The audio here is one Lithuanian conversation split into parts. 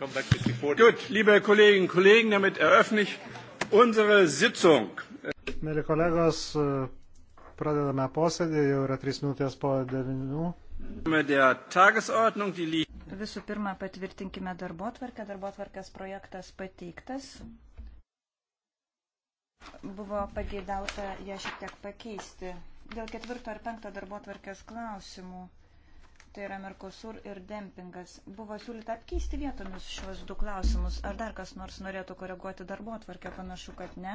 come back with before. Gut, liebe Kolleginnen und Kollegen, damit eröffne ich unsere Sitzung. Mėly kolegos, pradedame posėdį, jau yra 3 minutės po 9. Visų pirma, patvirtinkime darbo tvarkę. Darbo tvarkės projektas pateiktas. Buvo pageidauta ją šiek tiek pakeisti. Dėl ketvirto ar penkto darbo tvarkės klausimų tai yra Mercosur ir dempingas. Buvo siūlyta apkeisti vietomis šios du klausimus. Ar dar kas nors norėtų koreguoti darbo atvarkę? Panašu, kad ne.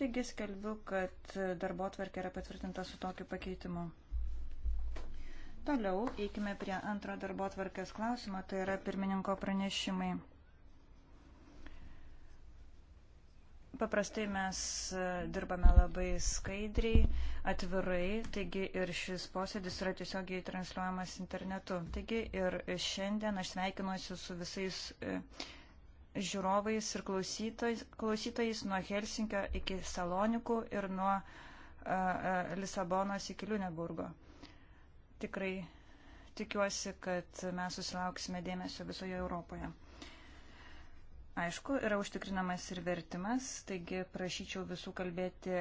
Taigi skelbiu, kad darbo atvarkė yra patvirtinta su tokiu pakeitimu. Toliau eikime prie antro darbo atvarkės klausimo, tai yra pirmininko pranešimai. Paprastai mes e, dirbame labai skaidriai, atvirai, taigi ir šis posėdis yra tiesiogiai transliuojamas internetu. Taigi ir šiandien aš sveikinuosi su visais e, žiūrovais ir klausytojais, klausytojais nuo Helsinkio iki Salonikų ir nuo a, e, a, Lisabonos iki Liuneburgo. Tikrai tikiuosi, kad mes susilauksime dėmesio visoje Europoje. Aišku, yra užtikrinamas ir vertimas, taigi prašyčiau visų kalbėti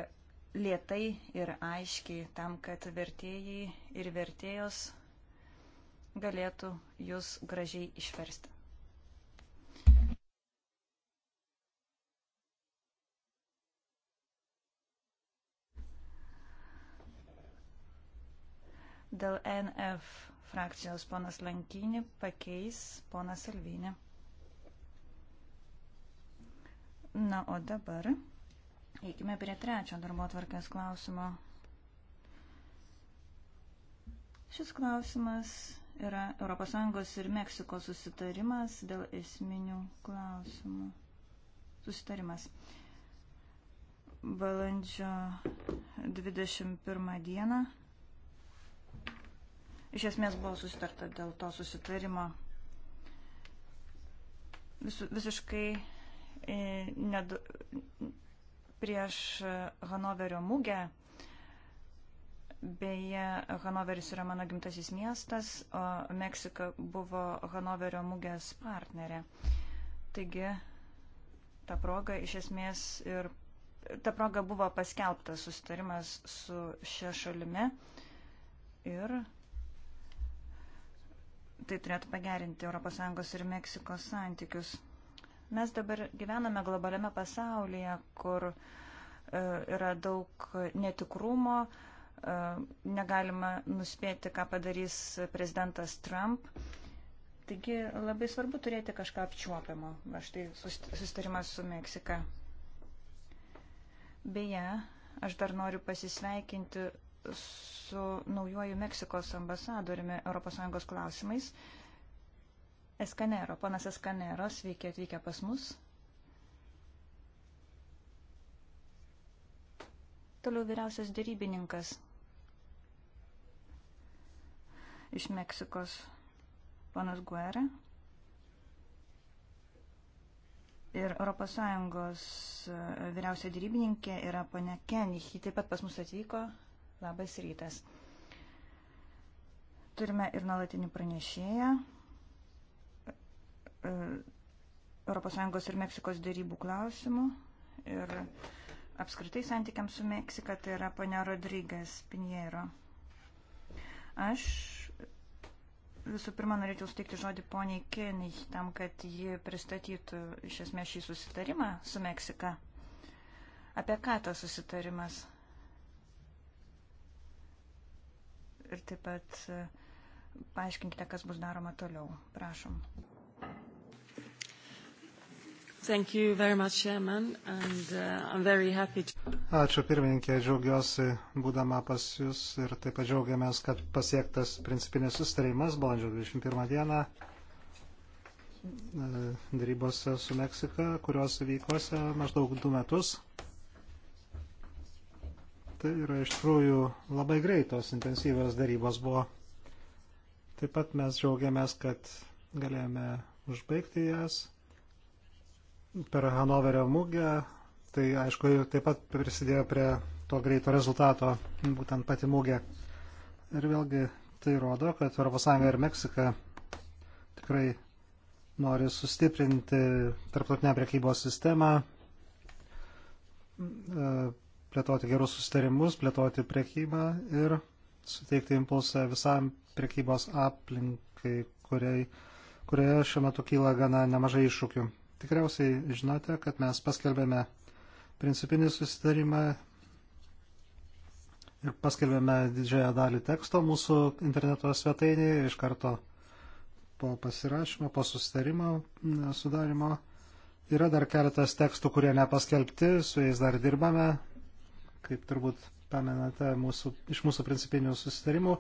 lietai ir aiškiai tam, kad vertėjai ir vertėjos galėtų jūs gražiai išversti. Dėl NF frakcijos ponas Lankinį pakeis ponas Alvinį. Na, o dabar eikime prie trečio darbo tvarkės klausimo. Šis klausimas yra ES ir Meksikos susitarimas dėl esminių klausimų. Susitarimas. Balandžio 21 dieną. Iš esmės buvo susitarta dėl to susitarimo. Vis, visiškai ned, prieš Hanoverio mūgę. Beje, Hanoveris yra mano gimtasis miestas, o Meksika buvo Hanoverio mūgės partnerė. Taigi, ta proga iš esmės ir ta proga buvo paskelbtas sustarimas su šia šalimi ir tai turėtų pagerinti ES ir Meksikos santykius. Mes dabar gyvename globaliame pasaulyje, kur e, yra daug netikrumo, e, negalima nuspėti, ką padarys prezidentas Trump. Taigi labai svarbu turėti kažką apčiuopiamo. Aš tai sustarimas su Meksika. Beje, aš dar noriu pasisveikinti su naujoju Meksikos ambasadoriumi ES klausimais. Eskanero. Panas Eskanero, sveiki atvykę pas mus. Toliau vyriausias dėrybininkas iš Meksikos, panas Guerra. Ir ES e, vyriausia dėrybininkė yra ponia Kenich. Ji taip pat pas mus atvyko. Labas rytas. Turime ir nuolatinį pranešėją, ES ir Meksikos dėrybų klausimų ir apskritai santykiam su Meksika, tai yra ponia Rodrygas Pinheiro. Aš visų pirma norėčiau steikti žodį poniai Kenai, tam, kad ji pristatytų iš esmės šį susitarimą su Meksika. Apie ką tas susitarimas? Ir taip pat e, paaiškinkite, kas bus daroma toliau. Prašom. Thank you very much, Chairman, and uh, I'm very happy to... Ačiū pirmininkė, džiaugiuosi būdama pas Jūs ir taip pat džiaugiamės, kad pasiektas principinės sustarimas balandžio 21 dieną e, darybose su Meksika, kurios vykuose maždaug du metus. Tai yra iš tikrųjų labai greitos intensyvios darybos buvo. Taip pat mes džiaugiamės, kad galėjome užbaigti jas per Hanoverio mugę, tai aišku, taip pat prisidėjo prie to greito rezultato, būtent pati mugė. Ir vėlgi tai rodo, kad ES ir Meksika tikrai nori sustiprinti tarptautinę prekybos sistemą, e, plėtoti gerus sustarimus, plėtoti prekybą ir suteikti impulsą visam prekybos aplinkai, kuriai, kurioje šiuo metu kyla gana nemažai iššūkių. Tikriausiai žinote, kad mes paskelbėme principinį susitarimą ir paskelbėme didžiąją dalį teksto mūsų interneto svetainėje iš karto po pasirašymo, po susitarimo sudarimo. Yra dar keletas tekstų, kurie nepaskelbti, su jais dar dirbame, kaip turbūt pamenate mūsų, iš mūsų principinių susitarimų.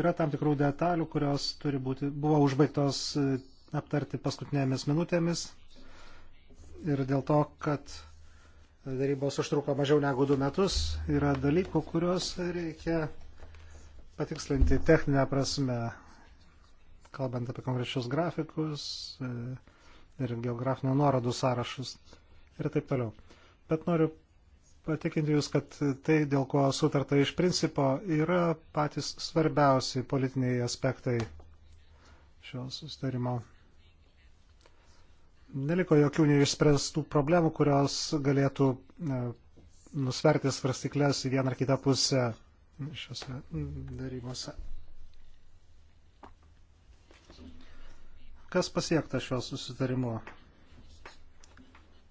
Yra tam tikrų detalių, kurios turi būti, buvo užbaigtos e, aptarti paskutinėmis minutėmis, ir dėl to, kad darybos užtruko mažiau negu du metus, yra dalykų, kuriuos reikia patikslinti techninę prasme, kalbant apie konkrečius grafikus e, ir geografinio nuorodų sąrašus ir taip toliau. Bet noriu patikinti Jūs, kad tai, dėl ko sutarta iš principo, yra patys svarbiausi politiniai aspektai šio sustarimo neliko jokių neišspręstų problemų, kurios galėtų e, nusverti svarstyklės į vieną ar kitą pusę šiuose darybose. Kas pasiekta šiuo susitarimu?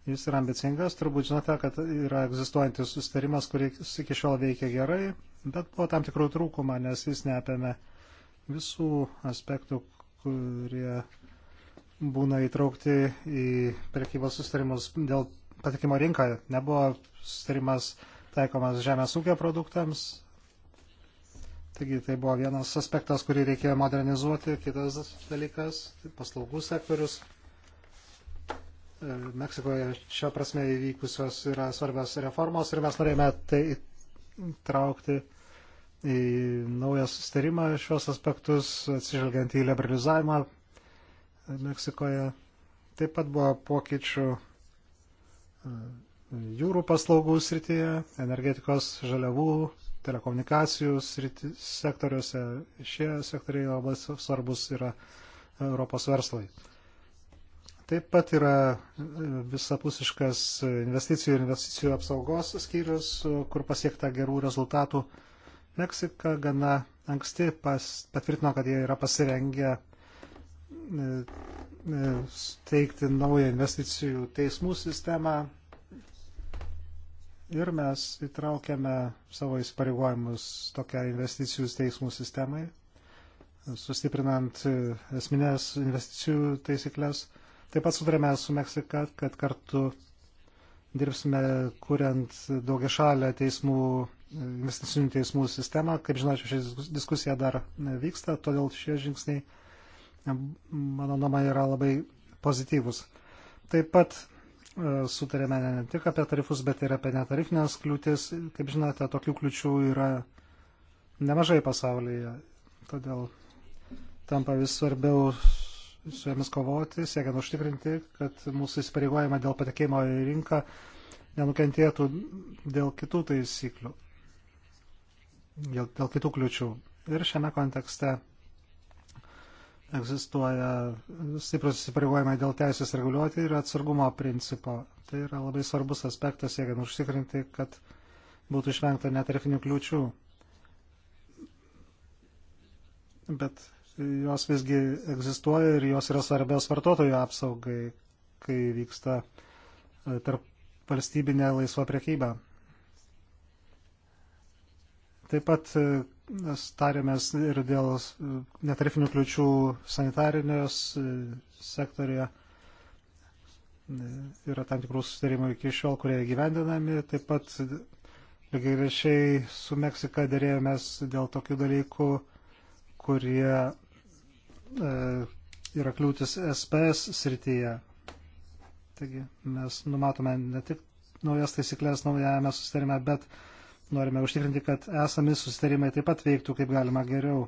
Jis yra ambicingas, turbūt žinote, kad yra egzistuojantis susitarimas, kuris iki šiol veikia gerai, bet buvo tam tikrų trūkumą, nes jis neapėmė visų aspektų, kurie būna įtraukti į prekybos sustarimus dėl patikimo rinką. Nebuvo sustarimas taikomas žemės ūkio produktams. Taigi tai buvo vienas aspektas, kurį reikėjo modernizuoti. Kitas dalykas tai - paslaugų sektorius. E, Meksikoje šio prasme įvykusios yra svarbios reformos ir mes norėjome tai traukti į naują sustarimą šios aspektus, atsižvelgiant į liberalizavimą, Meksikoje. Taip pat buvo pokyčių e, jūrų paslaugų srityje, energetikos žaliavų, telekomunikacijų srity, sektoriuose. Šie sektoriai labai svarbus yra Europos verslai. Taip pat yra e, visapusiškas investicijų ir investicijų apsaugos skyrius, kur pasiekta gerų rezultatų. Meksika gana anksti pas, patvirtino, kad jie yra pasirengę E, e, steigti naują investicijų teismų sistemą ir mes įtraukėme savo įsipareigojimus tokią investicijų teismų sistemai, sustiprinant esminės investicijų taisyklės. Taip pat sutarėme su Meksika, kad kartu dirbsime kuriant daugiašalę teismų, investicinių teismų sistemą. Kaip žinote, ši diskusija dar vyksta, todėl šie žingsniai mano nuomonė, yra labai pozityvus. Taip pat e, sutarėme ne tik apie tarifus, bet ir apie netarifinės kliūtis. Kaip žinote, tokių kliučių yra nemažai pasaulyje. Todėl tampa vis svarbiau su jomis kovoti, siekiant užtikrinti, kad mūsų įsipareigojimai dėl patekimo į rinką nenukentėtų dėl kitų taisyklių, dėl, dėl kitų kliučių. Ir šiame kontekste egzistuoja stiprus įsipareigojimai dėl teisės reguliuoti ir atsargumo principo. Tai yra labai svarbus aspektas, siekiant užtikrinti, kad būtų išvengta netarifinių kliūčių. Bet jos visgi egzistuoja ir jos yra svarbios vartotojų apsaugai, kai vyksta e, tarp valstybinė laisva priekyba. Taip pat e, tarėmės ir dėl e, netarifinių kliučių sanitarinės e, sektorėje. E, yra tam tikrų susitarimų iki šiol, kurie gyvendinami. Taip pat lygiai rešiai su Meksika dėrėjomės dėl tokių dalykų, kurie e, yra kliūtis SPS srityje. Taigi mes numatome ne tik naujas taisyklės naujame susitarime, bet norime užtikrinti, kad esami susitarimai taip pat veiktų kaip galima geriau.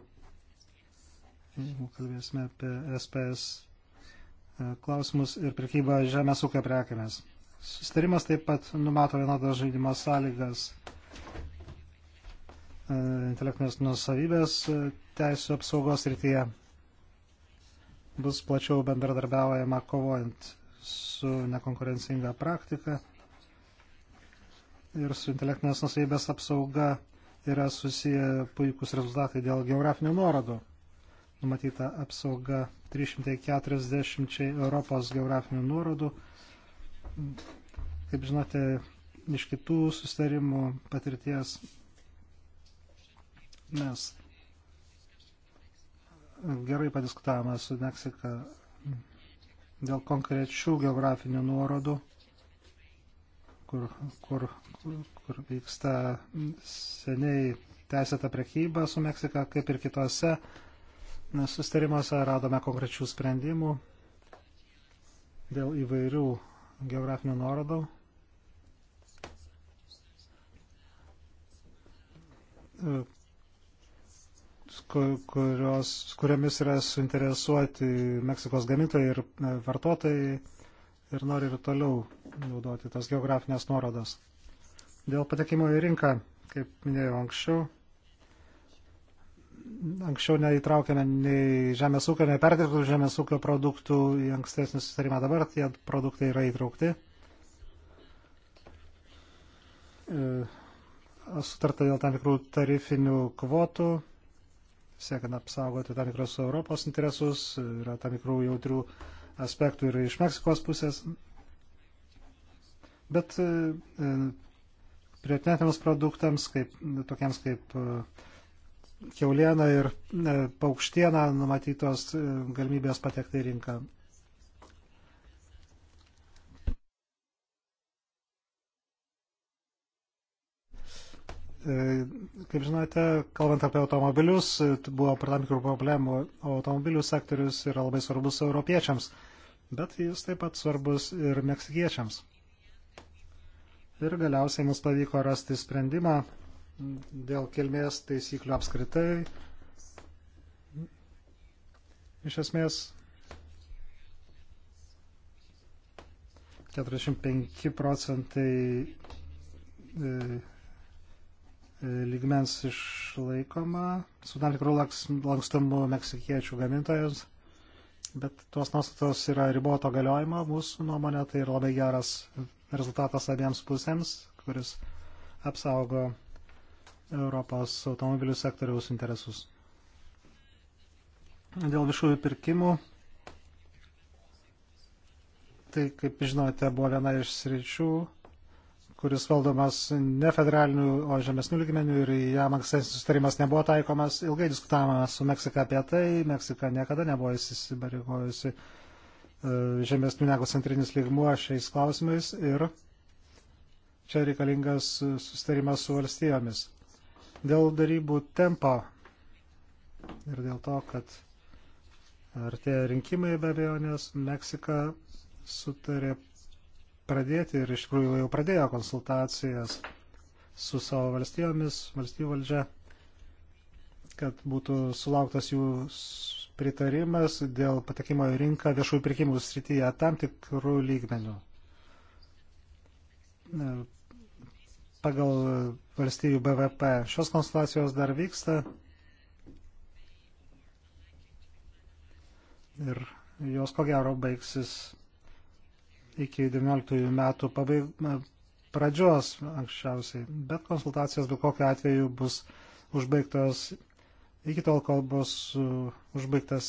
Jeigu kalbėsime apie SPS e, klausimus ir prekybą žemės ūkio prekėmis. Sustarimas taip pat numato vienodas žaidimo sąlygas e, intelektinės nusavybės e, teisų apsaugos rytyje. Bus plačiau bendradarbiaujama kovojant su nekonkurencinga praktika ir su intelektinės nusavybės apsauga yra susiję puikus rezultatai dėl geografinių nuorodų. Numatyta apsauga 340 Europos geografinių nuorodų. Kaip žinote, iš kitų sustarimų patirties mes gerai padiskutavome su Meksika dėl konkrečių geografinių nuorodų kur, kur, kur, kur vyksta seniai tęsėta prekyba su Meksika, kaip ir kitose sustarimuose radome konkrečių sprendimų dėl įvairių geografinių nuorodų. kurios, kuriamis yra suinteresuoti Meksikos gamintojai ir vartotojai ir nori ir toliau naudoti tas geografinės nuorodas. Dėl patekimo į rinką, kaip minėjau anksčiau, anksčiau neįtraukėme nei žemės ūkio, nei perdirbtų žemės ūkio produktų į ankstesnį susitarimą. Dabar tie produktai yra įtraukti. E, sutarta dėl tam tikrų tarifinių kvotų, siekiant apsaugoti tam tikrus Europos interesus, yra tam tikrų jautrių uh, aspektų ir iš Meksikos pusės. Bet e, e, prioritetiniams produktams, kaip, tokiems kaip e, keuliena ir paukštiena, numatytos galimybės patekti į rinką. Kaip žinote, kalbant apie automobilius, buvo tam tikrų problemų, o automobilių sektorius yra labai svarbus europiečiams bet jis taip pat svarbus ir meksikiečiams. Ir galiausiai mums pavyko rasti sprendimą dėl kilmės taisyklių apskritai. Iš esmės 45 procentai e, e, lygmens išlaikoma su tam tikrų lankstumu meksikiečių gamintojams bet tos nuostatos yra riboto galiojimo, mūsų nuomonė tai yra labai geras rezultatas abiems pusėms, kuris apsaugo Europos automobilių sektoriaus interesus. Dėl viešųjų pirkimų, tai kaip žinote, buvo viena iš sričių, kuris valdomas ne federaliniu, o žemesniu lygmeniu ir jam ankstesnis sustarimas nebuvo taikomas. Ilgai diskutavome su Meksika apie tai. Meksika niekada nebuvo įsibarygojusi e, žemesnių negu centrinis lygmuo šiais klausimais ir čia reikalingas sustarimas su valstijomis. Dėl darybų tempo ir dėl to, kad artėja rinkimai be abejonės, Meksika sutarė pradėti ir iš tikrųjų jau pradėjo konsultacijas su savo valstybėmis, valstybių valdžia, kad būtų sulauktas jų pritarimas dėl patekimo į rinką viešųjų pirkimų srityje tam tikrų lygmenių. Pagal valstybių BVP šios konsultacijos dar vyksta ir jos ko gero baigsis iki 19 metų pabaig... pradžios anksčiausiai, bet konsultacijos bet kokiu atveju bus užbaigtos iki tol, kol bus e, užbaigtas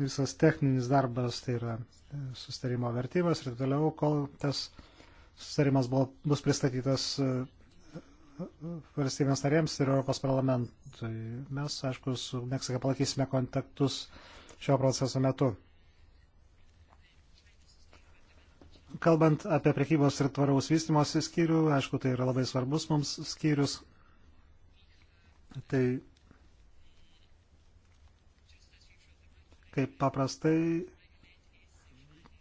visas techninis darbas, tai yra e, sustarimo vertimas ir toliau, kol tas sustarimas buvo, bus pristatytas e, valstybės narėms ir Europos parlamentui. Mes, aišku, su Meksika palaikysime kontaktus šio proceso metu. Kalbant apie prekybos ir tvaraus vystimosi skyrių, aišku, tai yra labai svarbus mums skyrius. Tai kaip paprastai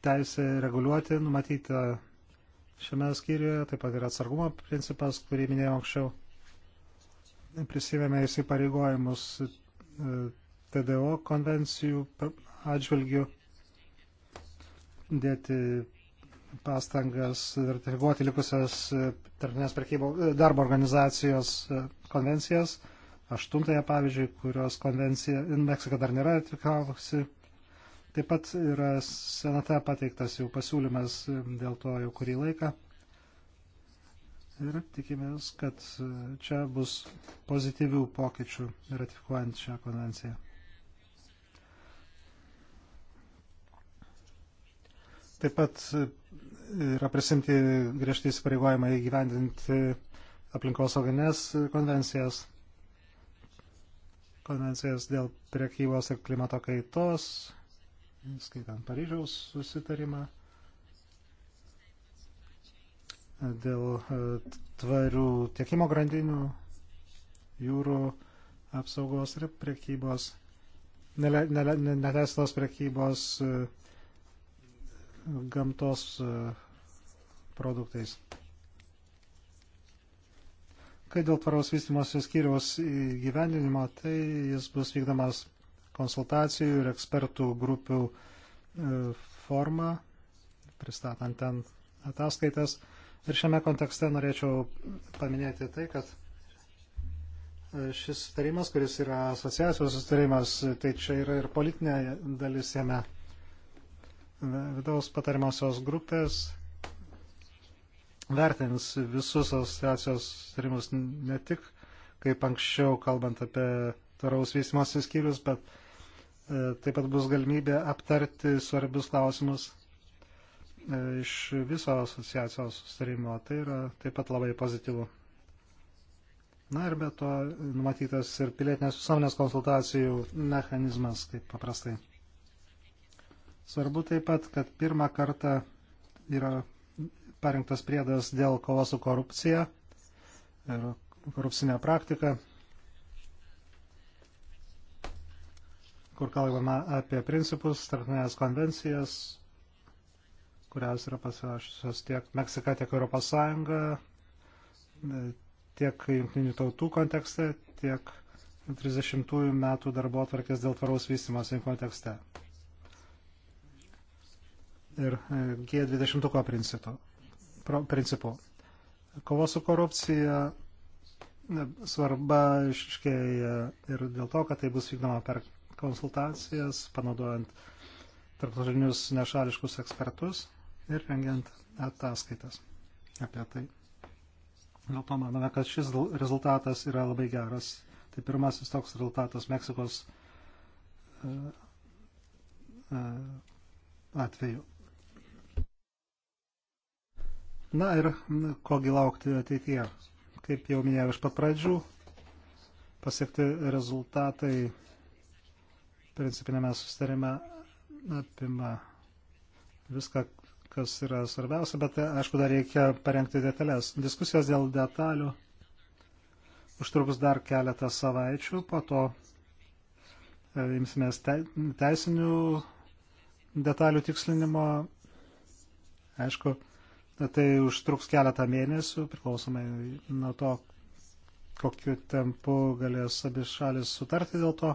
teisė reguliuoti numatyta šiame skyriuje, taip pat yra atsargumo principas, kurį minėjau anksčiau. Prisivėmė įsipareigojimus e, TDO konvencijų atžvilgių dėti pastangas ratifikuoti likusias e, tarptautinės prekybos e, darbo organizacijos e, konvencijas, aštuntąją pavyzdžiui, kurios konvencija Meksika dar nėra ratifikavusi. Taip pat yra senate pateiktas jau pasiūlymas dėl to jau kurį laiką. Ir tikimės, kad čia bus pozityvių pokyčių ratifikuojant šią konvenciją. Taip pat e, yra prisimti griežtai įsipareigojimai įgyvendinti aplinkosauginės konvencijas, konvencijas dėl priekybos ir klimato kaitos, skaitant Paryžiaus susitarimą, dėl e, tvarių tiekimo grandinių, jūrų apsaugos ir priekybos, neteisėtos priekybos, e, gamtos e, produktais. Kai dėl tvaraus vystimosi skyriaus įgyvendinimo, tai jis bus vykdomas konsultacijų ir ekspertų grupių e, forma, pristatant ten ataskaitas. Ir šiame kontekste norėčiau paminėti tai, kad e, šis sutarimas, kuris yra asociacijos sutarimas, tai čia yra ir politinė dalis jame vidaus patariamosios grupės vertins visus asociacijos tarimus ne tik kaip anksčiau kalbant apie tvaraus vystimosi skyrius, bet e, taip pat bus galimybė aptarti svarbius klausimus e, iš viso asociacijos sustarimo. Tai yra taip pat labai pozityvu. Na ir be to numatytas ir pilietinės visuomenės konsultacijų mechanizmas, kaip paprastai. Svarbu taip pat, kad pirmą kartą yra parinktas priedas dėl kovos su korupcija ir korupcinė praktika, kur kalbama apie principus, tarptautinės konvencijas, kurias yra pasirašusios tiek Meksika, tiek Europos Sąjunga, tiek jungtinių tautų kontekste, tiek 30 metų darbo atvarkės dėl tvaraus vystimosi kontekste ir e, G20 principu. principu. Kovo su korupcija e, svarba iškėja ir dėl to, kad tai bus vykdoma per konsultacijas, panaudojant tarptautinius nešališkus ekspertus ir rengiant ataskaitas apie tai. Dėl to manome, kad šis rezultatas yra labai geras. Tai pirmasis toks rezultatas Meksikos e, atveju. Na ir kogi laukti ateityje. Kaip jau minėjau iš pat pradžių, pasiekti rezultatai principinėme sustarime apima viską, kas yra svarbiausia, bet aišku, dar reikia parengti detalės. Diskusijos dėl detalių užtruks dar keletą savaičių, po to e, imsimės teisinių detalių tikslinimo. Aišku, Tai užtruks keletą mėnesių, priklausomai nuo to, kokiu tempu galės abi šalis sutarti dėl to.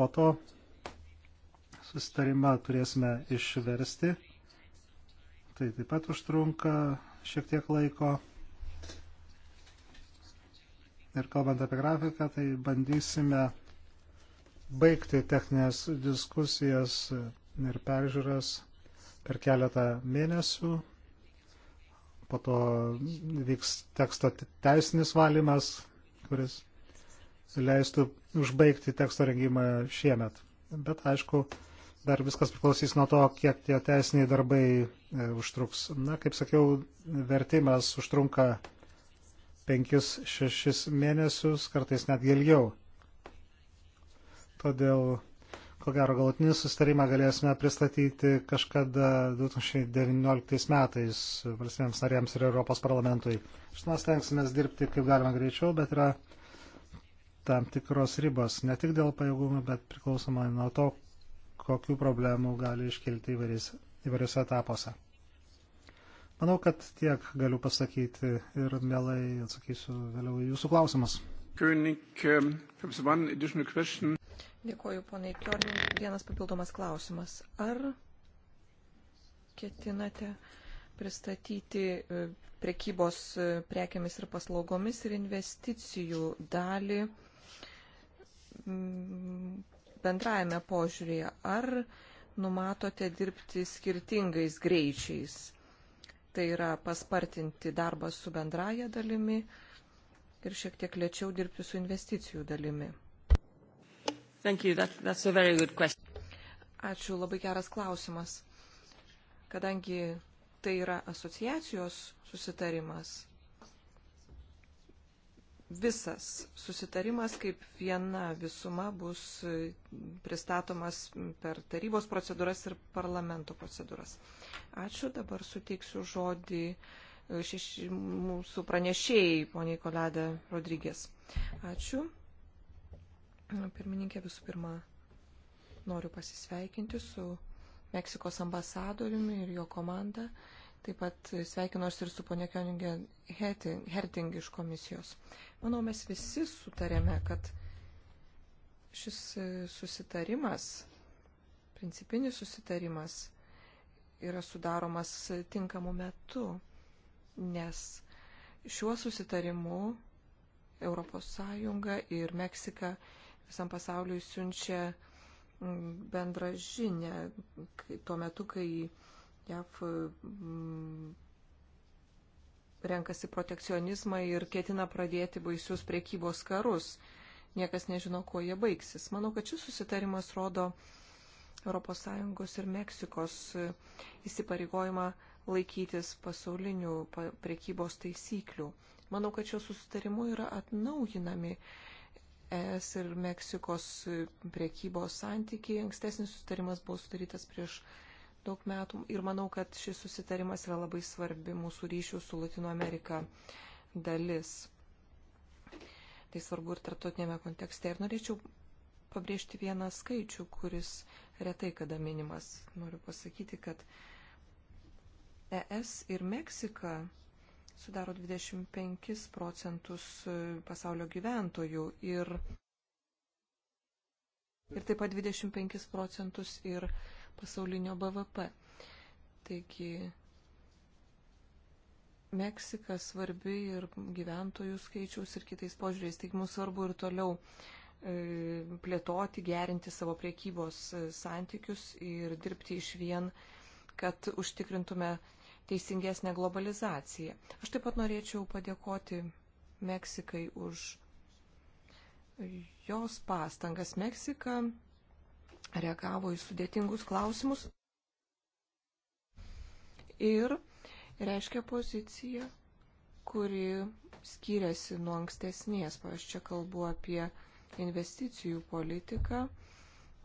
Po to susitarimą turėsime išversti. Tai taip pat užtrunka šiek tiek laiko. Ir kalbant apie grafiką, tai bandysime baigti techninės diskusijas ir peržiūras per keletą mėnesių po to vyks teksto teisinis valymas, kuris leistų užbaigti teksto rengimą šiemet. Bet aišku, dar viskas priklausys nuo to, kiek tie teisiniai darbai e, užtruks. Na, kaip sakiau, vertimas užtrunka 5-6 mėnesius, kartais net ilgiau. Todėl Ko gero, galutinį sustarimą galėsime pristatyti kažkada 2019 metais valstybėms narėms ir Europos parlamentui. Žinoma, stengsime dirbti kaip galima greičiau, bet yra tam tikros ribos, ne tik dėl pajėgumų, bet priklausomai nuo to, kokių problemų gali iškilti įvairiuose etapuose. Manau, kad tiek galiu pasakyti ir mielai atsakysiu vėliau į jūsų klausimus. König, um, one additional question. Dėkuoju, ponai Kjorn. Vienas papildomas klausimas. Ar ketinate pristatyti e, prekybos e, prekiamis ir paslaugomis ir investicijų dalį bendrajame požiūrėje? Ar numatote dirbti skirtingais greičiais? Tai yra paspartinti darbą su bendraja dalimi ir šiek tiek lėčiau dirbti su investicijų dalimi. That, Ačiū, labai geras klausimas. Kadangi tai yra asociacijos susitarimas, visas susitarimas kaip viena visuma bus pristatomas per tarybos procedūras ir parlamento procedūras. Ačiū, dabar suteiksiu žodį e, šeši, mūsų pranešėjai, poniai Koledė Rodrygės. Ačiū. Pirmininkė, visų pirma, noriu pasisveikinti su Meksikos ambasadoriumi ir jo komanda. Taip pat sveikinuosi ir su ponia Kioningė Herting iš komisijos. Manau, mes visi sutarėme, kad šis e, susitarimas, principinis susitarimas, yra sudaromas tinkamu metu, nes šiuo susitarimu ES ir Meksika visam pasauliui siunčia mm, bendrą žinę tuo metu, kai JAV mm, renkasi protekcionizmą ir ketina pradėti baisius priekybos karus. Niekas nežino, kuo jie baigsis. Manau, kad šis susitarimas rodo ES ir Meksikos įsipareigojimą laikytis pasaulinių priekybos taisyklių. Manau, kad šio susitarimu yra atnaujinami uh, ES ir Meksikos priekybos santykiai. Ankstesnis susitarimas buvo sudarytas prieš daug metų ir manau, kad šis susitarimas yra labai svarbi mūsų ryšių su Latino Amerika dalis. Tai svarbu ir tarptautinėme kontekste. Ir norėčiau pabrėžti vieną skaičių, kuris retai kada minimas. Noriu pasakyti, kad ES ir Meksika sudaro 25 procentus e, pasaulio gyventojų ir, ir taip pat 25 procentus ir pasaulinio BVP. Taigi Meksika svarbi ir gyventojų skaičiaus ir kitais požiūriais. Taigi mums svarbu ir toliau e, plėtoti, gerinti savo priekybos e, santykius ir dirbti iš vien, kad užtikrintume teisingesnę globalizaciją. Aš taip pat norėčiau padėkoti Meksikai už jos pastangas. Meksika reagavo į sudėtingus klausimus ir reiškia poziciją, kuri skiriasi nuo ankstesnės. Aš čia kalbu apie investicijų politiką,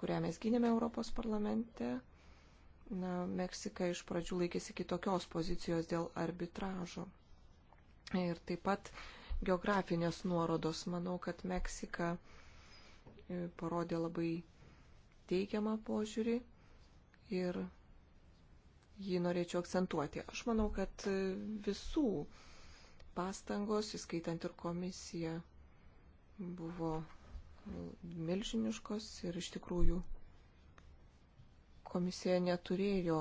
kurią mes gynėme Europos parlamente Na, Meksika iš pradžių laikėsi kitokios pozicijos dėl arbitražo. Ir taip pat geografinės nuorodos. Manau, kad Meksika e, parodė labai teigiamą požiūrį ir jį norėčiau akcentuoti. Aš manau, kad e, visų pastangos, įskaitant ir komisiją, buvo e, milžiniškos ir iš tikrųjų Komisija neturėjo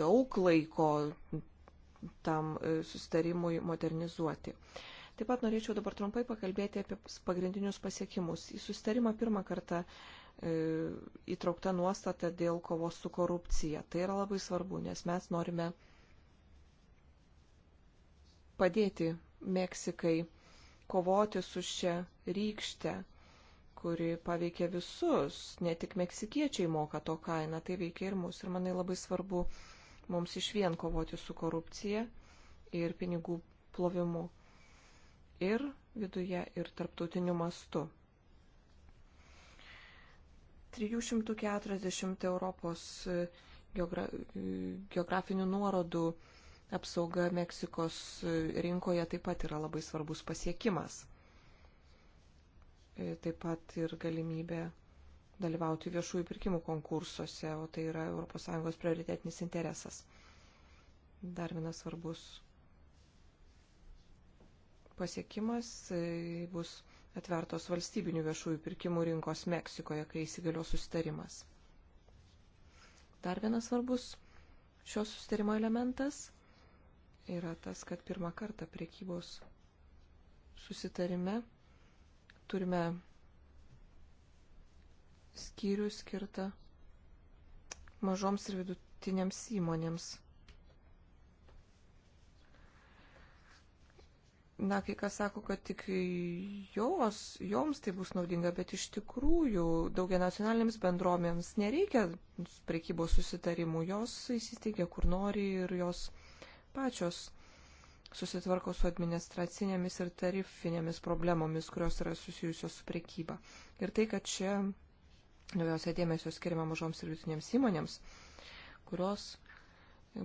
daug laiko tam e, sustarimui modernizuoti. Taip pat norėčiau dabar trumpai pakalbėti apie pagrindinius pasiekimus. Į sustarimą pirmą kartą e, įtraukta nuostata dėl kovos su korupcija. Tai yra labai svarbu, nes mes norime padėti Meksikai kovoti su šia rykšte, kuri paveikia visus, ne tik meksikiečiai moka to kainą, tai veikia ir mus. Ir manai labai svarbu mums iš vien kovoti su korupcija ir pinigų plovimu. Ir viduje, ir tarptautiniu mastu. 340 Europos e, geogra e, geografinių nuorodų apsauga Meksikos e, rinkoje taip pat yra labai svarbus pasiekimas. E, taip pat ir galimybė dalyvauti viešųjų pirkimų konkursuose, o tai yra ES prioritetinis interesas. Dar vienas svarbus pasiekimas e, bus atvertos valstybinių viešųjų pirkimų rinkos Meksikoje, kai įsigalios sustarimas. Dar vienas svarbus šio sustarimo elementas yra tas, kad pirmą kartą priekybos susitarime Turime skyrių skirtą mažoms ir vidutinėms įmonėms. Na, kai kas sako, kad tik jos, joms tai bus naudinga, bet iš tikrųjų daugia nacionalinėms bendromėms nereikia prekybos susitarimų, jos įsisteigia kur nori ir jos pačios susitvarko su administracinėmis ir tarifinėmis problemomis, kurios yra susijusios su prekyba. Ir tai, kad čia daugiausia dėmesio skiriama mažoms ir vidutinėms įmonėms, kurios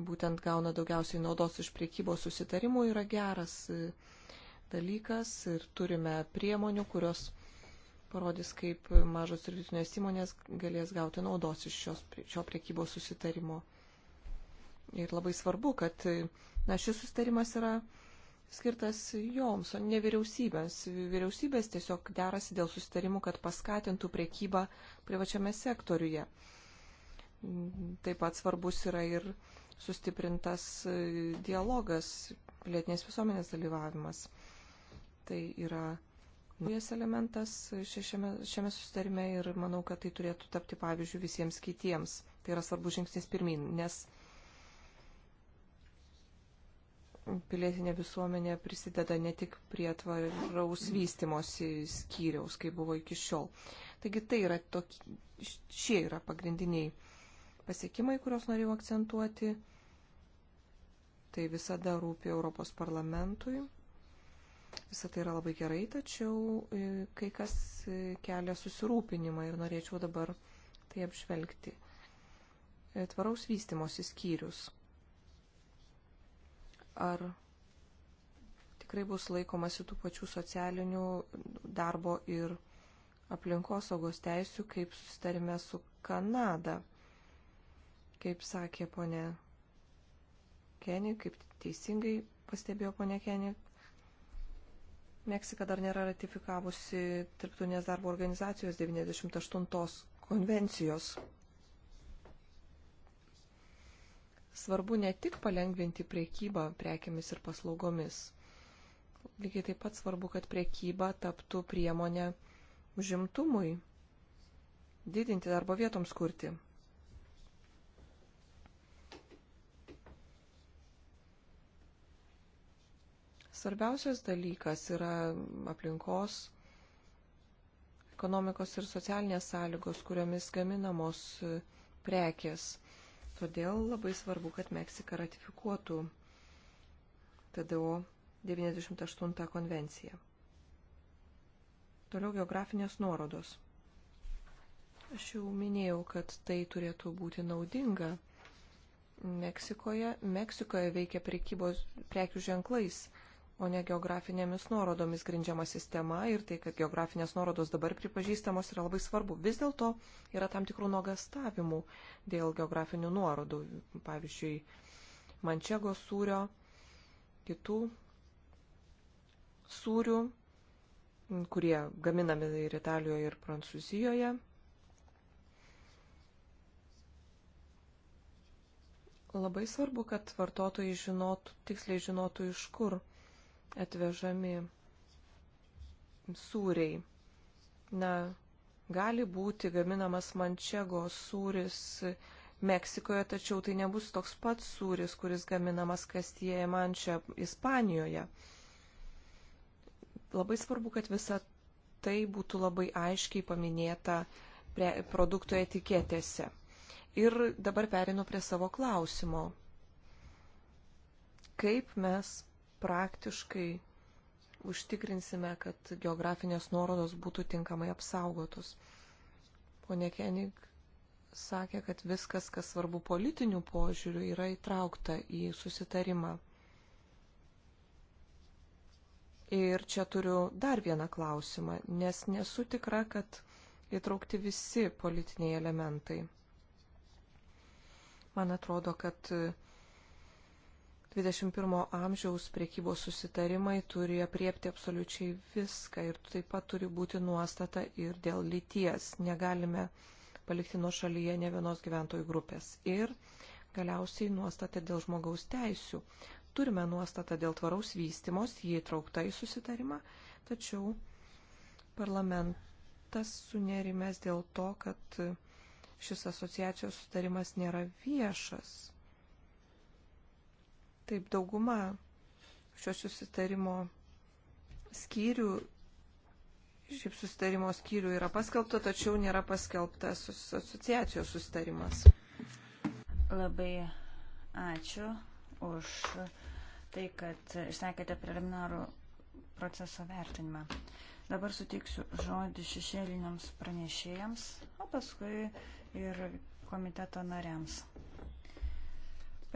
būtent gauna daugiausiai naudos iš priekybos susitarimų, yra geras e, dalykas ir turime priemonių, kurios parodys, kaip mažos ir vidutinės įmonės galės gauti naudos iš šios, šio priekybos susitarimo. Ir labai svarbu, kad Na, šis sustarimas yra skirtas joms, o ne vyriausybėms. Vyriausybės tiesiog derasi dėl sustarimų, kad paskatintų priekybą privačiame sektoriuje. Taip pat svarbus yra ir sustiprintas e, dialogas, pilietinės visuomenės dalyvavimas. Tai yra naujas elementas šiame, šiame sustarime ir manau, kad tai turėtų tapti pavyzdžių visiems kitiems. Tai yra svarbus žingsnis pirmin, nes pilietinė visuomenė prisideda ne tik prie tvaraus vystimosi skyriaus, kaip buvo iki šiol. Taigi tai yra tokie, šie yra pagrindiniai pasiekimai, kuriuos norėjau akcentuoti. Tai visada rūpi Europos parlamentui. Visą tai yra labai gerai, tačiau e, kai kas e, kelia susirūpinimą ir norėčiau dabar tai apžvelgti. E, tvaraus vystimosi skyrius ar tikrai bus laikomasi tų pačių socialinių darbo ir aplinkosaugos teisių, kaip susitarime su Kanada. Kaip sakė ponė Kenį, kaip teisingai pastebėjo ponė Kenį, Meksika dar nėra ratifikavusi Tarptautinės darbo organizacijos 98 konvencijos. svarbu ne tik palengventi priekybą prekiamis ir paslaugomis. Lygiai taip pat svarbu, kad priekyba taptų priemonę užimtumui, didinti darbo vietoms kurti. Svarbiausias dalykas yra aplinkos, ekonomikos ir socialinės sąlygos, kuriomis gaminamos prekės Todėl labai svarbu, kad Meksika ratifikuotų TDO 98 konvenciją. Toliau geografinės nuorodos. Aš jau minėjau, kad tai turėtų būti naudinga. Meksikoje, Meksikoje veikia prekybos prekių ženklais o ne geografinėmis nuorodomis grindžiama sistema ir tai, kad geografinės nuorodos dabar pripažįstamos yra labai svarbu. Vis dėlto yra tam tikrų nuogastavimų dėl geografinių nuorodų, pavyzdžiui, mančego sūrio, kitų sūrių, kurie gaminami ir Italijoje, ir Prancūzijoje. Labai svarbu, kad vartotojai žinotų, tiksliai žinotų, iš kur atvežami sūriai. Na, gali būti gaminamas mančego sūris Meksikoje, tačiau tai nebus toks pats sūris, kuris gaminamas kastyje mančia Ispanijoje. Labai svarbu, kad visa tai būtų labai aiškiai paminėta prie produkto etiketėse. Ir dabar perinu prie savo klausimo. Kaip mes praktiškai užtikrinsime, kad geografinės nuorodos būtų tinkamai apsaugotos. Pone Kenig sakė, kad viskas, kas svarbu politinių požiūrių, yra įtraukta į susitarimą. Ir čia turiu dar vieną klausimą, nes nesu tikra, kad įtraukti visi politiniai elementai. Man atrodo, kad 21 amžiaus priekybos susitarimai turi apriepti absoliučiai viską ir taip pat turi būti nuostata ir dėl lyties. Negalime palikti nuo šalyje ne vienos gyventojų grupės. Ir galiausiai nuostata dėl žmogaus teisių. Turime nuostatą dėl tvaraus vystimos, jį įtraukta į susitarimą, tačiau parlamentas sunerimės dėl to, kad šis asociacijos sutarimas nėra viešas. Taip, dauguma šio susitarimo skyrių, šiaip susitarimo skyrių yra paskelbta, tačiau nėra paskelbtas asociacijos susitarimas. Labai ačiū už tai, kad išsakėte preliminarų proceso vertinimą. Dabar suteiksiu žodį šešėliniams pranešėjams, o paskui ir komiteto nariams.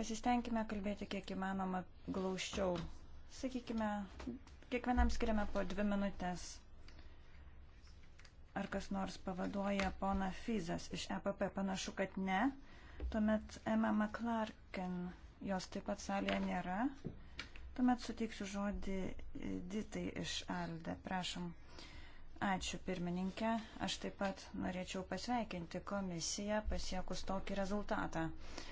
Pasistengime kalbėti kiek įmanoma glaučiau. Sakykime, kiekvienam skiriame po dvi minutės. Ar kas nors pavaduoja pona Fizas iš EPP? Panašu, kad ne. Tuomet Emma McClarken, jos taip pat salėje nėra. Tuomet suteiksiu žodį Ditai iš Alde. Prašom. Ačiū pirmininkė. Aš taip pat norėčiau pasveikinti komisiją pasiekus tokį rezultatą. Uh,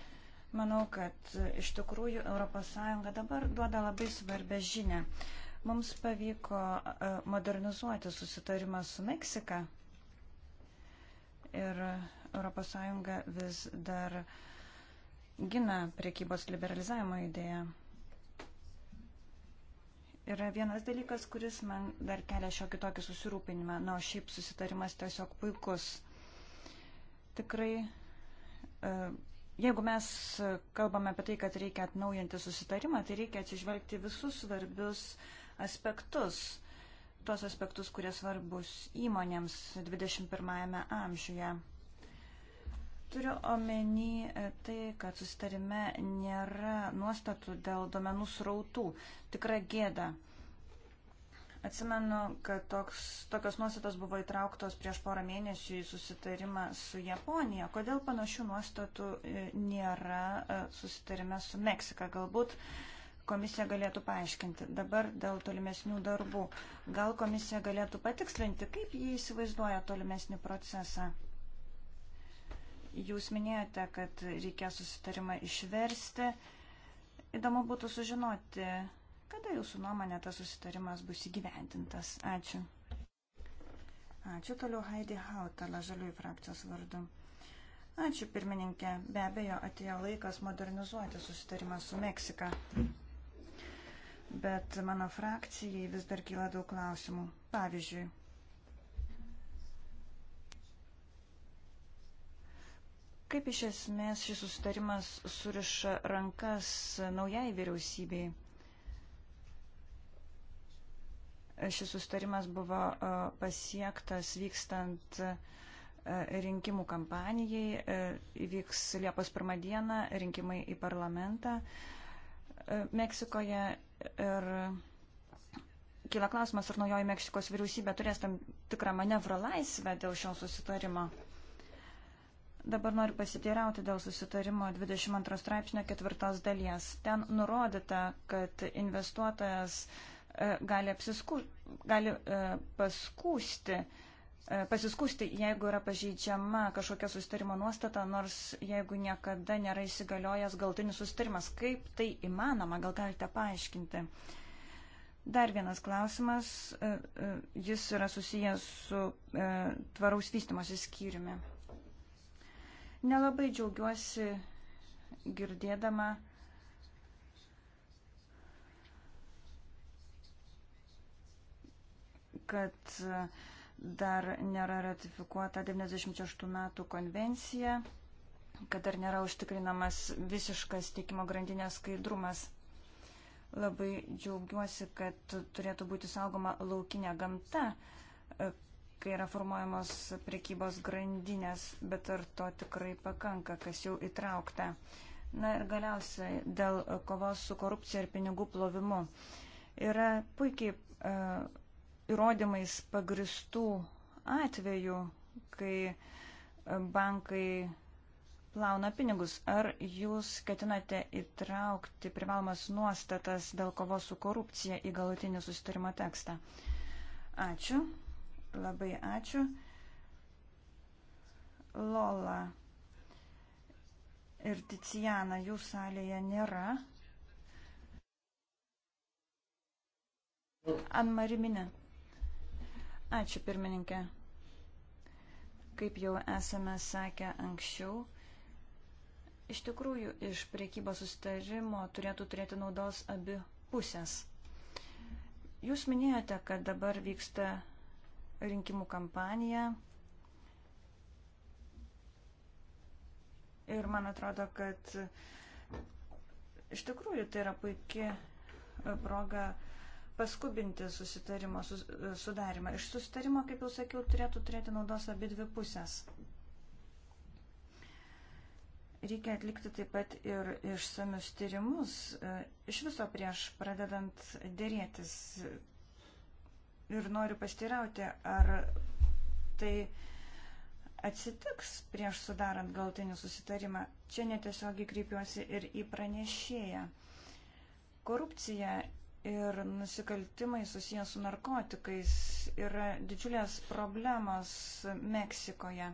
Manau, kad iš tikrųjų ES dabar duoda labai svarbę žinę. Mums pavyko e, modernizuoti susitarimą su Meksika ir ES vis dar gina priekybos liberalizavimo idėją yra vienas dalykas, kuris man dar kelia šiokį tokį susirūpinimą. Na, o šiaip susitarimas tiesiog puikus. Tikrai e, Jeigu mes kalbame apie tai, kad reikia atnaujinti susitarimą, tai reikia atsižvelgti visus svarbius aspektus, tuos aspektus, kurie svarbus įmonėms 21-ame amžiuje. Turiu omeny e, tai, kad susitarime nėra nuostatų dėl domenų srautų. Tikra gėda. Atsimenu, kad toks, tokios nuostatos buvo įtrauktos prieš porą mėnesių į susitarimą su Japonija. Kodėl panašių nuostatų e, nėra e, susitarime su Meksika? Galbūt komisija galėtų paaiškinti dabar dėl tolimesnių darbų. Gal komisija galėtų patikslinti, kaip jie įsivaizduoja tolimesnį procesą? Jūs minėjote, kad reikia susitarimą išversti. Įdomu būtų sužinoti, Kada jūsų nuomonė tas susitarimas bus įgyvendintas? Ačiū. Ačiū toliau Heidi Hautala, žaliųjų frakcijos vardu. Ačiū pirmininkė. Be abejo, atėjo laikas modernizuoti susitarimą su Meksika. Bet mano frakcijai vis dar kyla daug klausimų. Pavyzdžiui, kaip iš esmės šis susitarimas suriša rankas naujai vyriausybei? Šis sustarimas buvo pasiektas vykstant rinkimų kampanijai. Įvyks Liepos pirmą dieną rinkimai į parlamentą Meksikoje ir kyla klausimas, ar naujoji Meksikos vyriausybė turės tam tikrą manevro laisvę dėl šio susitarimo. Dabar noriu pasiteirauti dėl susitarimo 22 straipsnio ketvirtos dalies. Ten nurodyta, kad investuotojas uh, E, gali, apsisku, gali e, paskūsti, e, pasiskūsti, jeigu yra pažeidžiama kažkokia sustarimo nuostata, nors jeigu niekada nėra įsigaliojęs galtinis sustarimas. Kaip tai įmanoma, gal galite paaiškinti? Dar vienas klausimas, jis yra susijęs su tvaraus vystimosi skyriumi. Nelabai džiaugiuosi girdėdama, kad e, dar nėra ratifikuota 98 metų konvencija, kad dar nėra užtikrinamas visiškas tiekimo grandinės skaidrumas. Labai džiaugiuosi, kad turėtų būti saugoma laukinė gamta, e, kai yra formuojamos prekybos grandinės, bet ar to tikrai pakanka, kas jau įtraukta. Na ir galiausiai dėl kovos su korupcija ir pinigų plovimu. Yra puikiai uh, įrodymais pagristų atvejų, kai bankai plauna pinigus. Ar jūs ketinate įtraukti privalomas nuostatas dėl kovos su korupcija į galutinį susitarimo tekstą? Ačiū. Labai ačiū. Lola ir Ticiana jų salėje nėra. Anmariminė. Ačiū pirmininkė. Kaip jau esame sakę anksčiau, iš tikrųjų iš priekybos sustarimo turėtų turėti naudos abi pusės. Jūs minėjote, kad dabar vyksta rinkimų kampanija. Ir man atrodo, kad iš tikrųjų tai yra puikia proga uh, paskubinti susitarimo sus, sudarimą. Iš susitarimo, kaip jau sakiau, turėtų turėti naudos abi dvi pusės. Reikia atlikti taip pat ir išsamius tyrimus, e, iš viso prieš pradedant dėrėtis. Ir noriu pastirauti, ar tai atsitiks prieš sudarant galtinį susitarimą. Čia netiesiogiai kreipiuosi ir į pranešėją. Korupcija ir nusikaltimai susijęs su narkotikais yra didžiulės problemos Meksikoje.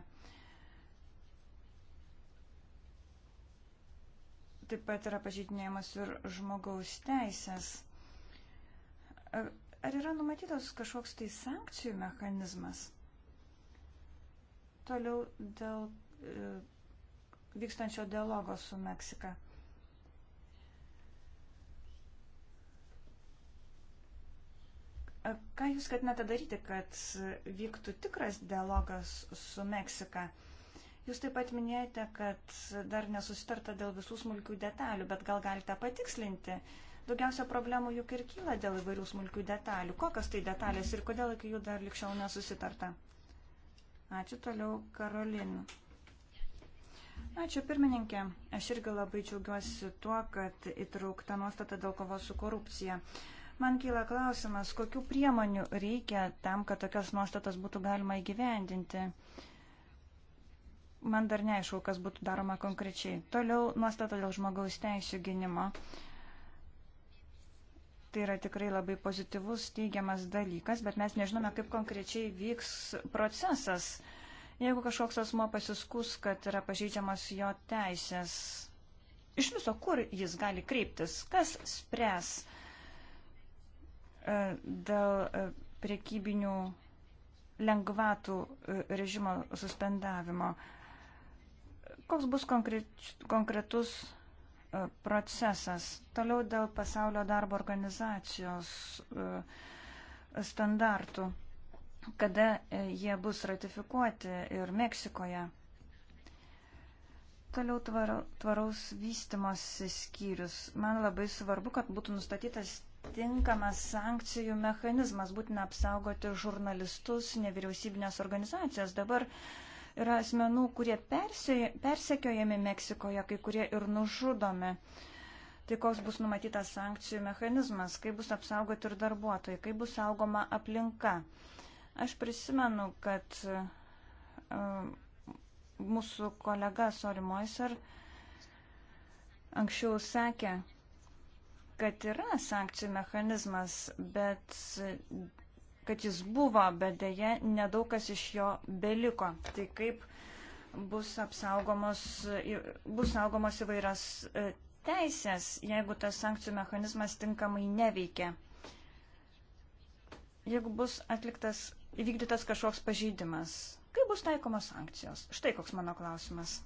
Taip pat yra pažydinėjimas ir žmogaus teisės. Ar yra numatytos kažkoks tai sankcijų mechanizmas? Toliau dėl e, vykstančio dialogo su Meksika. Ką jūs ketinate daryti, kad vyktų tikras dialogas su Meksika? Jūs taip pat minėjote, kad dar nesusitarta dėl visų smulkių detalių, bet gal galite patikslinti? Daugiausia problemų juk ir kyla dėl įvairių smulkių detalių. Kokios tai detalės ir kodėl iki jų dar likščiau nesusitarta? Ačiū toliau, Karolinu. Ačiū pirmininkė. Aš irgi labai džiaugiuosi tuo, kad įtraukta nuostata dėl kovos su korupcija. Uh, Man kyla klausimas, kokiu priemonių reikia tam, kad tokias nuostatas būtų galima įgyvendinti. Man dar neaišku, kas būtų daroma konkrečiai. Toliau nuostata dėl žmogaus teisų gynimo. Tai yra tikrai labai pozityvus, teigiamas dalykas, bet mes nežinome, kaip konkrečiai vyks procesas. Jeigu kažkoks asmo pasiskus, kad yra pažeidžiamas jo teisės, iš viso kur jis gali kreiptis, kas spręs E, dėl e, priekybinių lengvatų e, režimo suspendavimo. Koks bus konkretus procesas? Toliau dėl pasaulio darbo organizacijos standartų, kada jie bus ratifikuoti ir Meksikoje. Toliau tvaraus vystimos skyrius. Man labai svarbu, kad būtų nustatytas tinkamas sankcijų mechanizmas, būtina apsaugoti žurnalistus, nevyriausybinės organizacijas. Dabar yra asmenų, kurie persekiojami Meksikoje, kai kurie ir nužudomi. Tai koks bus numatytas sankcijų mechanizmas, kaip bus apsaugoti ir darbuotojai, kaip bus saugoma aplinka. Aš prisimenu, kad uh, mūsų kolega Sorimoiser anksčiau sakė, kad yra sankcijų mechanizmas, bet kad jis buvo, bet dėje nedaug kas iš jo beliko. Tai kaip bus apsaugomos, bus saugomos įvairios e, teisės, jeigu tas sankcijų mechanizmas tinkamai neveikia. Jeigu bus atliktas, įvykdytas kažkoks pažeidimas, kaip bus taikomos sankcijos? Štai koks mano klausimas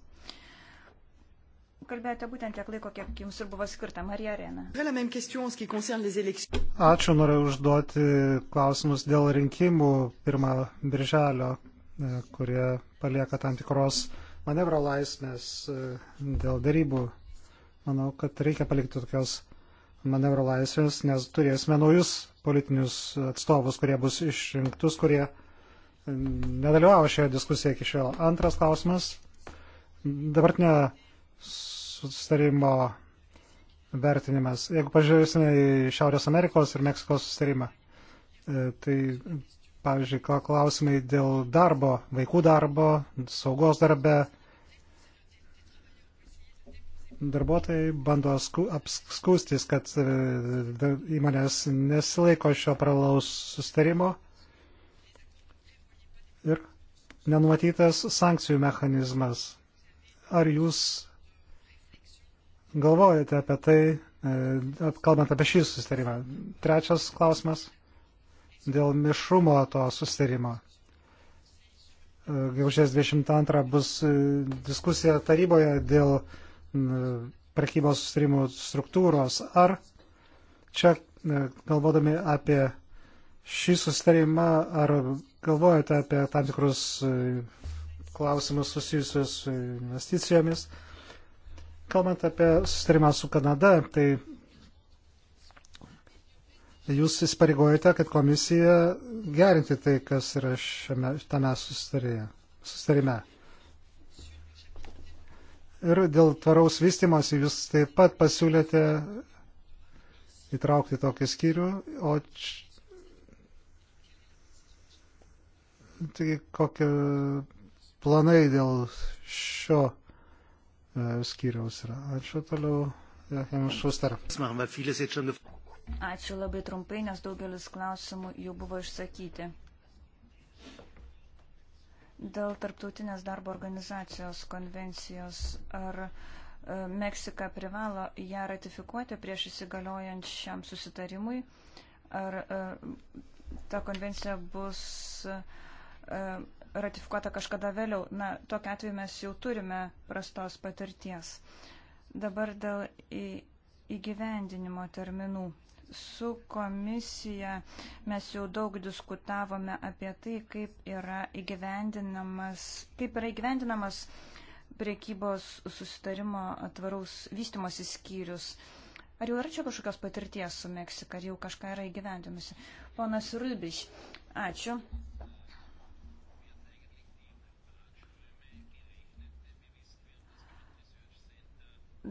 kalbėjote būtent tiek laiko, kiek jums ir buvo skirta Marija Arena. Ačiū, noriu užduoti klausimus dėl rinkimų pirmą birželio, e, kurie palieka tam tikros manevro laisvės e, dėl darybų. Manau, kad reikia palikti tokios manevro laisvės, nes turėsime naujus politinius atstovus, kurie bus išrinktus, kurie e, nedalyvavo šioje diskusijoje iki šiol. Antras klausimas. Dabartinė sustarimo vertinimas. Jeigu pažiūrėsime į Šiaurės Amerikos ir Meksikos sustarimą, e, tai pavyzdžiui, klausimai dėl darbo, vaikų darbo, saugos darbe. Darbuotojai bando apskūstis, kad e, įmonės nesilaiko šio pralaus sustarimo ir nenumatytas sankcijų mechanizmas. Ar jūs galvojate apie tai, e, kalbant apie šį susitarimą? Trečias klausimas dėl mišrumo to susitarimo. E, Gaužės 22 bus e, diskusija taryboje dėl prekybos susitarimų struktūros. Ar čia galvodami apie šį susitarimą, ar galvojate apie tam tikrus klausimus susijusius su investicijomis? Kalbant apie sustarimą su Kanada, tai jūs įsipareigojate, kad komisija gerinti tai, kas yra šiame, tame sustarime. Ir dėl tvaraus vystimosi jūs taip pat pasiūlėte įtraukti tokį skyrių, o taigi kokie planai dėl šio E, skyriaus yra. Ačiū toliau, Jachim Šuster. Ačiū labai trumpai, nes daugelis klausimų jau buvo išsakyti. Dėl tarptautinės darbo organizacijos konvencijos ar e, Meksika privalo ją ratifikuoti prieš įsigaliojant šiam susitarimui, ar e, ta konvencija bus ratifikuota kažkada vėliau. Na, tokiu atveju mes jau turime prastos patirties. Dabar dėl įgyvendinimo terminų. Su komisija mes jau daug diskutavome apie tai, kaip yra įgyvendinamas, kaip yra įgyvendinamas priekybos susitarimo tvaraus vystimosi skyrius. Ar jau yra čia kažkokios patirties su Meksika, ar jau kažką yra įgyvendinusi? Ponas Rubiš, ačiū.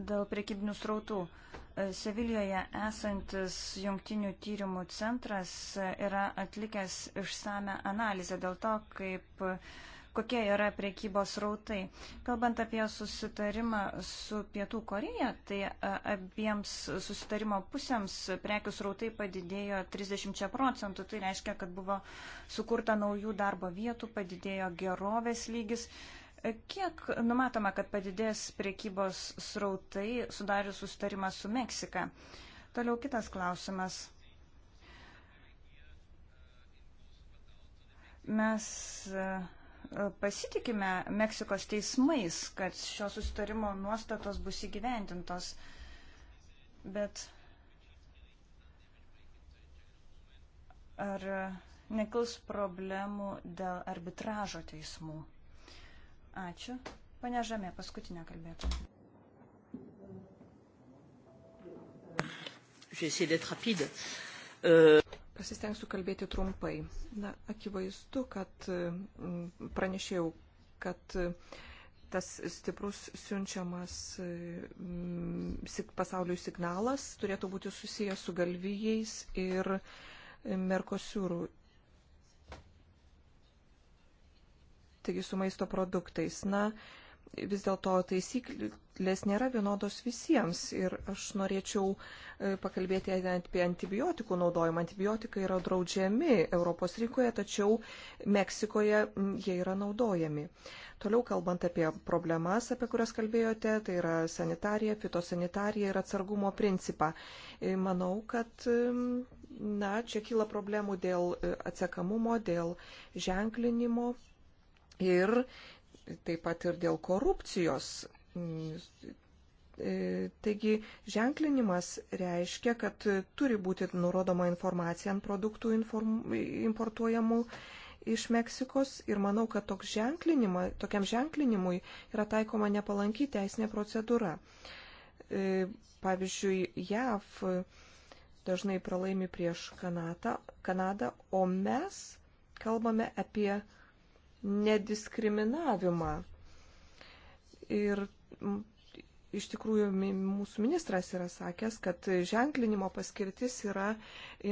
dėl prekybinių srautų. E, Sevilijoje esantis jungtinių tyrimų centras e, yra atlikęs išsame analizę dėl to, kaip, kokie yra prekybos rautai. Kalbant apie susitarimą su Pietų Koreja, tai e, abiems susitarimo pusėms prekių srautai padidėjo 30 procentų. Tai reiškia, kad buvo sukurta naujų darbo vietų, padidėjo gerovės lygis. Uh, Kiek numatoma, kad padidės priekybos srautai sudarius sustarimą su Meksika? Toliau kitas klausimas. Mes e, pasitikime Meksikos teismais, kad šio sustarimo nuostatos bus įgyvendintos, bet ar nekils problemų dėl arbitražo teismų? Ačiū. Pane Žamė, paskutinę kalbėtą. Uh, Pasistengsiu kalbėti trumpai. Na, akivaizdu, kad mm, pranešėjau, kad mm, tas stiprus siunčiamas mm, pasauliui signalas turėtų būti susijęs su galvijais ir Merkosiūrų taigi su maisto produktais. Na, vis dėlto taisyklės nėra vienodos visiems ir aš norėčiau e, pakalbėti apie antibiotikų naudojimą. Antibiotikai yra draudžiami Europos rinkoje, tačiau Meksikoje jie yra naudojami. Toliau kalbant apie problemas, apie kurias kalbėjote, tai yra sanitarija, fitosanitarija ir atsargumo principą. E, manau, kad e, na, čia kyla problemų dėl atsekamumo, dėl ženklinimo ir taip pat ir dėl korupcijos. E, taigi ženklinimas reiškia, kad turi būti nurodoma informacija ant produktų inform, importuojamų iš Meksikos ir manau, kad toks tokiam ženklinimui yra taikoma nepalanki teisinė procedūra. E, pavyzdžiui, JAV dažnai pralaimi prieš Kanadą, Kanadą o mes kalbame apie nediskriminavimą. Ir iš tikrųjų mūsų ministras yra sakęs, kad ženklinimo paskirtis yra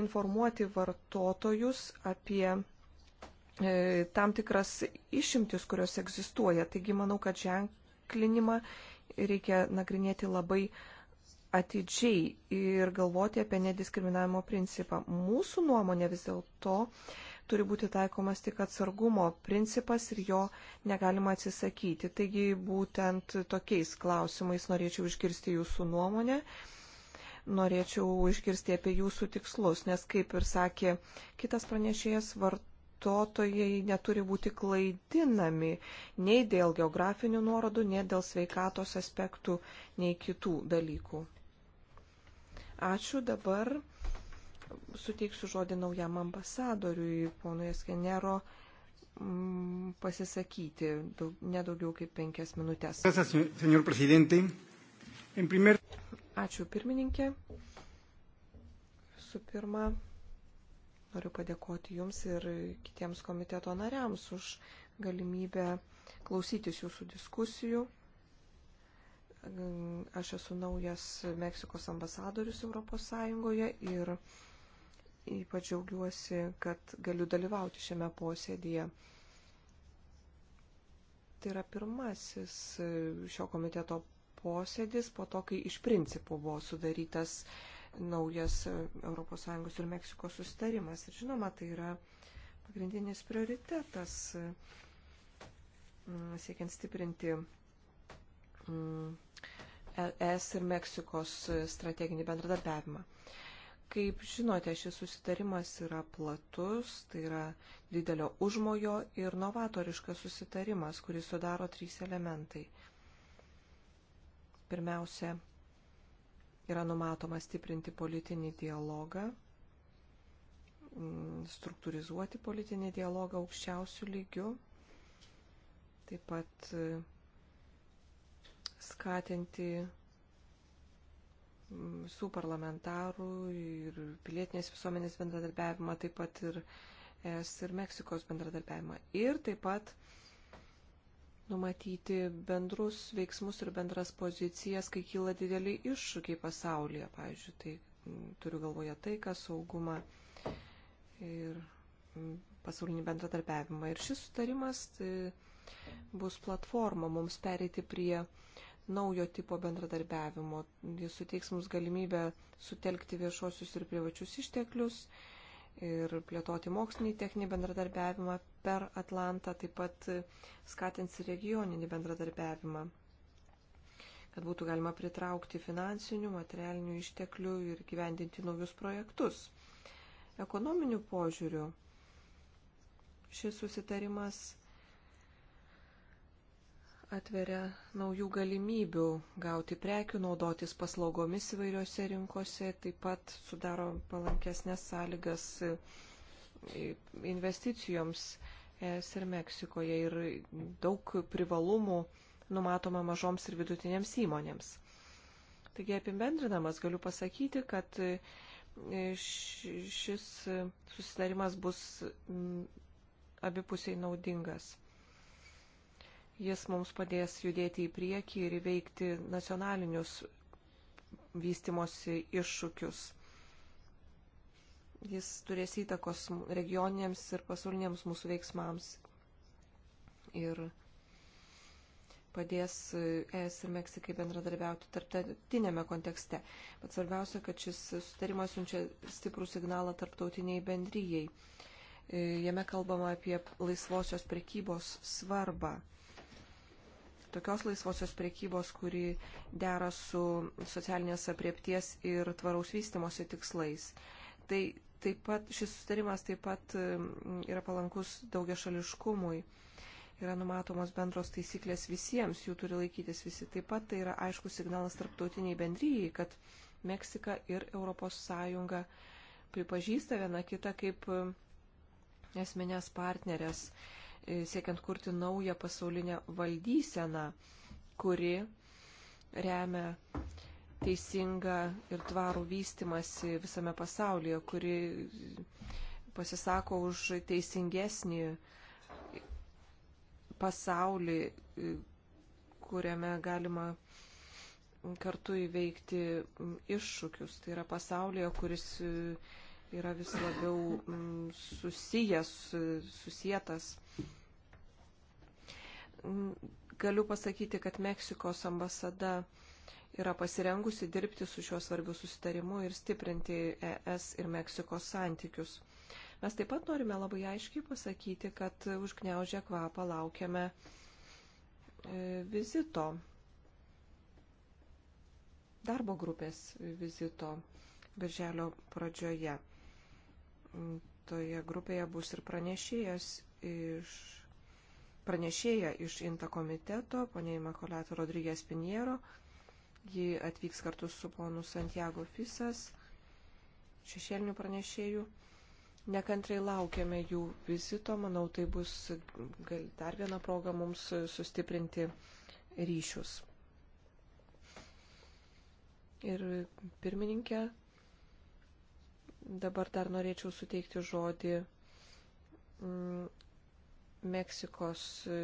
informuoti vartotojus apie e, tam tikras išimtis, kurios egzistuoja. Taigi manau, kad ženklinimą reikia nagrinėti labai atidžiai ir galvoti apie nediskriminavimo principą. Mūsų nuomonė vis dėlto turi būti taikomas tik atsargumo principas ir jo negalima atsisakyti. Taigi būtent tokiais klausimais norėčiau išgirsti jūsų nuomonę. Norėčiau išgirsti apie jūsų tikslus, nes kaip ir sakė kitas pranešėjas, vart, vartotojai neturi būti klaidinami nei dėl geografinių nuorodų, nei dėl sveikatos aspektų, nei kitų dalykų. Ačiū dabar suteiksiu žodį naujam ambasadoriui, ponui Eskenero, mm, pasisakyti nedaugiau kaip penkias minutės. Ačiū pirmininkė. Su pirma, noriu padėkoti Jums ir kitiems komiteto nariams už galimybę klausytis Jūsų diskusijų. Aš esu naujas Meksikos ambasadorius Europos Sąjungoje ir ypač džiaugiuosi, kad galiu dalyvauti šiame posėdėje. Tai yra pirmasis e, šio komiteto posėdis po to, kai iš principo buvo sudarytas naujas e, ES ir Meksikos sustarimas. Ir žinoma, tai yra pagrindinis prioritetas e, siekiant stiprinti ES ir Meksikos strateginį bendradarbiavimą. Kaip žinote, šis susitarimas yra platus, tai yra didelio užmojo ir novatoriškas susitarimas, kurį sudaro trys elementai. Pirmiausia, yra numatoma stiprinti politinį dialogą, mm, struktūrizuoti politinį dialogą aukščiausių lygių, taip pat e, skatinti visų parlamentarų ir pilietinės visuomenės bendradarbiavimą, taip pat ir ES ir Meksikos bendradarbiavimą. Ir taip pat numatyti bendrus veiksmus ir bendras pozicijas, kai kyla dideliai iššūkiai pasaulyje. Pavyzdžiui, tai turiu galvoje taiką, saugumą ir pasaulinį bendradarbiavimą. Ir šis sutarimas tai, bus platforma mums pereiti prie uh, naujo tipo bendradarbiavimo. Jis suteiks mums galimybę sutelkti viešuosius ir privačius išteklius ir plėtoti mokslinį techninį bendradarbiavimą per Atlantą, taip pat skatins regioninį bendradarbiavimą, kad būtų galima pritraukti finansinių, materialinių išteklių ir gyvendinti naujus projektus. Ekonominių požiūrių šis susitarimas atveria naujų galimybių gauti prekių, naudotis paslaugomis įvairiose rinkose, taip pat sudaro palankesnės sąlygas e, investicijoms ES ir Meksikoje ir daug privalumų numatoma mažoms ir vidutinėms įmonėms. Taigi apibendrinamas galiu pasakyti, kad e, šis susidarimas bus abipusiai naudingas. Jis mums padės judėti į priekį ir įveikti nacionalinius vystimosi iššūkius. Jis turės įtakos regioniniams ir pasauliniams mūsų veiksmams ir padės e, ES ir Meksikai bendradarbiauti tarptautinėme kontekste. Bet svarbiausia, kad šis sutarimas siunčia stiprų signalą tarptautiniai bendryjai. E, jame kalbama apie laisvosios prekybos svarbą tokios laisvosios priekybos, kuri dera su socialinės apriepties ir tvaraus vystimosi tikslais. Tai taip pat šis sustarimas taip pat yra palankus daugia šališkumui. Yra numatomos bendros taisyklės visiems, jų turi laikytis visi. Taip pat tai yra aiškus signalas tarptautiniai bendryjai, kad Meksika ir ES pripažįsta viena kitą kaip esminės partnerės. Uh, E, siekiant kurti naują pasaulinę valdyseną, kuri remia teisingą ir tvarų vystimasi visame pasaulyje, kuri pasisako už teisingesnį pasaulį, e, kuriame galima kartu įveikti iššūkius. Tai yra pasaulyje, kuris e, yra vis labiau susijęs, susijęs Galiu pasakyti, kad Meksikos ambasada yra pasirengusi dirbti su šiuo svarbiu susitarimu ir stiprinti ES ir Meksikos santykius. Mes taip pat norime labai aiškiai pasakyti, kad užgneužę kvapą laukiame e, vizito, darbo grupės vizito birželio pradžioje. Toje grupėje bus ir pranešėjas iš pranešėja iš INTA komiteto, ponė Imakolata Rodrygės Piniero. Ji atvyks kartu su ponu Santiago Fisas, šešėlinių pranešėjų. Nekantrai laukiame jų vizito, manau, tai bus gal, dar viena proga mums sustiprinti ryšius. Ir pirmininkė, dabar dar norėčiau suteikti žodį mm, Meksikos e,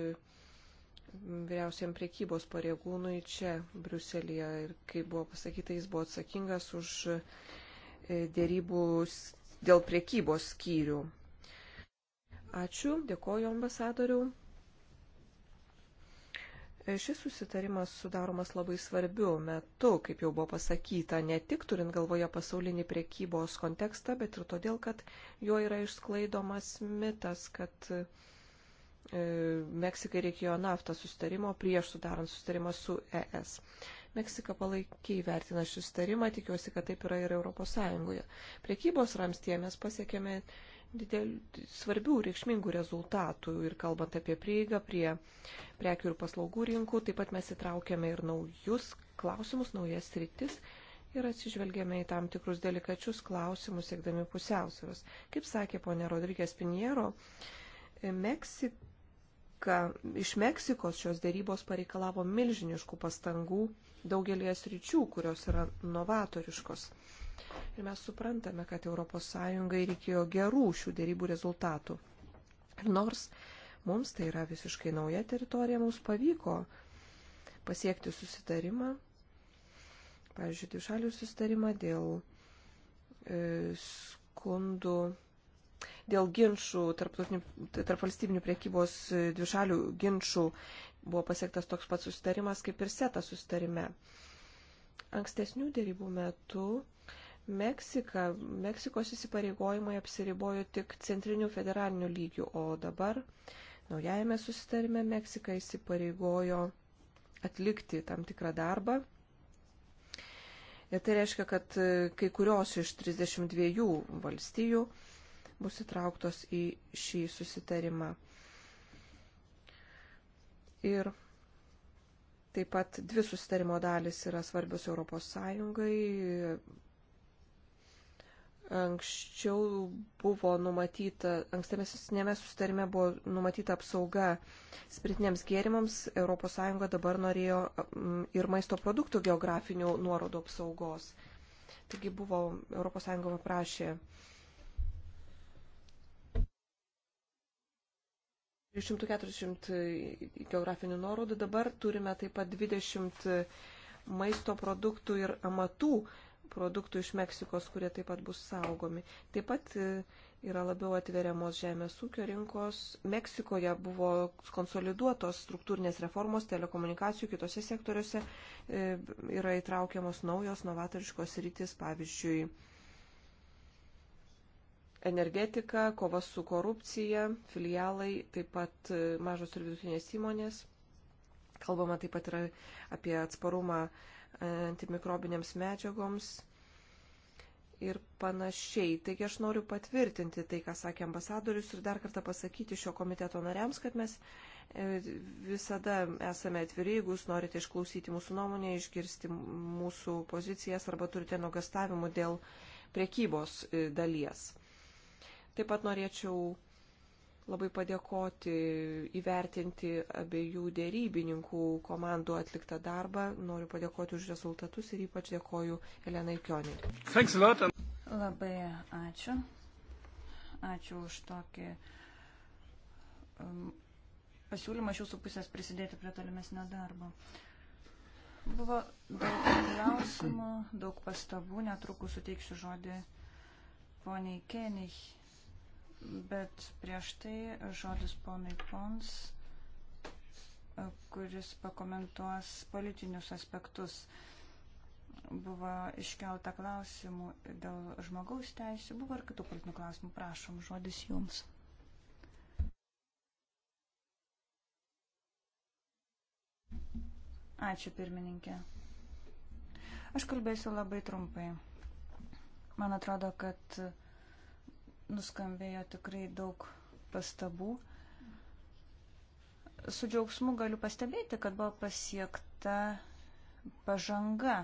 vyriausiam priekybos pareigūnui čia, Briuselėje. Ir kaip buvo pasakyta, jis buvo atsakingas už e, dėrybų dėl priekybos skyrių. Ačiū, dėkoju ambasadoriu. E, šis susitarimas sudaromas labai svarbiu metu, kaip jau buvo pasakyta, ne tik turint galvoje pasaulinį priekybos kontekstą, bet ir todėl, kad jo yra išsklaidomas mitas, kad E, Meksikai reikėjo naftą sustarimo prieš sudarant sustarimą su ES. Meksika palaikiai vertina šį sustarimą, tikiuosi, kad taip yra ir ES. Priekybos ramstie mes pasiekėme didel, svarbių, reikšmingų rezultatų ir kalbant apie prieigą prie prekių ir paslaugų rinkų, taip pat mes įtraukėme ir naujus klausimus, naujas rytis ir atsižvelgėme į tam tikrus delikačius klausimus, siekdami pusiausvėros. Kaip sakė ponė Rodrygės Piniero, Meksika iš Meksikos šios dėrybos pareikalavo milžiniškų pastangų daugelie sričių, kurios yra novatoriškos. Ir mes suprantame, kad ES reikėjo gerų šių dėrybų rezultatų. Ir nors mums tai yra visiškai nauja teritorija, mums pavyko pasiekti susitarimą, pavyzdžiui, dvišalių susitarimą dėl e, skundų dėl ginčių, tai tarp valstybinių priekybos e, dvišalių ginčių buvo pasiektas toks pats susitarimas kaip ir SETA susitarime. Ankstesnių dėrybų metu Meksika, Meksikos įsipareigojimai apsiribojo tik centriniu federaliniu lygiu, o dabar naujajame susitarime Meksika įsipareigojo atlikti tam tikrą darbą. Ir tai reiškia, kad e, kai kurios iš 32 valstijų bus įtrauktos į šį susitarimą. Ir taip pat dvi susitarimo dalis yra svarbios Europos Sąjungai. Anksčiau buvo numatyta, ankstame susitarime buvo numatyta apsauga spritiniams gėrimams, ES dabar norėjo mm, ir maisto produktų geografinių nuorodų apsaugos. Taigi buvo, ES paprašė uh, Iš 140 geografinių nuorodų dabar turime taip pat 20 maisto produktų ir amatų produktų iš Meksikos, kurie taip pat bus saugomi. Taip pat e, yra labiau atveriamos žemės ūkio rinkos. Meksikoje buvo konsoliduotos struktūrinės reformos telekomunikacijų kitose sektoriuose, e, yra įtraukiamos naujos novatoriškos rytis, pavyzdžiui, energetika, kova su korupcija, filialai, taip pat e, mažos ir vidutinės įmonės. Kalbama taip pat ir apie atsparumą e, antimikrobinėms medžiagoms ir panašiai. Taigi aš noriu patvirtinti tai, ką sakė ambasadorius ir dar kartą pasakyti šio komiteto nariams, kad mes e, visada esame atviri, jeigu jūs norite išklausyti mūsų nuomonę, išgirsti mūsų pozicijas arba turite nuogastavimų dėl priekybos dalies. Taip pat norėčiau labai padėkoti, įvertinti abiejų dėrybininkų komandų atliktą darbą. Noriu padėkoti už rezultatus ir ypač dėkoju Elenai Kioniai. Labai ačiū. Ačiū už tokį um, pasiūlymą iš jūsų pusės prisidėti prie tolimesnio darbo. Buvo daug klausimų, daug pastabų, netrukus suteiksiu žodį poniai Kenich. Bet prieš tai žodis ponui Pons, kuris pakomentuos politinius aspektus. Buvo iškelta klausimų dėl žmogaus teisų, buvo ir kitų politinių klausimų. Prašom, žodis jums. Ačiū pirmininkė. Aš kalbėsiu labai trumpai. Man atrodo, kad nuskambėjo tikrai daug pastabų. Su džiaugsmu galiu pastebėti, kad buvo pasiekta pažanga.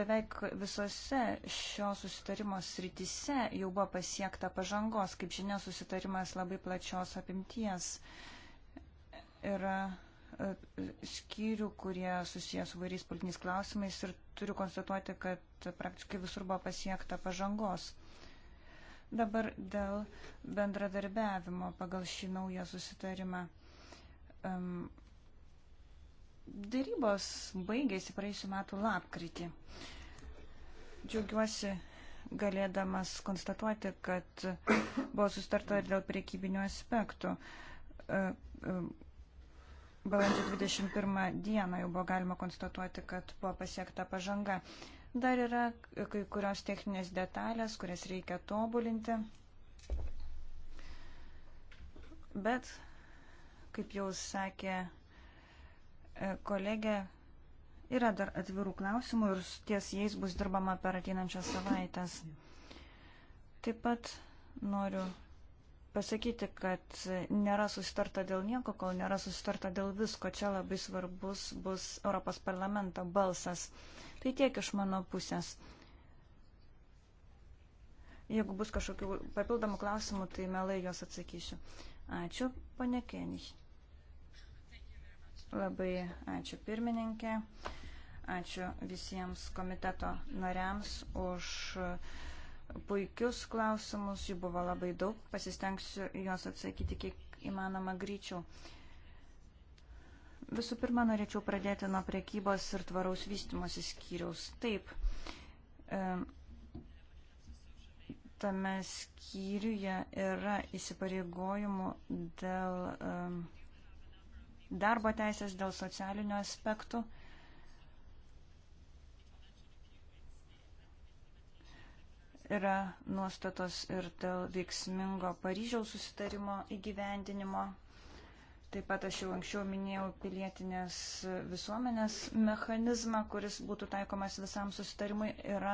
Beveik visose šio susitarimo srityse jau buvo pasiekta pažangos. Kaip žinia, susitarimas labai plačios apimties. Yra e, skyrių, kurie susijęs su vairiais politiniais klausimais ir turiu konstatuoti, kad praktiškai visur buvo pasiekta pažangos. Dabar dėl bendradarbiavimo pagal šį naują susitarimą. Um, darybos baigėsi praėjusiu metu lapkritį. Džiaugiuosi galėdamas konstatuoti, kad buvo sustarta ir dėl priekybinių aspektų. E, e, balandžio 21 dieną jau buvo galima konstatuoti, kad buvo pasiekta pažanga. Dar yra kai kurios techninės detalės, kurias reikia tobulinti. Bet, kaip jau sakė e, kolegė, yra dar atvirų klausimų ir ties jais bus dirbama per ateinančias savaitės. Taip pat noriu pasakyti, kad nėra susitarta dėl nieko, kol nėra susitarta dėl visko. Čia labai svarbus bus Europos parlamento balsas. Tai tiek iš mano pusės. Jeigu bus kažkokių papildomų klausimų, tai melai juos atsakysiu. Ačiū, ponė Kenich. Labai ačiū pirmininkė. Ačiū visiems komiteto nariams už puikius klausimus. Jų buvo labai daug. Pasistengsiu juos atsakyti kiek įmanoma greičiau. Visų pirma, norėčiau pradėti nuo priekybos ir tvaraus vystimosi skyriaus. Taip, e, tame skyriuje yra įsipareigojimų dėl e, darbo teisės, dėl socialinių aspektų. Yra nuostatos ir dėl veiksmingo Paryžiaus susitarimo įgyvendinimo Taip pat aš jau anksčiau minėjau pilietinės visuomenės mechanizmą, kuris būtų taikomas visam susitarimui, yra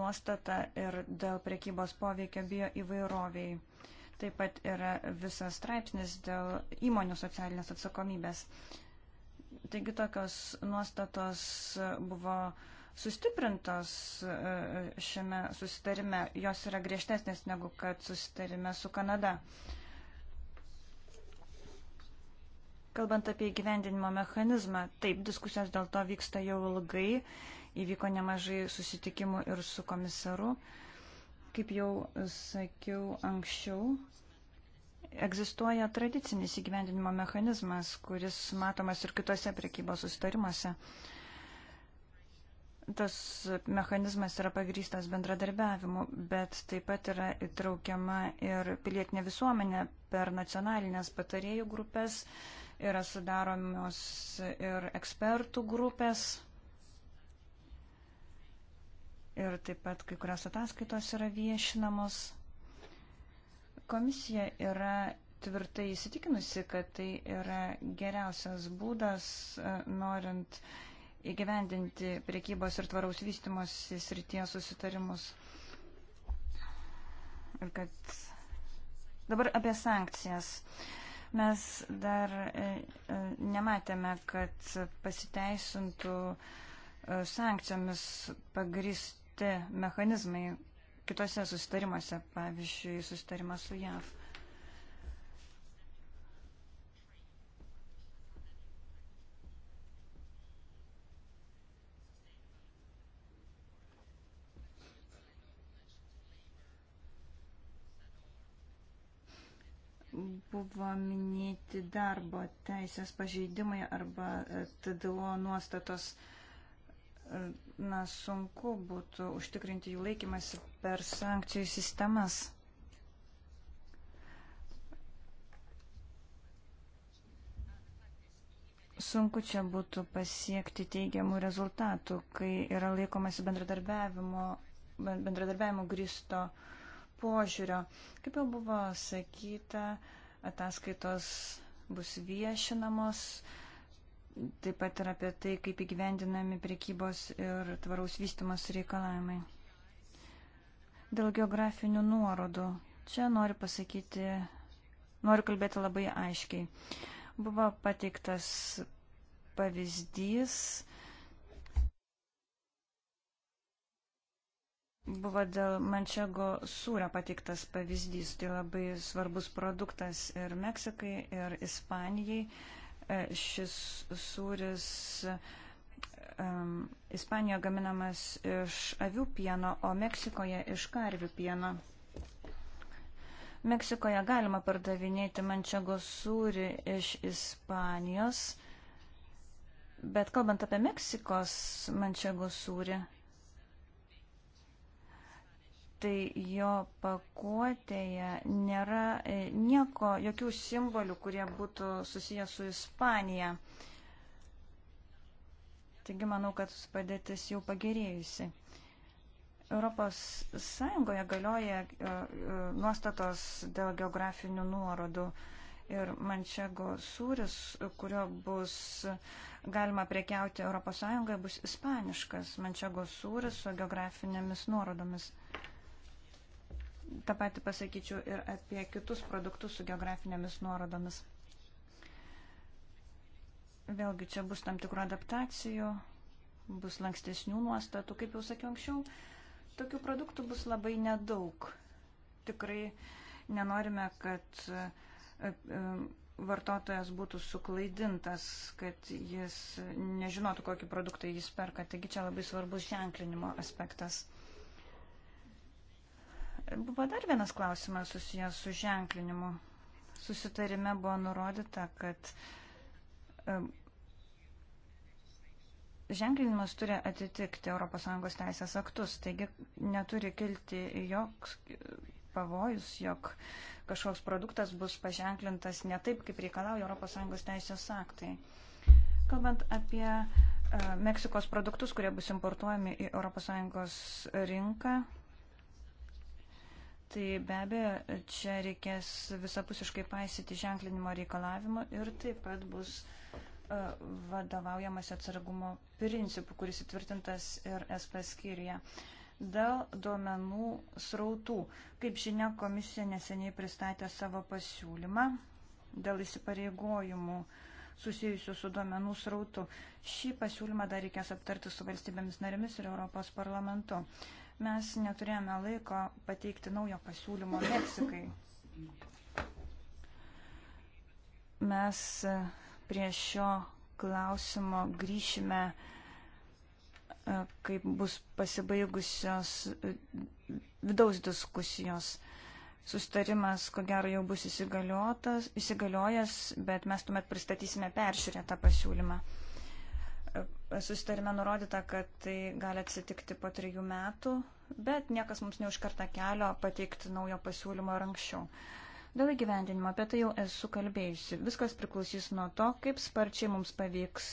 nuostata ir dėl priekybos poveikio bio įvairoviai. Taip pat yra visas straipsnis dėl įmonių socialinės atsakomybės. Taigi tokios nuostatos buvo sustiprintos e, e, šiame susitarime, jos yra griežtesnės negu kad susitarime su Kanada. Uh, Kalbant apie įgyvendinimo mechanizmą, taip, diskusijos dėl to vyksta jau ilgai, įvyko nemažai susitikimų ir su komisaru. Kaip jau sakiau anksčiau, egzistuoja tradicinis įgyvendinimo mechanizmas, kuris matomas ir kitose prekybos sustarimuose. Tas mechanizmas yra pagrystas bendradarbiavimu, bet taip pat yra įtraukiama ir pilietinė visuomenė per nacionalinės patarėjų grupės, uh, Yra sudaromios ir ekspertų grupės. Ir taip pat kai kurios ataskaitos yra viešinamos. Komisija yra tvirtai įsitikinusi, kad tai yra geriausias būdas, e, norint įgyvendinti priekybos ir tvaraus vystimos srities susitarimus. Ir kad dabar apie sankcijas. Mes dar e, e, nematėme, kad pasiteisintų e, sankcijomis pagristi mechanizmai kitose susitarimuose, pavyzdžiui, susitarimas su JAV. buvo minėti darbo teisės pažeidimai arba e, TDO nuostatos. E, na, sunku būtų užtikrinti jų laikymasi per sankcijų sistemas. Sunku čia būtų pasiekti teigiamų rezultatų, kai yra laikomasi bendradarbiavimo, bendradarbiavimo grįsto uh, požiūrio. Kaip jau buvo sakyta, ataskaitos bus viešinamos, taip pat ir apie tai, kaip įgyvendinami priekybos ir tvaraus vystimos reikalavimai. Dėl geografinių nuorodų. Čia noriu pasakyti, noriu kalbėti labai aiškiai. Buvo pateiktas pavyzdys, buvo dėl mančego sūrio pateiktas pavyzdys. Tai labai svarbus produktas ir Meksikai, ir Ispanijai. E, šis sūris um, Ispanijoje gaminamas iš avių pieno, o Meksikoje iš karvių pieno. Meksikoje galima pardavinėti mančego sūrį iš Ispanijos, bet kalbant apie Meksikos mančego sūrį, tai jo pakuotėje nėra e, nieko, jokių simbolių, kurie būtų susiję su Ispanija. Taigi manau, kad padėtis jau pagerėjusi. Europos Sąjungoje galioja e, e, nuostatos dėl geografinių nuorodų ir mančego sūris, kurio bus galima prekiauti ES, bus ispaniškas mančego sūris su geografinėmis nuorodomis tą patį pasakyčiau ir apie kitus produktus su geografinėmis nuorodomis. Vėlgi čia bus tam tikrų adaptacijų, bus lankstesnių nuostatų, kaip jau sakiau anksčiau, tokių produktų bus labai nedaug. Tikrai nenorime, kad e, e, vartotojas būtų suklaidintas, kad jis nežinotų, kokį produktą jis perka. Taigi čia labai svarbus ženklinimo aspektas. Buvo dar vienas klausimas susijęs su ženklinimu. Susitarime buvo nurodyta, kad e, ženklinimas turi atitikti ES teisės aktus, taigi neturi kilti joks pavojus, jog kažkoks produktas bus paženklintas ne taip, kaip reikalauja ES teisės aktai. Kalbant apie e, Meksikos produktus, kurie bus importuojami į ES rinką, Tai be abejo, čia reikės visapusiškai paisyti ženklinimo reikalavimo ir taip pat bus e, vadovaujamas atsargumo principų, kuris įtvirtintas ir SP skyriuje. Dėl duomenų srautų. Kaip žinia, komisija neseniai pristatė savo pasiūlymą dėl įsipareigojimų susijusių su duomenų srautu. Šį pasiūlymą dar reikės aptarti su valstybėmis narėmis ir Europos parlamentu. Uh, Mes neturėjome laiko pateikti naujo pasiūlymo Meksikai. Mes e, prie šio klausimo grįšime, e, kaip bus pasibaigusios e, vidaus diskusijos sustarimas, ko gero, jau bus įsigaliojęs, bet mes tuomet pristatysime peržiūrėtą pasiūlymą. Susitarime nurodyta, kad tai gali atsitikti po trijų metų, bet niekas mums neužkarta kelio pateikti naujo pasiūlymo ir anksčiau. Dėl įgyvendinimo apie tai jau esu kalbėjusi. Viskas priklausys nuo to, kaip sparčiai mums pavyks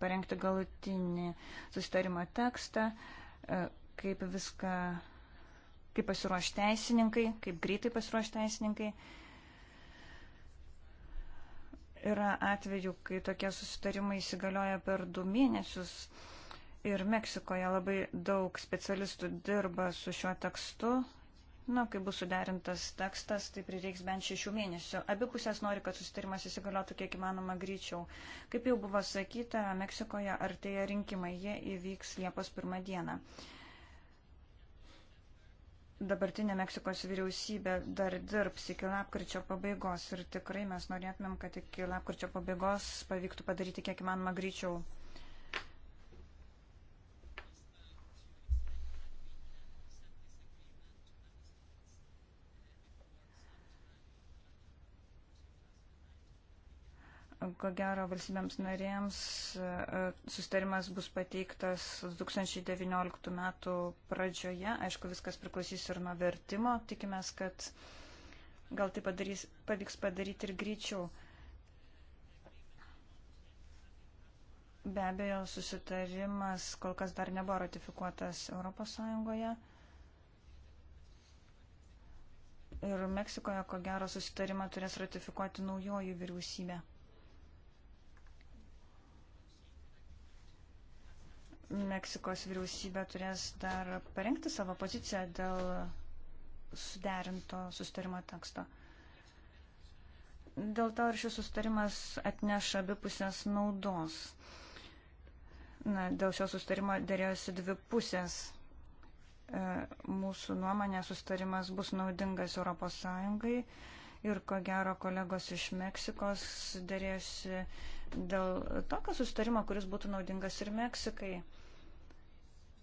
parengti galutinį susitarimo tekstą, e, kaip viską, kaip pasiruoš teisininkai, kaip greitai pasiruoš teisininkai. Yra atveju, kai tokie susitarimai įsigalioja per du mėnesius ir Meksikoje labai daug specialistų dirba su šiuo tekstu. Na, kai bus suderintas tekstas, tai prireiks bent šešių mėnesių. Abi pusės nori, kad susitarimas įsigaliotų kiek įmanoma greičiau. Kaip jau buvo sakyta, Meksikoje artėja rinkimai, jie įvyks Liepos pirmą dieną. Uh, dabartinė Meksikos vyriausybė dar dirbs iki lapkričio pabaigos ir tikrai mes norėtumėm, kad iki lapkričio pabaigos pavyktų padaryti kiek įmanoma greičiau. ko gero valstybėms narėms e, sustarimas bus pateiktas 2019 metų pradžioje. Aišku, viskas priklausys ir nuo vertimo. Tikimės, kad gal tai padarys, pavyks padaryti ir greičiau. Be abejo, susitarimas kol kas dar nebuvo ratifikuotas ES. Ir Meksikoje, ko gero, susitarimą turės ratifikuoti naujoji vyriausybė. Meksikos vyriausybė turės dar parengti savo poziciją dėl suderinto sustarimo teksto. Dėl to ir šis sustarimas atneša abipusės naudos. Na, dėl šio sustarimo dėrėjosi dvi pusės. E, mūsų nuomonė sustarimas bus naudingas ES ir ko gero kolegos iš Meksikos dėrėjosi dėl tokio sustarimo, kuris būtų naudingas ir Meksikai.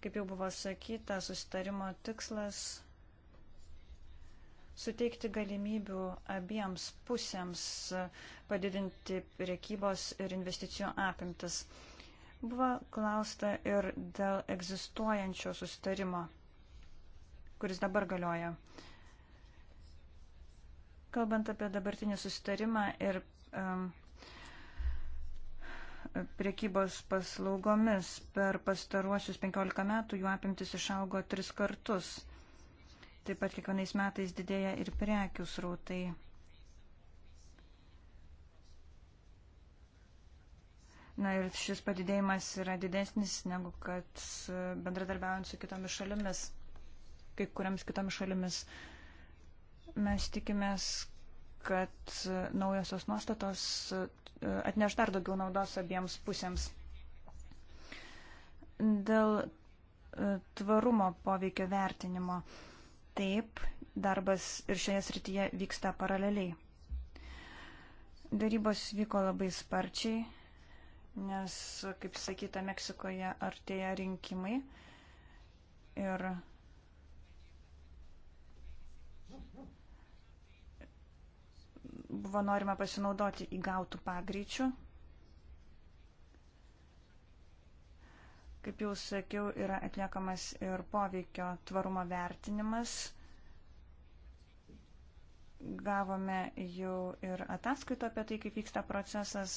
Kaip jau buvo sakyta, susitarimo tikslas suteikti galimybių abiems pusėms padidinti priekybos ir investicijų apimtis. Buvo klausta ir dėl egzistuojančio susitarimo, kuris dabar galioja. Kalbant apie dabartinį susitarimą ir um, priekybos paslaugomis. Per pastaruosius 15 metų jų apimtis išaugo tris kartus. Taip pat kiekvienais metais didėja ir prekių srautai. Na ir šis padidėjimas yra didesnis negu kad bendradarbiaujant su kitomis šalimis, kai kuriams kitomis šalimis. Mes tikimės, kad naujosios nuostatos atneš dar daugiau naudos abiems pusėms. Dėl e, tvarumo poveikio vertinimo. Taip, darbas ir šioje srityje vyksta paraleliai. Darybos vyko labai sparčiai, nes, kaip sakyta, Meksikoje artėja rinkimai ir buvo norima pasinaudoti įgautų pagreičių. Kaip jau sakiau, yra atliekamas ir poveikio tvarumo vertinimas. Gavome jau ir ataskaitą apie tai, kaip vyksta procesas.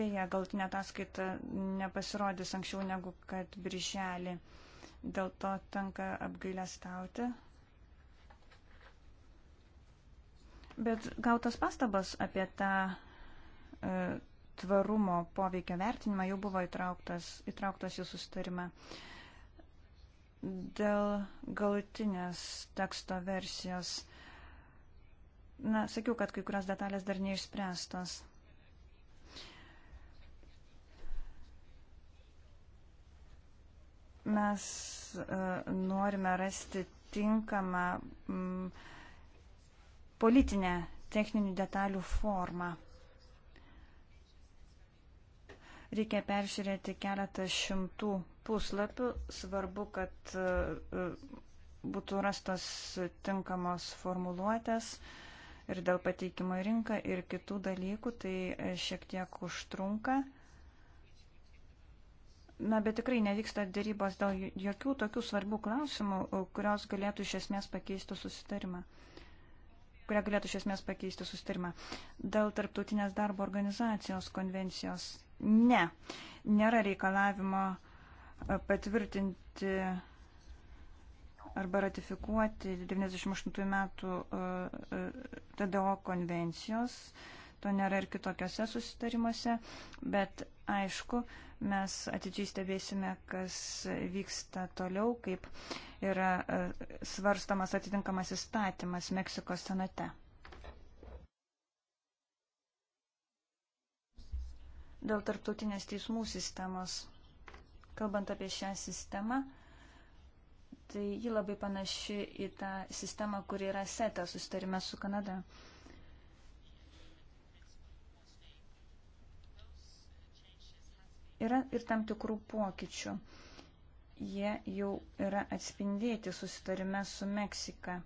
Deja, galtinė ataskaita nepasirodys anksčiau negu kad birželį dėl to tenka apgailestauti. Bet gautos pastabos apie tą e, tvarumo poveikio vertinimą jau buvo įtrauktas, įtrauktas į sustarimą. Dėl galutinės teksto versijos, na, sakiau, kad kai kurios detalės dar neišspręstos. Mes e, norime rasti tinkamą politinę techninių detalių formą. Reikia peržiūrėti keletą šimtų puslapių. Svarbu, kad e, e, būtų rastos tinkamos formuluotės ir dėl pateikimo į rinką ir kitų dalykų, tai šiek tiek užtrunka. Na, bet tikrai nevyksta dėrybos dėl jokių tokių svarbių klausimų, kurios galėtų iš esmės pakeisti susitarimą kurie galėtų iš esmės pakeisti sustarimą. Dėl tarptautinės darbo organizacijos konvencijos ne, nėra reikalavimo e, patvirtinti arba ratifikuoti 98 metų e, e, TDO konvencijos. Uh, To nėra ir kitokiose susitarimuose, bet aišku, mes atidžiai stebėsime, kas vyksta toliau, kaip yra e, svarstamas atitinkamas įstatymas Meksikos senate. Dėl tarptautinės teismų sistemos. Kalbant apie šią sistemą, tai ji labai panaši į tą sistemą, kuri yra setę susitarime su Kanada. Uh, Yra ir tam tikrų pokyčių. Jie jau yra atspindėti susitarime su Meksika.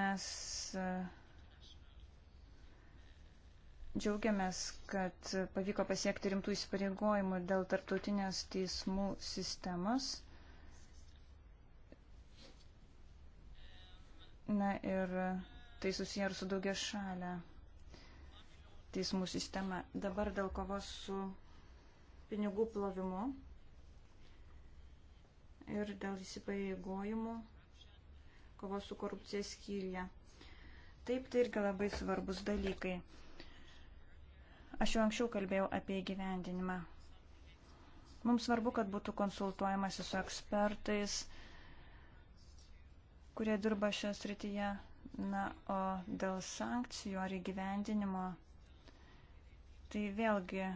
Mes e, džiaugiamės, kad pavyko pasiekti rimtų įsipareigojimų dėl tarptautinės teismų sistemos. Na ir tai susiję ir su daugia šalia teismų sistema. Dabar dėl kovos su pinigų plovimu ir dėl įsipareigojimų kovos su korupcija skyriuje. Taip, tai irgi labai svarbus dalykai. Aš jau anksčiau kalbėjau apie įgyvendinimą. Mums svarbu, kad būtų konsultuojamasi su ekspertais, kurie dirba šią srityje. Na, o dėl sankcijų ar įgyvendinimo, tai vėlgi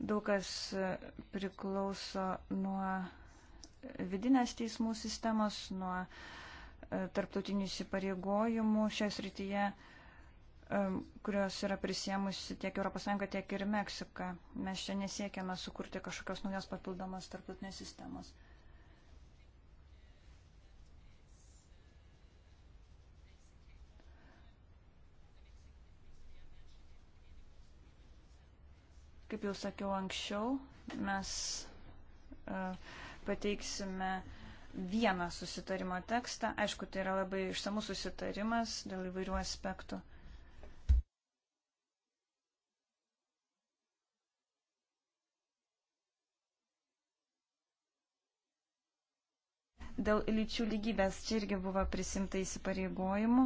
Daug kas e, priklauso nuo vidinės teismų sistemos, nuo e, tarptautinių įsipareigojimų šioje srityje, e, kurios yra prisėmusi tiek ES, tiek ir Meksika. Mes čia nesiekiame sukurti kažkokios naujos papildomos tarptautinės sistemos. Kaip jau sakiau anksčiau, mes e, pateiksime vieną susitarimo tekstą. Aišku, tai yra labai išsamus susitarimas dėl įvairių aspektų. dėl lyčių lygybės čia irgi buvo prisimta įsipareigojimų.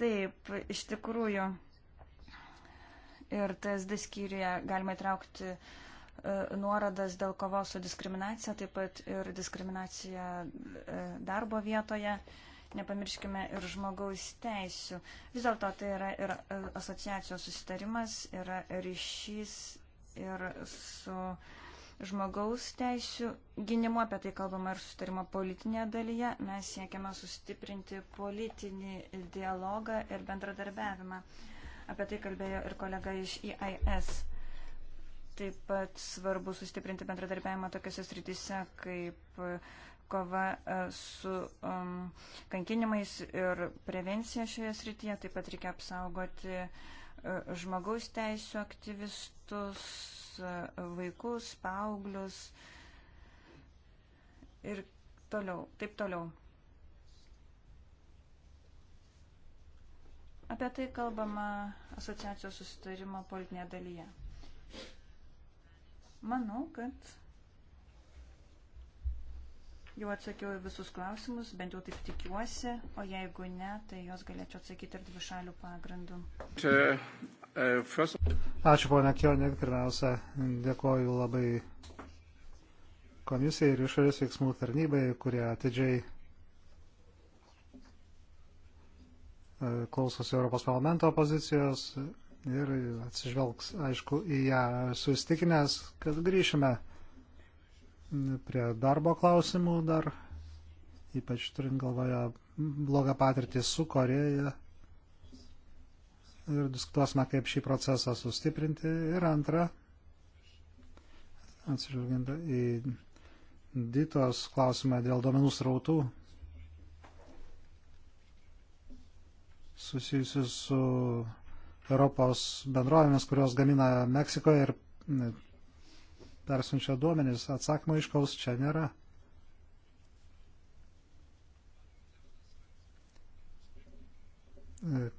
Taip, iš tikrųjų. Ir TSD skyriuje galima įtraukti e, nuoradas dėl kovos su diskriminacija, taip pat ir diskriminacija e, darbo vietoje. Nepamirškime ir žmogaus teisių. Vis dėlto tai yra ir e, asociacijos susitarimas, yra ryšys ir su uh, žmogaus teisų gynimo, apie tai kalbama ir sustarimo politinėje dalyje. Mes siekiame sustiprinti politinį dialogą ir bendradarbiavimą. Apie tai kalbėjo ir kolega iš EIS. Taip pat svarbu sustiprinti bendradarbiavimą tokiuose srityse kaip e, kova e, su um, kankinimais ir prevencija šioje srityje. Taip pat reikia apsaugoti uh, žmogaus teisų aktyvistus, vaikus, paauglius ir toliau, taip toliau. Apie tai kalbama asociacijos susitarimo politinėje dalyje. Manau, kad jau atsakiau į visus klausimus, bent jau taip tikiuosi, o jeigu ne, tai jos galėčiau atsakyti ir dvišalių pagrindų. Čia Ačiū, ponia Kionė. Pirmiausia, dėkoju labai komisijai ir išorės veiksmų tarnybai, kurie atidžiai e, klausosi Europos parlamento pozicijos ir atsižvelgs, aišku, į ją susitikinęs, kad grįšime prie darbo klausimų dar, ypač turint galvoje blogą patirtį su Koreja ir diskutuosime, kaip šį procesą sustiprinti. Ir antra, atsižvelgiant į Ditos klausimą dėl domenų srautų susijusių su Europos bendrovėmis, kurios gamina Meksikoje ir persunčia duomenys. Atsakymo iškaus čia nėra.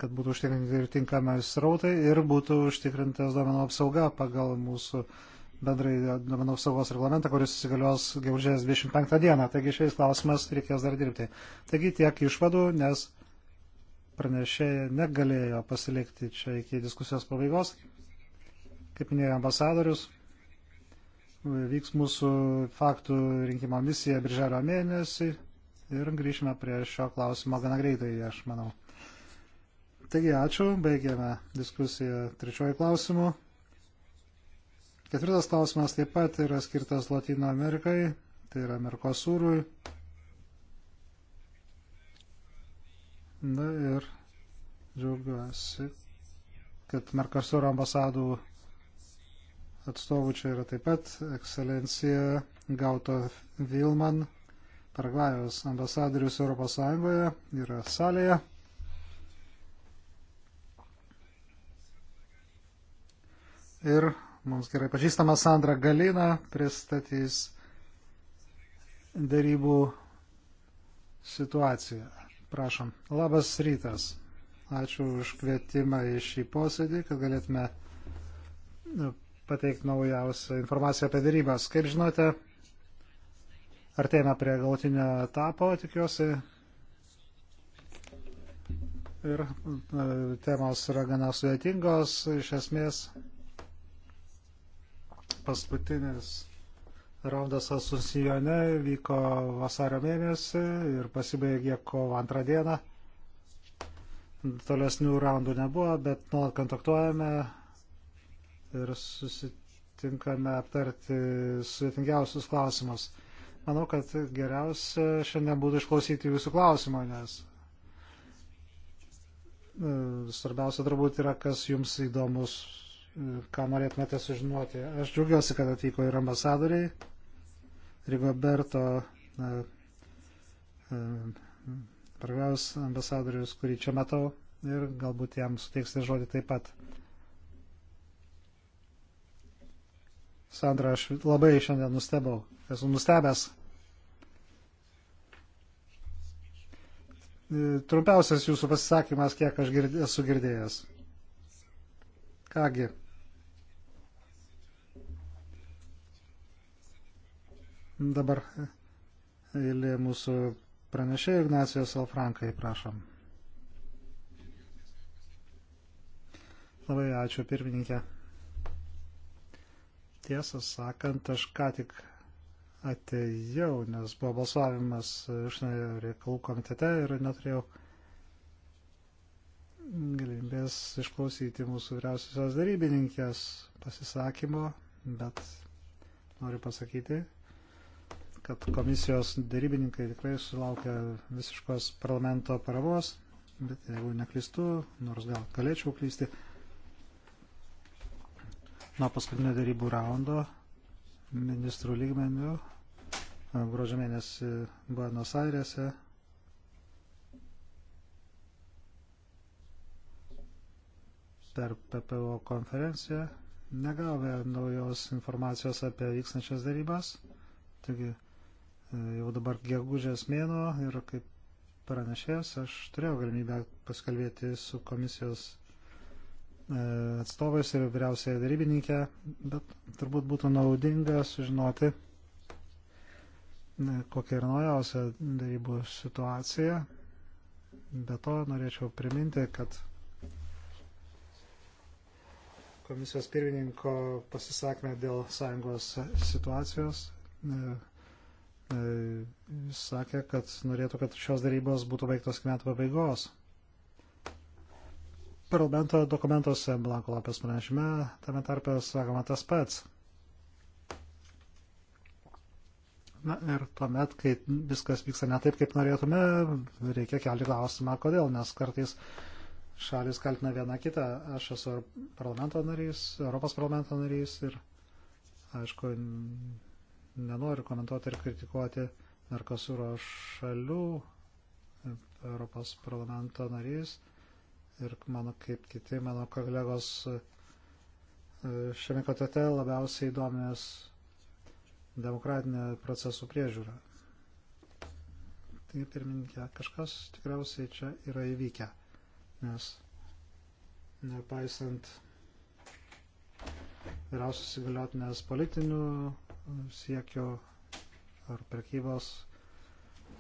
kad būtų užtikrinti ir tinkami srautai ir būtų užtikrintas duomenų apsauga pagal mūsų bendrai duomenų apsaugos reglamentą, kuris įsigalios gegužės 25 dieną. Taigi šiais klausimas reikės dar dirbti. Taigi tiek išvadų, nes pranešėja negalėjo pasilikti čia iki diskusijos pabaigos. Kaip minėjo ambasadorius, vyks mūsų faktų rinkimo misija birželio mėnesį ir grįšime prie šio klausimo gana greitai, aš manau. Taigi, ačiū, baigėme diskusiją trečioji klausimų. Ketvirtas klausimas taip pat yra skirtas Latino Amerikai, tai yra Merkosūrui. Na ir džiaugiuosi, kad Merkosūro ambasadų atstovų čia yra taip pat ekscelencija Gauto Vilman, Paragvajos ambasadorius Europos Sąjungoje, yra salėje. ir mums gerai pažįstama Sandra Galina pristatys darybų situaciją. Prašom. Labas rytas. Ačiū už kvietimą į šį posėdį, kad galėtume pateikti naujausią informaciją apie darybas. Kaip žinote, artėjame prie galutinio etapo, tikiuosi. Ir e, temos yra gana sudėtingos, iš esmės paskutinis raundas Asusijone vyko vasario mėnesį ir pasibaigė kovo antrą dieną. Tolesnių raundų nebuvo, bet nuolat kontaktuojame ir susitinkame aptarti sudėtingiausius klausimus. Manau, kad geriausia šiandien būtų išklausyti jūsų klausimą, nes e, svarbiausia turbūt yra, kas jums įdomus ką norėtumėte sužinoti. Aš džiaugiuosi, kad atvyko ir ambasadoriai, Rigoberto Pargaus e, ambasadorius, kurį čia matau ir galbūt jam suteiksite žodį taip pat. Sandra, aš labai šiandien nustebau. Esu nustebęs. E, trumpiausias jūsų pasisakymas, kiek aš gird, esu girdėjęs. Kągi. Dabar eilė mūsų pranešėjo Ignacijos Alfrankai, prašom. Labai ačiū, pirmininkė. Tiesą sakant, aš ką tik atėjau, nes buvo balsavimas išnėjo reikalų komitete ir neturėjau galimybės išklausyti mūsų vyriausiosios darybininkės pasisakymo, bet noriu pasakyti, kad komisijos darybininkai tikrai sulaukia visiškos parlamento paravos, bet jeigu neklystu, nors gal galėčiau klysti, nuo paskutinio darybų raundo ministrų lygmenių gruodžio mėnesį Buenos Airėse. Per PPO konferenciją negavę naujos informacijos apie vykstančias darybas. Taigi E, jau dabar gegužės mėno ir kaip pranešės, aš turėjau galimybę paskalbėti su komisijos e, atstovais ir vyriausiai darybininkė, bet turbūt būtų naudinga sužinoti, e, kokia yra naujausia darybų situacija. Be to norėčiau priminti, kad komisijos pirmininko pasisakymė dėl sąjungos situacijos E, jis sakė, kad norėtų, kad šios darybos būtų baigtos iki metų pabaigos. Parlamento dokumentuose Blanko Lopės pranešime tame tarpe sakoma tas pats. Na ir tuomet, kai viskas vyksta ne taip, kaip norėtume, reikia kelti klausimą, kodėl, nes kartais šalis kaltina viena kitą. Aš esu parlamento narys, Europos parlamento narys ir, aišku, nenoriu komentuoti ir kritikuoti Merkosūro šalių, Europos parlamento narys ir mano kaip kiti mano kolegos e, šiame kotete labiausiai įdomės demokratinė procesų priežiūra. Taigi, pirmininkė, kažkas tikriausiai čia yra įvykę, nes nepaisant vyriausios įgaliotinės politinių siekio ar prekybos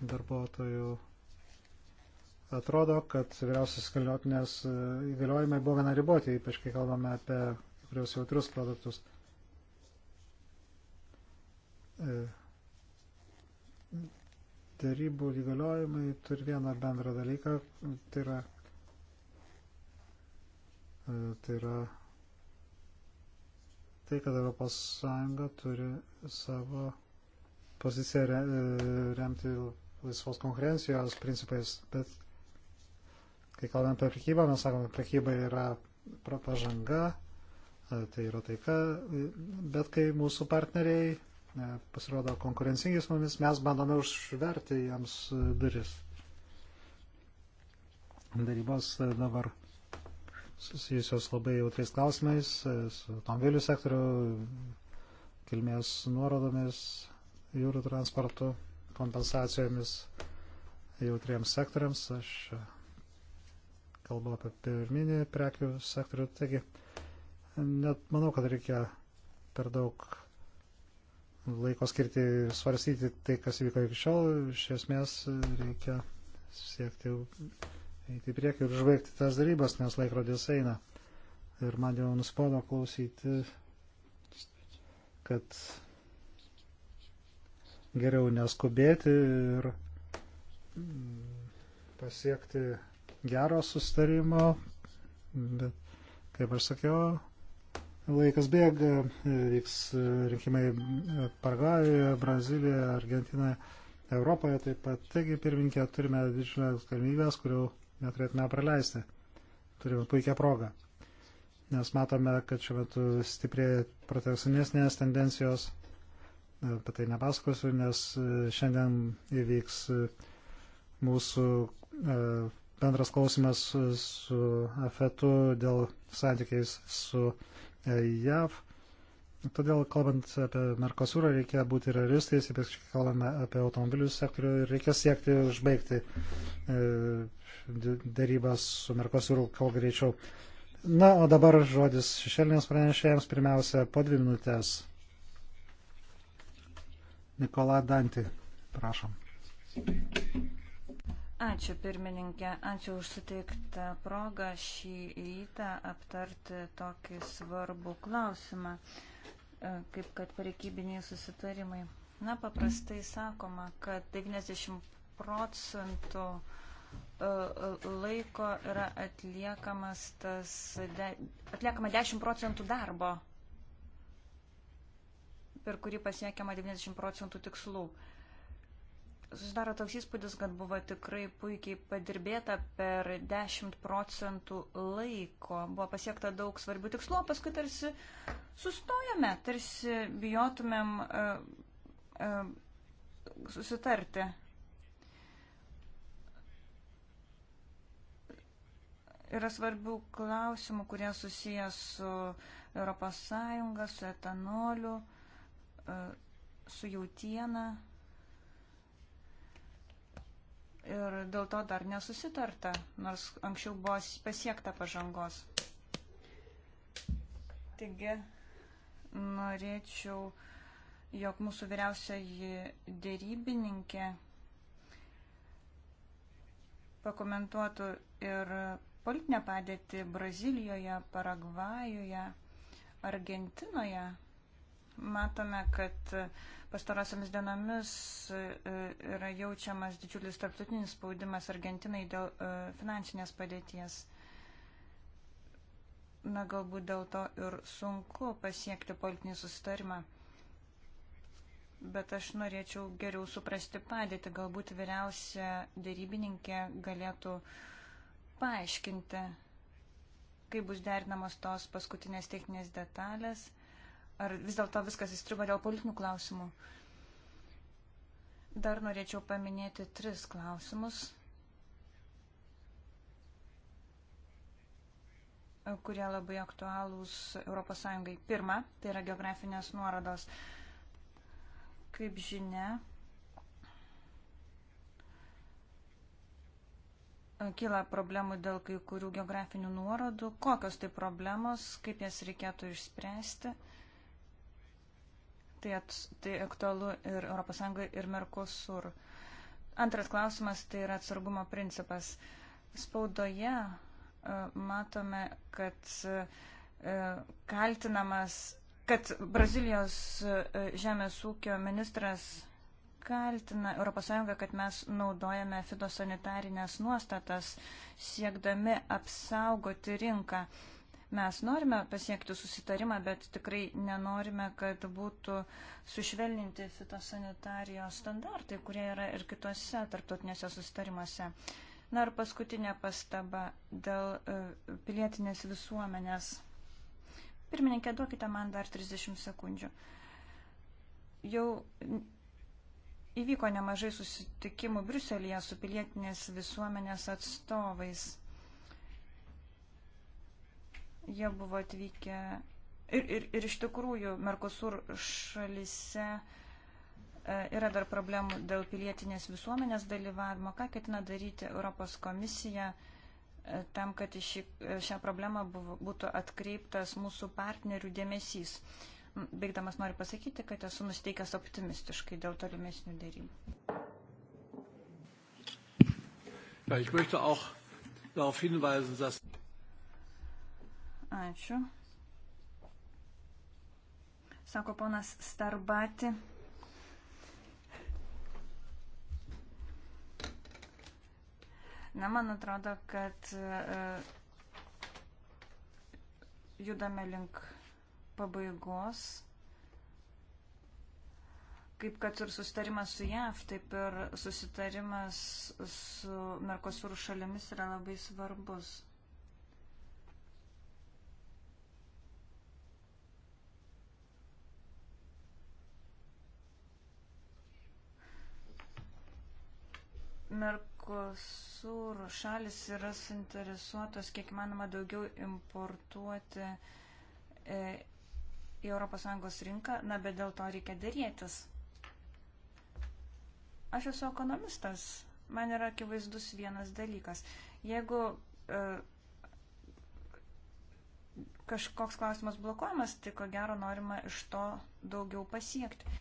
darbuotojų. Atrodo, kad vyriausias galiotinės e, įgaliojimai buvo gana riboti, ypač kai kalbame apie kurios jautrius produktus. E, Darybų įgaliojimai turi vieną bendrą dalyką, tai yra, e, tai yra tai, kad ES turi savo poziciją e, remti laisvos konkurencijos principais, bet kai kalbame apie prekybą, mes sakome, prekyba yra pažanga, e, tai yra taika, bet kai mūsų partneriai e, pasirodo konkurencingi su mumis, mes bandome užverti jiems duris. Darybos dabar susijusios labai jautriais klausimais, e, su automobilių sektoriu, kilmės nuorodomis, jūrų transportu, kompensacijomis jautriems sektoriams. Aš e, kalbu apie pirminį prekių sektorių. Taigi, net manau, kad reikia per daug laiko skirti svarstyti tai, kas įvyko iki šiol. Iš esmės reikia siekti eiti į priekį ir užveikti tas darybas, nes laikrodis eina. Ir man jau nuspodo klausyti, kad geriau neskubėti ir mm, pasiekti gero sustarimo, bet, kaip aš sakiau, laikas bėga, vyks rinkimai Paragvajoje, Brazilijoje, Argentinoje, Europoje taip pat. Taigi, pirminkė, turime didžiulės galimybės, kurių neturėtume praleisti. Turime puikią progą. Nes matome, kad šiuo metu stiprėja protekcionistinės tendencijos. Apie tai nepasakosiu, nes e, šiandien įvyks e, mūsų e, bendras klausimas su AFETu dėl santykiais su JAV Todėl, kalbant apie Merkosurą, reikia būti realistais, ypač kalbame apie automobilių sektorių ir reikia siekti užbaigti e, darybas su Merkosuru, kol greičiau. Na, o dabar žodis šešėlinės pranešėjams, pirmiausia, po dvi minutės. Nikola Dantį, prašom. Ačiū pirmininkė, ačiū už suteiktą progą šį rytą aptarti tokį svarbų klausimą. Uh, E, kaip kad pareikybiniai susitarimai. Na, paprastai sakoma, kad 90 procentų e, e, laiko yra atliekamas tas, de, atliekama 10 procentų darbo, per kurį pasiekiama 90 procentų tikslų. Uh, susidaro toks įspūdis, kad buvo tikrai puikiai padirbėta per 10 procentų laiko. Buvo pasiekta daug svarbių tikslų, o paskui tarsi sustojame, tarsi bijotumėm uh, uh, susitarti. Yra svarbių klausimų, kurie susiję su ES, su etanoliu, uh, su jautiena ir dėl to dar nesusitarta, nors anksčiau buvo pasiekta pažangos. Taigi norėčiau, jog mūsų vyriausiaji dėrybininkė pakomentuotų ir politinę padėtį Brazilijoje, Paragvajoje, Argentinoje. Matome, kad pastarosiamis dienomis e, yra jaučiamas didžiulis tarptautinis spaudimas Argentinai dėl e, finansinės padėties. Na, galbūt dėl to ir sunku pasiekti politinį susitarimą. Bet aš norėčiau geriau suprasti padėtį. Galbūt vyriausia dėrybininkė galėtų paaiškinti, kaip bus derinamos tos paskutinės techninės detalės – Ar vis dėlto viskas įstrigo dėl politinių klausimų? Dar norėčiau paminėti tris klausimus, kurie labai aktualūs ES. Pirma, tai yra geografinės nuorodos. Kaip žinia, kyla problemų dėl kai kurių geografinių nuorodų. Kokios tai problemos, kaip jas reikėtų išspręsti? Tai, ats, tai aktualu ir ES, ir Mercosur. Antras klausimas tai yra atsargumo principas. Spaudoje e, matome, kad e, kaltinamas, kad Brazilijos e, žemės ūkio ministras kaltina ES, kad mes naudojame fitosanitarinės nuostatas siekdami apsaugoti rinką. Mes norime pasiekti susitarimą, bet tikrai nenorime, kad būtų sušvelninti fitosanitarijos standartai, kurie yra ir kitose tarptautinėse susitarimuose. Na ir paskutinė pastaba dėl e, pilietinės visuomenės. Pirmininkė, duokite man dar 30 sekundžių. Jau įvyko nemažai susitikimų Bruselėje su pilietinės visuomenės atstovais. Jie buvo atvykę ir, ir, ir iš tikrųjų Merkosur šalise e, yra dar problemų dėl pilietinės visuomenės dalyvavimo. Ką ketina daryti Europos komisija e, tam, kad į šį, e, šią problemą buvo, būtų atkreiptas mūsų partnerių dėmesys? Baigdamas noriu pasakyti, kad esu nusteikęs optimistiškai dėl tolimesnių dėrybų. Ja, ich möchte auch darauf hinweisen, dass Ačiū. Sako ponas Starbati. Na, man atrodo, kad e, judame link pabaigos. Kaip kad ir susitarimas su JAV, taip ir susitarimas su Merkosūrų šalimis yra labai svarbus. Merkosur šalis yra suinteresuotos, kiek manoma, daugiau importuoti e, į ES rinką, na, bet dėl to reikia dėrėtis. Aš esu ekonomistas, man yra akivaizdus vienas dalykas. Jeigu e, kažkoks klausimas blokuojamas, tai ko gero norima iš to daugiau pasiekti.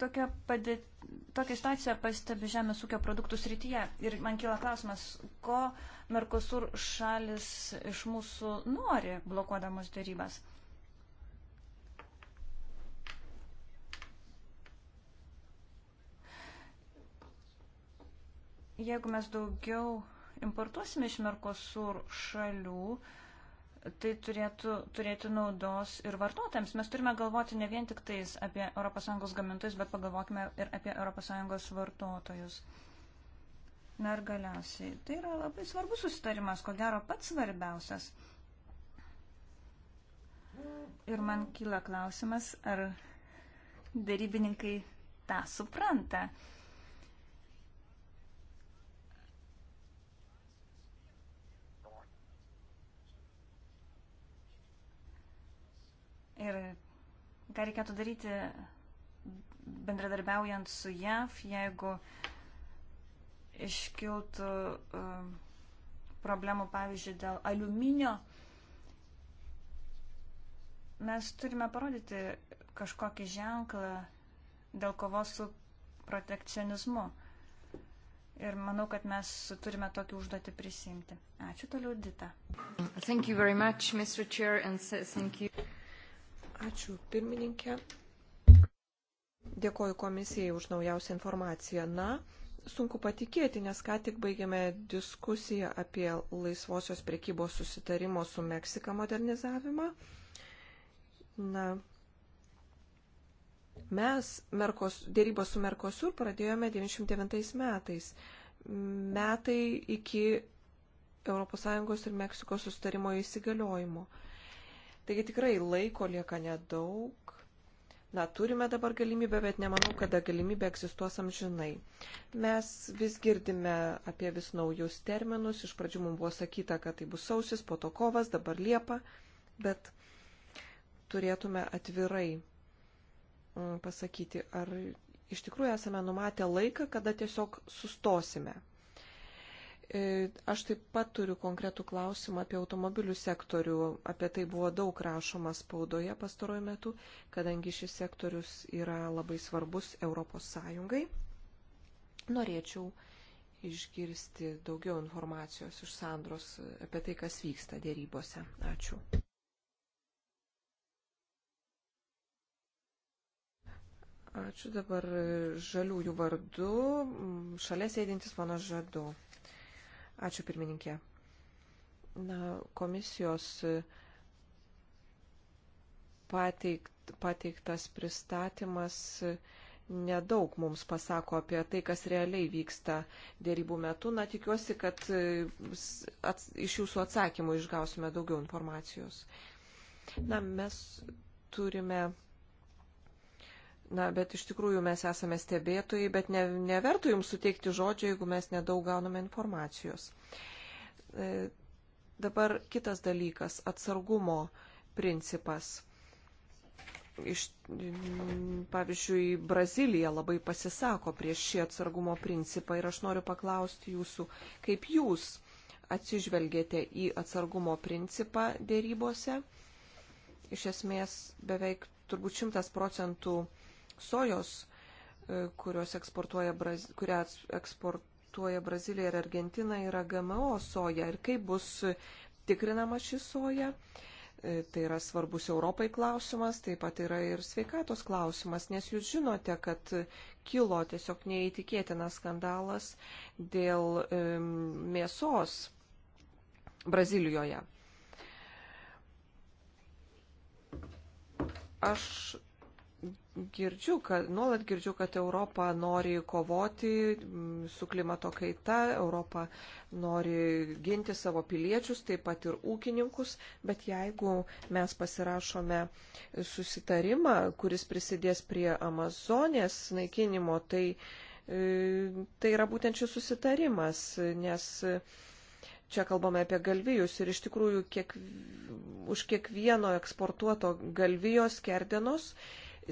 Tokia padėt, tokia situacija pastebi žemės ūkio produktų srityje. Ir man kyla klausimas, ko Merkosur šalis iš mūsų nori blokuodamos darybas. Jeigu mes daugiau importuosime iš Merkosur šalių, uh, tai turėtų turėti naudos ir vartotojams. Mes turime galvoti ne vien tik tais apie ES gamintojus, bet pagalvokime ir apie ES vartotojus. Na ir galiausiai, tai yra labai svarbus susitarimas, ko gero pats svarbiausias. Ir man kyla klausimas, ar darybininkai tą supranta. Uh, Ir ką reikėtų daryti bendradarbiaujant su JAV, jeigu iškiltų um, problemų, pavyzdžiui, dėl aliuminio, mes turime parodyti kažkokį ženklą dėl kovos su protekcionizmu. Ir manau, kad mes turime tokį užduotį prisimti. Ačiū toliau, Dita. Thank you very much, Mr. Chair, and thank you. Ačiū pirmininkė. Dėkoju komisijai už naujausią informaciją. Na, sunku patikėti, nes ką tik baigėme diskusiją apie laisvosios prekybos susitarimo su Meksika modernizavimą. Na, mes Merkos, dėrybos su Merkosur pradėjome 99 metais. Metai iki ES ir Meksikos susitarimo įsigaliojimo. Taigi tikrai laiko lieka nedaug. Na, turime dabar galimybę, bet nemanau, kad ta galimybė egzistuos amžinai. Mes vis girdime apie vis naujus terminus. Iš pradžių mums buvo sakyta, kad tai bus sausis, po to kovas, dabar liepa. Bet turėtume atvirai mm, pasakyti, ar iš tikrųjų esame numatę laiką, kada tiesiog sustosime. E, aš taip pat turiu konkretų klausimą apie automobilių sektorių. Apie tai buvo daug rašoma spaudoje pastaruoju metu, kadangi šis sektorius yra labai svarbus Europos Sąjungai. Norėčiau išgirsti daugiau informacijos iš Sandros apie tai, kas vyksta dėrybose. Ačiū. Ačiū dabar žaliųjų vardu. Šalia sėdintis mano žadu. Ačiū pirmininkė. Na, komisijos e, pateikt, pateiktas pristatymas e, nedaug mums pasako apie tai, kas realiai vyksta dėrybų metu. Na, tikiuosi, kad e, ats, iš jūsų atsakymų išgausime daugiau informacijos. Na, mes turime Na, bet iš tikrųjų mes esame stebėtojai, bet ne, nevertų jums suteikti žodžio, jeigu mes nedaug gauname informacijos. E, dabar kitas dalykas - atsargumo principas. Iš, pavyzdžiui, Brazilija labai pasisako prieš šį atsargumo principą ir aš noriu paklausti jūsų, kaip jūs atsižvelgėte į atsargumo principą dėrybose. Iš esmės beveik turbūt šimtas procentų sojos, e, kurios eksportuoja, kurią eksportuoja Brazilija ir Argentina, yra GMO soja. Ir kaip bus tikrinama ši soja? E, tai yra svarbus Europai klausimas, taip pat yra ir sveikatos klausimas, nes jūs žinote, kad kilo tiesiog neįtikėtinas skandalas dėl mėsos Brazilijoje. Aš girdžiu, kad nuolat girdžiu, kad Europa nori kovoti mm, su klimato kaita, Europa nori ginti savo piliečius, taip pat ir ūkininkus, bet jeigu mes pasirašome susitarimą, kuris prisidės prie Amazonės naikinimo, tai, e, tai yra būtent šis susitarimas, nes čia kalbame apie galvijus ir iš tikrųjų kiek, už kiekvieno eksportuoto galvijos kerdenos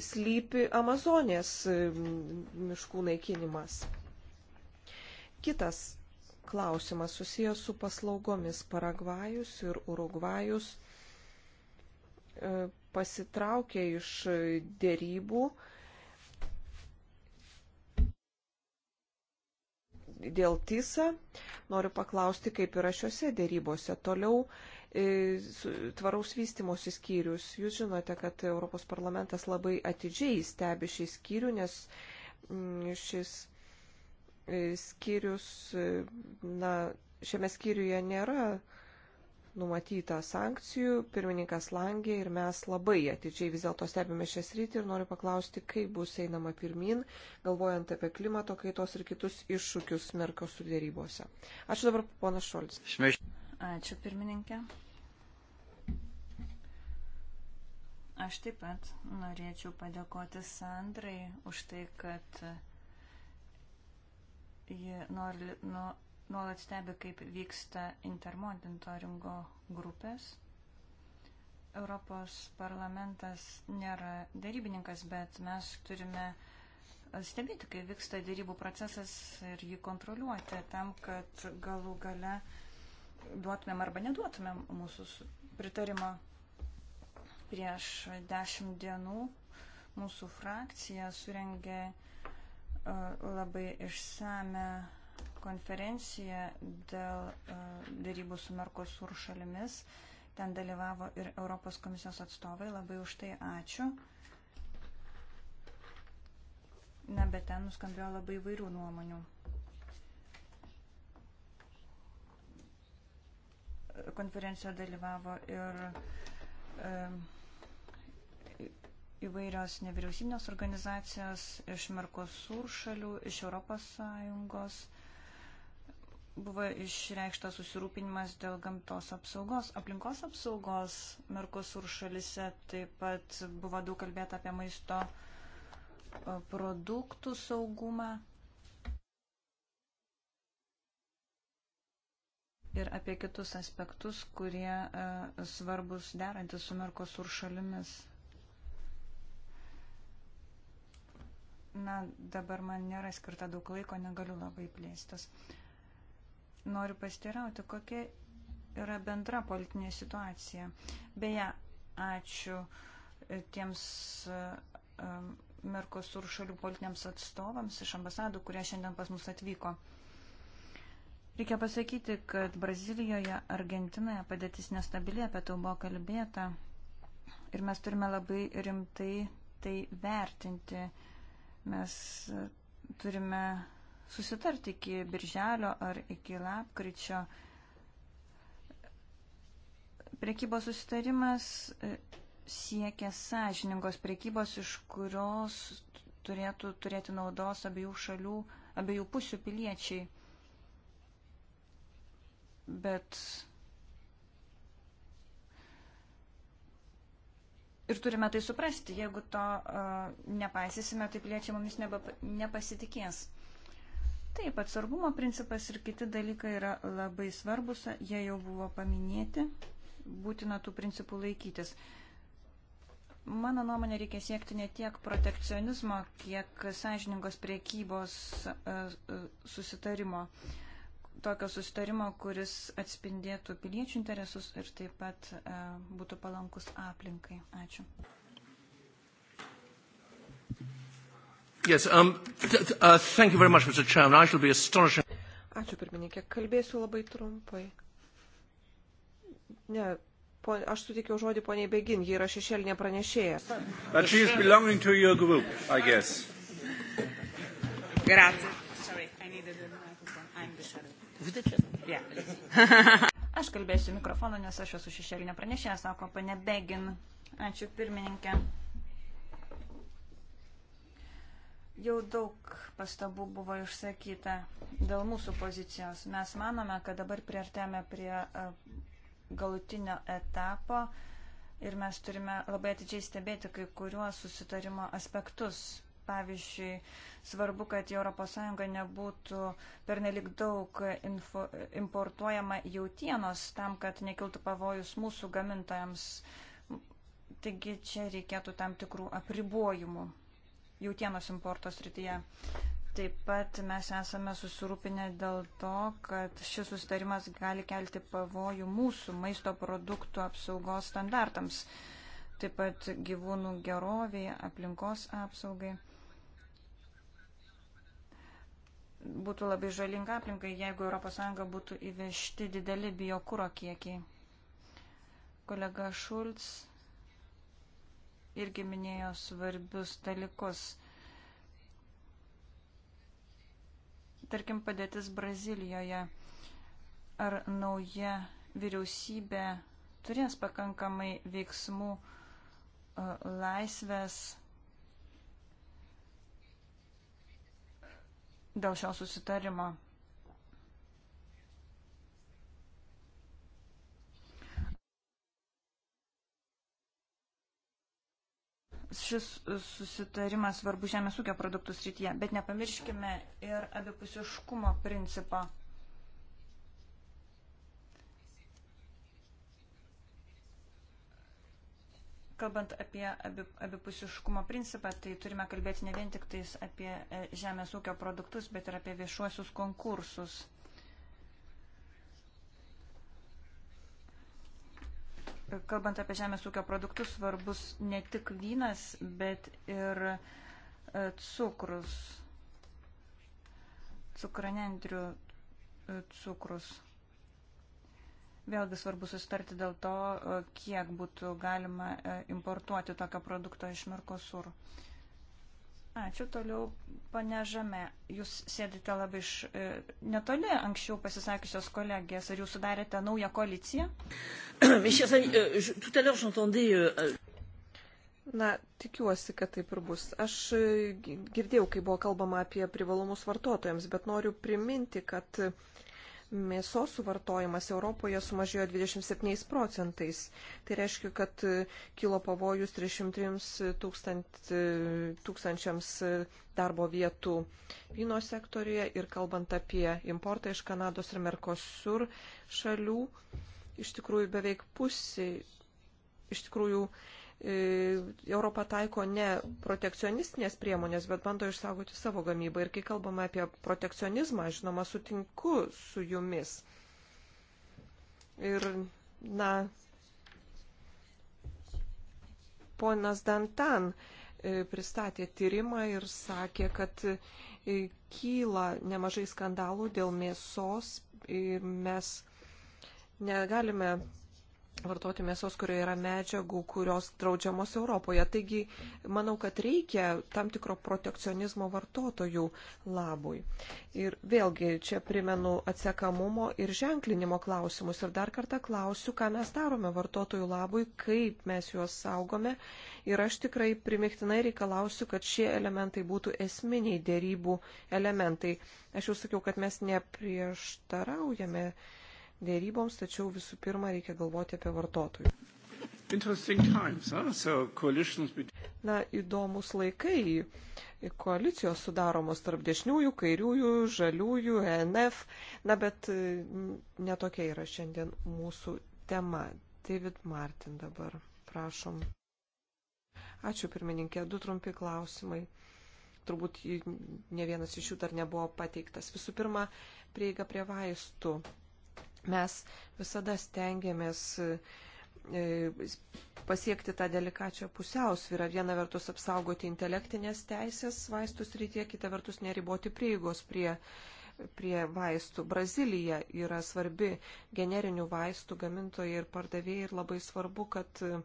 slypi Amazonės miškų naikinimas. Kitas klausimas susijęs su paslaugomis Paragvajus ir Urugvajus e, pasitraukė iš dėrybų dėl TISA. Noriu paklausti, kaip yra šiuose dėrybose. Toliau E, tvaraus vystimosi skyrius. Jūs žinote, kad Europos parlamentas labai atidžiai stebi šį skyrių, nes mm, šis e, skyrius, e, na, šiame skyriuje nėra numatyta sankcijų, pirmininkas Langė ir mes labai atidžiai vis dėlto stebime šią sritį ir noriu paklausti, kaip bus einama pirmin, galvojant apie klimato kaitos ir kitus iššūkius Merkosur dėrybose. Ačiū dabar, ponas Šolcis. Ačiū pirmininkė. Aš taip pat norėčiau padėkoti Sandrai už tai, kad ji nori, nu, nuolat stebi, kaip vyksta intermonitoringo grupės. Europos parlamentas nėra darybininkas, bet mes turime stebėti, kaip vyksta darybų procesas ir jį kontroliuoti tam, kad galų gale uh, duotumėm arba neduotumėm mūsų pritarimą. Prieš dešimt dienų mūsų frakcija surengė e, labai išsame konferenciją dėl e, dėrybų su Merkosur šalimis. Ten dalyvavo ir Europos komisijos atstovai. Labai už tai ačiū. Na, bet ten nuskambėjo labai įvairių nuomonių. konferencijoje dalyvavo ir įvairios nevyriausybinės organizacijos iš Mercosur šalių, iš Europos Sąjungos. Buvo išreikštas susirūpinimas dėl gamtos apsaugos, aplinkos apsaugos Mercosur šalise. Taip pat buvo daug kalbėta apie maisto produktų saugumą. ir apie kitus aspektus, kurie e, svarbus derantis su Merkosur šalimis. Na, dabar man nėra skirta daug laiko, negaliu labai plėstis. Noriu pastirauti, kokia yra bendra politinė situacija. Beje, ačiū e, tiems e, Merkosur šalių politiniams atstovams iš ambasadų, kurie šiandien pas mus atvyko. Reikia pasakyti, kad Brazilijoje, Argentinoje padėtis nestabili, apie tai buvo kalbėta. Ir mes turime labai rimtai tai vertinti. Mes e, turime susitarti iki birželio ar iki lapkričio. Prekybos susitarimas e, siekia sąžiningos prekybos, iš kurios turėtų turėti naudos abiejų šalių, abiejų pusių piliečiai bet ir turime tai suprasti. Jeigu to uh, nepaisysime, tai piliečiai mumis neba, nepasitikės. Taip, atsargumo principas ir kiti dalykai yra labai svarbus, jie jau buvo paminėti, būtina tų principų laikytis. Mano nuomonė reikia siekti ne tiek protekcionizmo, kiek sąžiningos priekybos uh, uh, susitarimo. Uh, tokio sustarimo, kuris atspindėtų piliečių interesus ir taip pat e, būtų palankus aplinkai. Ačiū. Yes, um, th th uh, thank you very much, Mr. Chairman. I shall be astonishing. Ačiū, pirmininkė. Kalbėsiu labai trumpai. Ne, pon, aš sutikiau žodį poniai Begin, ji yra šešėlinė pranešėja. But she is belonging to your group, I guess. Grazie. Aš kalbėsiu mikrofoną, nes aš esu šešėlinė pranešėja, sako pane Begin. Ačiū pirmininkė. Jau daug pastabų buvo išsakyta dėl mūsų pozicijos. Mes manome, kad dabar priartėme prie e, galutinio etapo ir mes turime labai atidžiai stebėti kai kuriuos susitarimo aspektus pavyzdžiui, svarbu, kad į ES nebūtų pernelik daug info, importuojama jautienos tam, kad nekiltų pavojus mūsų gamintojams. Taigi čia reikėtų tam tikrų apribojimų jautienos importo srityje. Taip pat mes esame susirūpinę dėl to, kad šis sustarimas gali kelti pavojų mūsų maisto produktų apsaugos standartams, taip pat gyvūnų geroviai, aplinkos apsaugai. būtų labai žalinga aplinkai, jeigu ES būtų įvežti dideli biokūro kiekiai. Kolega Šulc irgi minėjo svarbius dalykus. Tarkim, padėtis Brazilijoje. Ar nauja vyriausybė turės pakankamai veiksmų laisvės dėl šio susitarimo. Šis susitarimas svarbu žemės ūkio produktų srityje, bet nepamirškime ir abipusiškumo principo. kalbant apie abipusiškumo principą, tai turime kalbėti ne vien tik tais apie e, žemės ūkio produktus, bet ir apie viešuosius konkursus. Kalbant apie žemės ūkio produktus, svarbus ne tik vynas, bet ir e, cukrus, cukranendrių e, cukrus. Vėlgi svarbu sustarti dėl to, e, kiek būtų galima e, importuoti tokio produkto iš Merkosur. Ačiū toliau, pane Žame. Jūs sėdite labai iš e, netoli anksčiau pasisakiusios kolegijas. Ar jūs sudarėte naują koaliciją? Euh, euh, euh, Na, tikiuosi, kad taip ir bus. Aš girdėjau, kai buvo kalbama apie privalumus vartotojams, bet noriu priminti, kad uh, mėsos suvartojimas Europoje sumažėjo 27 procentais. Tai reiškia, kad e, kilo pavojus 303 tūkstant, e, tūkstančiams e, darbo vietų vyno sektoriuje ir kalbant apie importą iš Kanados ir Merkosur šalių, iš tikrųjų beveik pusė, iš tikrųjų Europa taiko ne protekcionistinės priemonės, bet bando išsaugoti savo gamybą. Ir kai kalbame apie protekcionizmą, žinoma, sutinku su jumis. Ir, na, ponas Dantan e, pristatė tyrimą ir sakė, kad e, kyla nemažai skandalų dėl mėsos ir mes negalime vartoti mėsos, kurioje yra medžiagų, kurios draudžiamos Europoje. Taigi, manau, kad reikia tam tikro protekcionizmo vartotojų labui. Ir vėlgi, čia primenu atsekamumo ir ženklinimo klausimus. Ir dar kartą klausiu, ką mes darome vartotojų labui, kaip mes juos saugome. Ir aš tikrai primiktinai reikalausiu, kad šie elementai būtų esminiai dėrybų elementai. Aš jau sakiau, kad mes neprieštaraujame dėryboms, tačiau visų pirma reikia galvoti apie vartotojų. Times, huh? so coalitions... Na, įdomus laikai. Koalicijos sudaromos tarp dešiniųjų, kairiųjų, žaliųjų, e NF. Na, bet mm, netokia yra šiandien mūsų tema. David Martin dabar, prašom. Ačiū, pirmininkė. Du trumpi klausimai turbūt ne vienas iš jų dar nebuvo pateiktas. Visų pirma, prieiga prie vaistų. Mes visada stengiamės e, pasiekti tą delikačią pusiausvyrą. Viena vertus apsaugoti intelektinės teisės vaistus rytie, kita vertus neriboti prieigos prie, prie vaistų. Brazilija yra svarbi generinių vaistų gamintojai ir pardavėjai ir labai svarbu, kad e,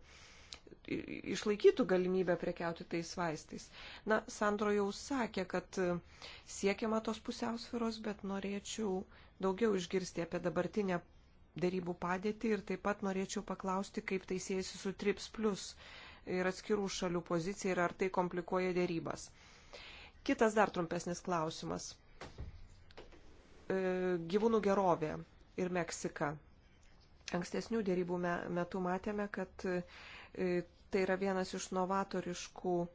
išlaikytų galimybę prekiauti tais vaistais. Na, Sandro jau sakė, kad e, siekiama tos pusiausviros, bet norėčiau daugiau išgirsti apie dabartinę darybų padėtį ir taip pat norėčiau paklausti, kaip tai siejasi su TRIPS plus ir atskirų šalių pozicija ir ar tai komplikuoja dėrybas. Kitas dar trumpesnis klausimas. E, gyvūnų gerovė ir Meksika. Ankstesnių dėrybų metu matėme, kad e, tai yra vienas iš novatoriškų e,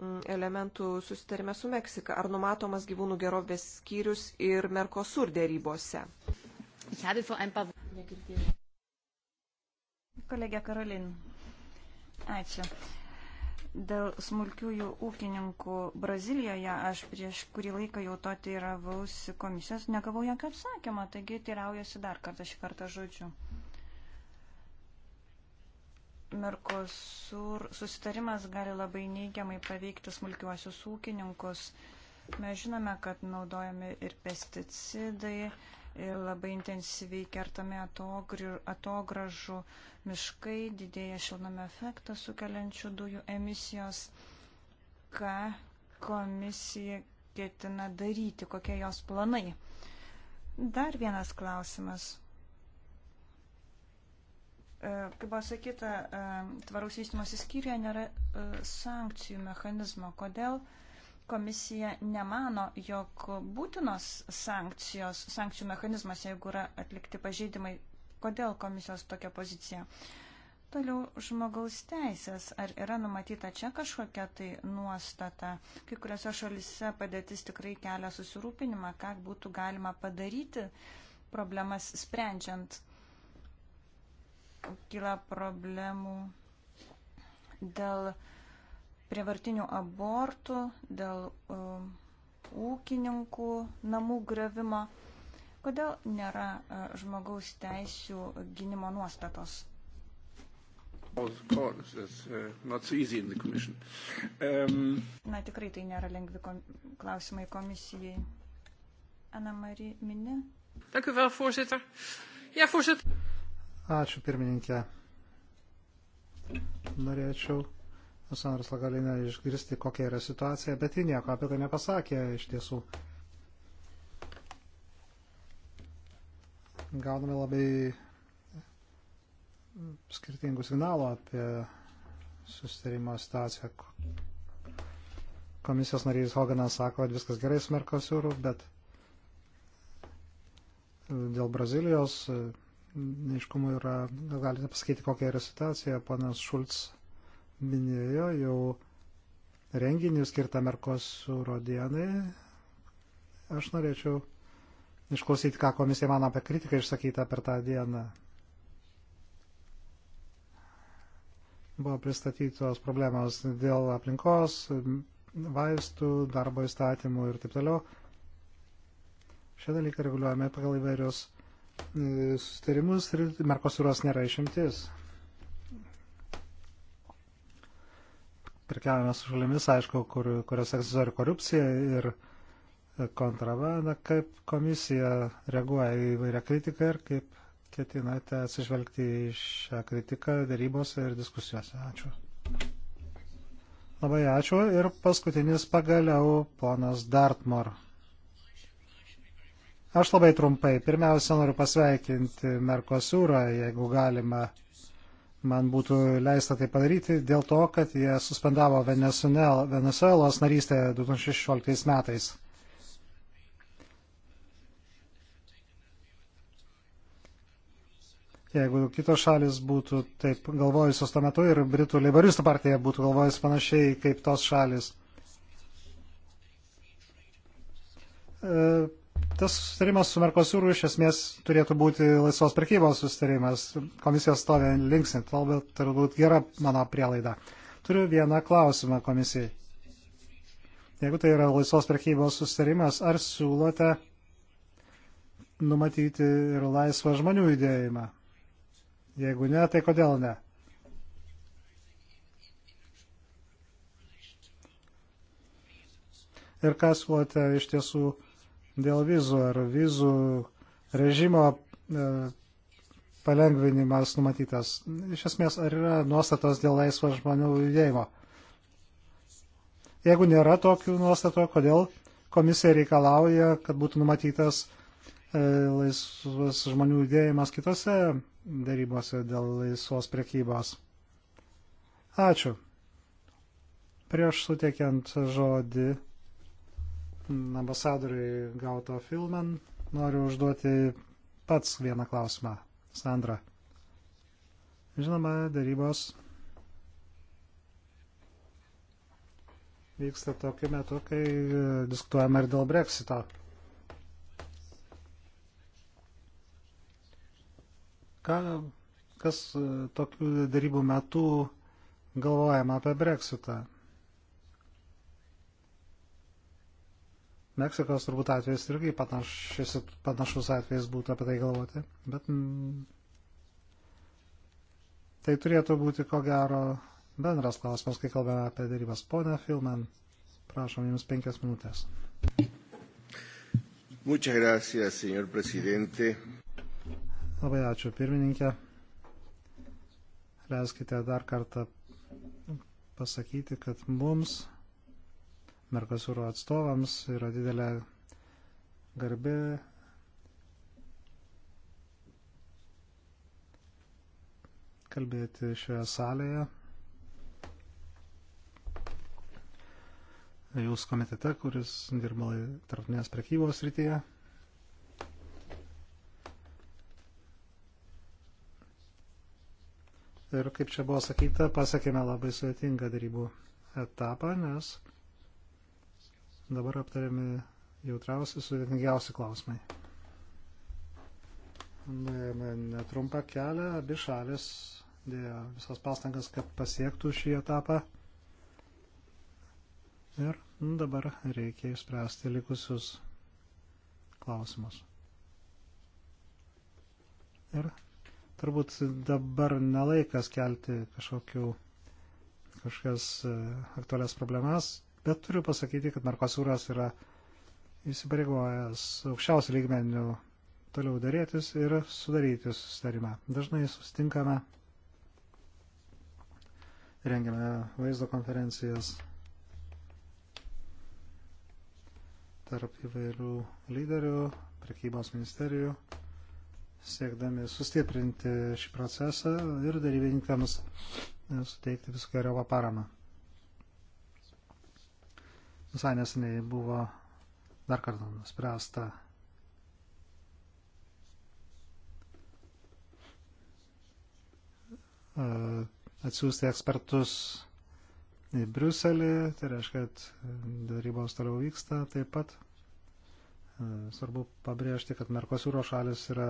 Mm, elementų susitarime su Meksika. Ar numatomas gyvūnų gerovės skyrius ir Merkosur dėrybose? Kolegė Karolin, ačiū. Dėl smulkiųjų ūkininkų Brazilijoje aš prieš kurį laiką jau to teiravausi komisijos, negavau jokio atsakymą, taigi teiraujasi dar kartą šį kartą žodžiu. Merkosur susitarimas gali labai neigiamai paveikti smulkiuosius ūkininkus. Mes žinome, kad naudojami ir pesticidai, ir labai intensyviai kertami atogražų miškai, didėja šilname efektą sukeliančių dujų emisijos. Ką komisija ketina daryti, kokie jos planai? Dar vienas klausimas E, kaip buvo sakyta, e, tvaraus vystimosi skyriuje nėra e, sankcijų mechanizmo. Kodėl komisija nemano, jog būtinos sankcijos, sankcijų mechanizmas, jeigu yra atlikti pažeidimai, kodėl komisijos tokia pozicija? Toliau žmogaus teisės. Ar yra numatyta čia kažkokia tai nuostata? Kai kuriuose šalise padėtis tikrai kelia susirūpinimą, ką būtų galima padaryti problemas sprendžiant kyla problemų dėl prievartinių abortų, dėl um, ūkininkų namų gravimo. Kodėl nėra uh, žmogaus teisų gynimo nuostatos? Uh, um, Na tikrai tai nėra lengvi kom klausimai komisijai. Ana Marija Mini. Dank u wel, voorzitter. Ja, voorzitter. Ačiū pirmininkė. Norėčiau Sandras Lagalinė išgirsti, kokia yra situacija, bet ji nieko apie tai nepasakė iš tiesų. Gauname labai skirtingų signalų apie susitarimo situaciją. Komisijos narys Hoganas sako, kad viskas gerai su Merkosiūru, bet dėl Brazilijos neiškumų yra, galite pasakyti, kokia yra situacija. Ponas Šulc minėjo jau renginį skirtą Merkosūro dienai. Aš norėčiau išklausyti, ką komisija mano apie kritiką išsakytą per tą dieną. Buvo pristatytos problemos dėl aplinkos, vaistų, darbo įstatymų ir taip toliau. Šie dalykai reguliuojami pagal įvairius E, sustarimus ir Merkosuros nėra išimtis. Pirkiavame su šalimis, aišku, kur, kurios egzistuoja ir korupcija, ir kontrabanda, kaip komisija reaguoja į vairią kritiką ir kaip ketinate atsižvelgti į šią kritiką darybose ir diskusijose. Ačiū. Labai ačiū. Ir paskutinis pagaliau ponas Dartmor. Aš labai trumpai. Pirmiausia, noriu pasveikinti Merkosūrą, jeigu galima man būtų leista tai padaryti, dėl to, kad jie suspendavo Venezuelos narystę 2016 metais. Jeigu kitos šalis būtų taip galvojusios tuo metu ir Britų leiboristų partija būtų galvojus panašiai kaip tos šalis. E, Tas sustarimas su Merkosūru iš esmės turėtų būti laisvos prekybos sustarimas. Komisijos stovė linksit, galbūt turbūt gera mano prielaida. Turiu vieną klausimą komisijai. Jeigu tai yra laisvos prekybos sustarimas, ar siūlote numatyti ir laisvą žmonių judėjimą? Jeigu ne, tai kodėl ne? Ir ką siūlote iš tiesų dėl vizų ar vizų režimo e, palengvinimas numatytas. Iš esmės, ar yra nuostatos dėl laisvo žmonių judėjimo? Jeigu nėra tokių nuostatų, kodėl komisija reikalauja, kad būtų numatytas e, laisvas žmonių judėjimas kitose darybose dėl laisvos prekybos? Ačiū. Prieš suteikiant žodį ambasadoriui Gauto Filman. Noriu užduoti pats vieną klausimą. Sandra. Žinoma, darybos vyksta tokiu metu, kai diskutuojama ir dėl breksito. Ką, kas tokių darybų metu galvojama apie breksitą? Meksikos turbūt atvejs irgi panašus, panašus atvejs būtų apie tai galvoti, bet mm, tai turėtų būti ko gero bendras klausimas, kai kalbame apie darybas. Pone Filman, prašom jums penkias minutės. Muchas gracias, señor presidente. Labai ačiū, pirmininkė. Leiskite dar kartą pasakyti, kad mums Merkosūro atstovams yra didelė garbė kalbėti šioje salėje. Jūs komitete, kuris dirba tarptautinės prekybos rytyje. Ir kaip čia buvo sakyta, pasiekėme labai sudėtingą darybų etapą, nes Dabar aptariami jautriausi, sudėtingiausi klausimai. Nuėjome netrumpą kelią, abi šalis dėjo visas pastangas, kad pasiektų šį etapą. Ir dabar reikia išspręsti likusius klausimus. Ir turbūt dabar nelaikas kelti kažkokių, kažkas e, aktualias problemas, Bet turiu pasakyti, kad Merkosūras yra įsipareigojęs aukščiausių lygmenių toliau darėtis ir sudaryti susitarimą. Dažnai sustinkame, rengiame vaizdo konferencijas tarp įvairių lyderių, prekybos ministerijų, siekdami sustiprinti šį procesą ir darybininkams suteikti visokiojo paramą. Visai nesiniai buvo dar kartą nuspręsta e, atsiųsti ekspertus į Briuselį, tai reiškia, kad darybos toliau vyksta taip pat. E, svarbu pabrėžti, kad Merkosiūro šalis yra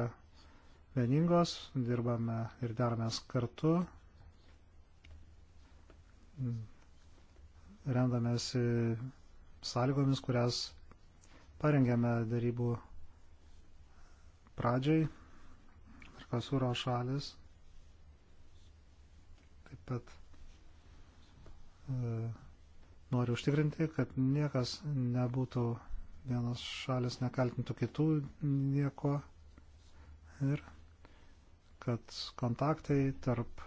vieningos, dirbame ir daromės kartu, rendamės sąlygomis, kurias parengėme darybų pradžiai. Merkosūro šalis taip pat e, noriu užtikrinti, kad niekas nebūtų vienas šalis nekaltintų kitų nieko ir kad kontaktai tarp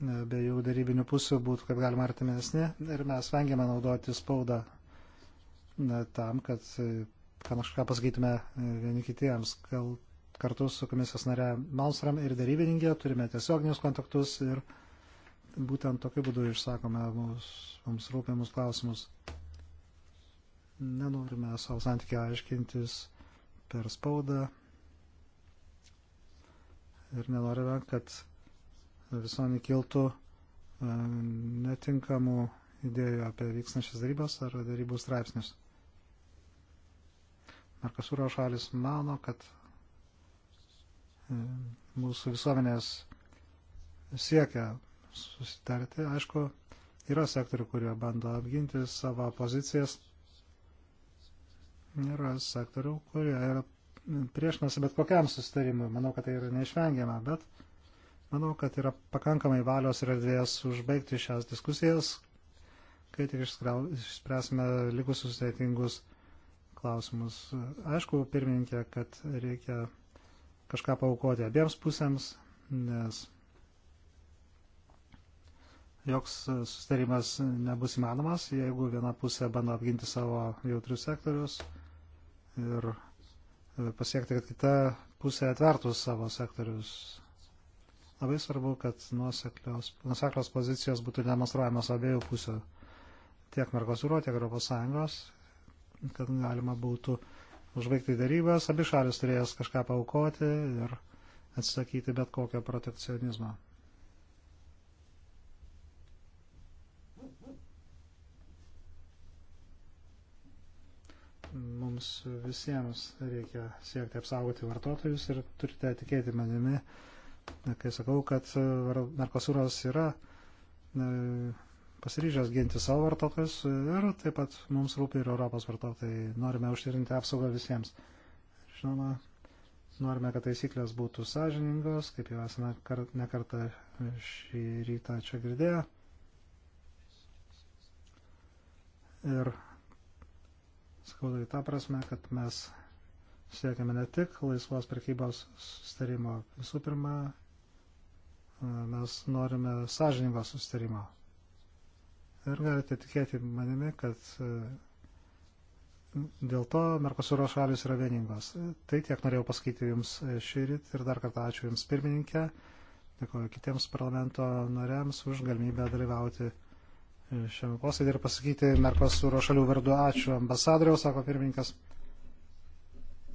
be jų darybinių pusių būtų kaip galima artimesni ir mes vengiame naudoti spaudą tam, kad kažką e, pasakytume e, vieni kitiems. Gal kartu su komisijos nare Malsram ir darybininkė turime tiesioginius kontaktus ir būtent tokiu būdu išsakome mums, mums rūpimus klausimus. Nenorime savo santykiai aiškintis per spaudą ir nenorime, kad visuomenį kiltų e, netinkamų idėjų apie vykstančias darybas ar darybų straipsnius. Merkasūro šalis mano, kad e, mūsų visuomenės siekia susitarti. Aišku, yra sektorių, kurie bando apginti savo pozicijas. Yra sektorių, kurie yra priešinasi bet kokiam susitarimui. Manau, kad tai yra neišvengiama, bet Manau, kad yra pakankamai valios ir erdvės užbaigti šias diskusijas, kai tik išspręsime likusius sudėtingus klausimus. Aišku, pirmininkė, kad reikia kažką paukoti abiems pusėms, nes joks sustarimas nebus įmanomas, jeigu viena pusė bando apginti savo jautrius sektorius ir pasiekti, kad kita pusė atvertų savo sektorius. Labai svarbu, kad nuseklios pozicijos būtų demonstruojamos abiejų pusių, tiek Mercosuro, tiek ES, kad galima būtų užbaigti darybas, abi šalis turės kažką paukoti ir atsisakyti bet kokio protekcionizmo. Mums visiems reikia siekti apsaugoti vartotojus ir turite tikėti manimi, kai sakau, kad e, Merkosuras yra e, pasiryžęs ginti savo vartotojus ir taip pat mums rūpi ir Europos vartotojai. Norime užtikrinti apsaugą visiems. Žinoma, norime, kad taisyklės būtų sąžiningos, kaip jau esame nekartą šį rytą čia girdėję. Ir sakau tai tą prasme, kad mes siekiame ne tik laisvos prekybos sustarimo visų pirma mes norime sąžiningo sustarimo. Ir galite tikėti manimi, kad e, dėl to Merkosūro šalis yra vieningos. Tai tiek norėjau pasakyti Jums šį rytį ir dar kartą ačiū Jums pirmininkė. Dėkuoju kitiems parlamento nariams už galimybę dalyvauti e, šiame posėdį ir pasakyti Merkosūro šalių vardu ačiū ambasadoriaus, sako pirmininkas.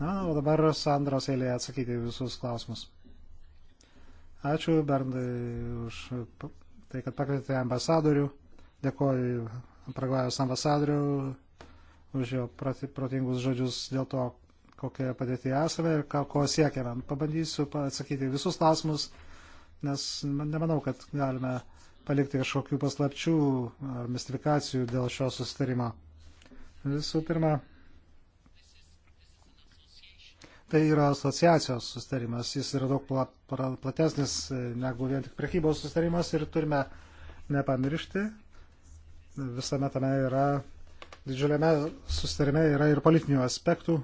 Na, o dabar Sandros eilėje atsakyti visus klausimus. Ačiū Bernai už tai, kad pakvietė ambasadorių. Dėkoju Paragvajos ambasadorių už jo protingus žodžius dėl to, kokioje padėtyje esame ir ko siekiame. Pabandysiu atsakyti visus klausimus, nes nemanau, kad galime palikti kažkokių paslapčių ar mistifikacijų dėl šio susitarimo. Visų pirma, tai yra asociacijos sustarimas. Jis yra daug pla, pra, platesnis e, negu vien tik prekybos sustarimas ir turime nepamiršti. Visame tame yra, didžiuliame sustarime yra ir politinių aspektų,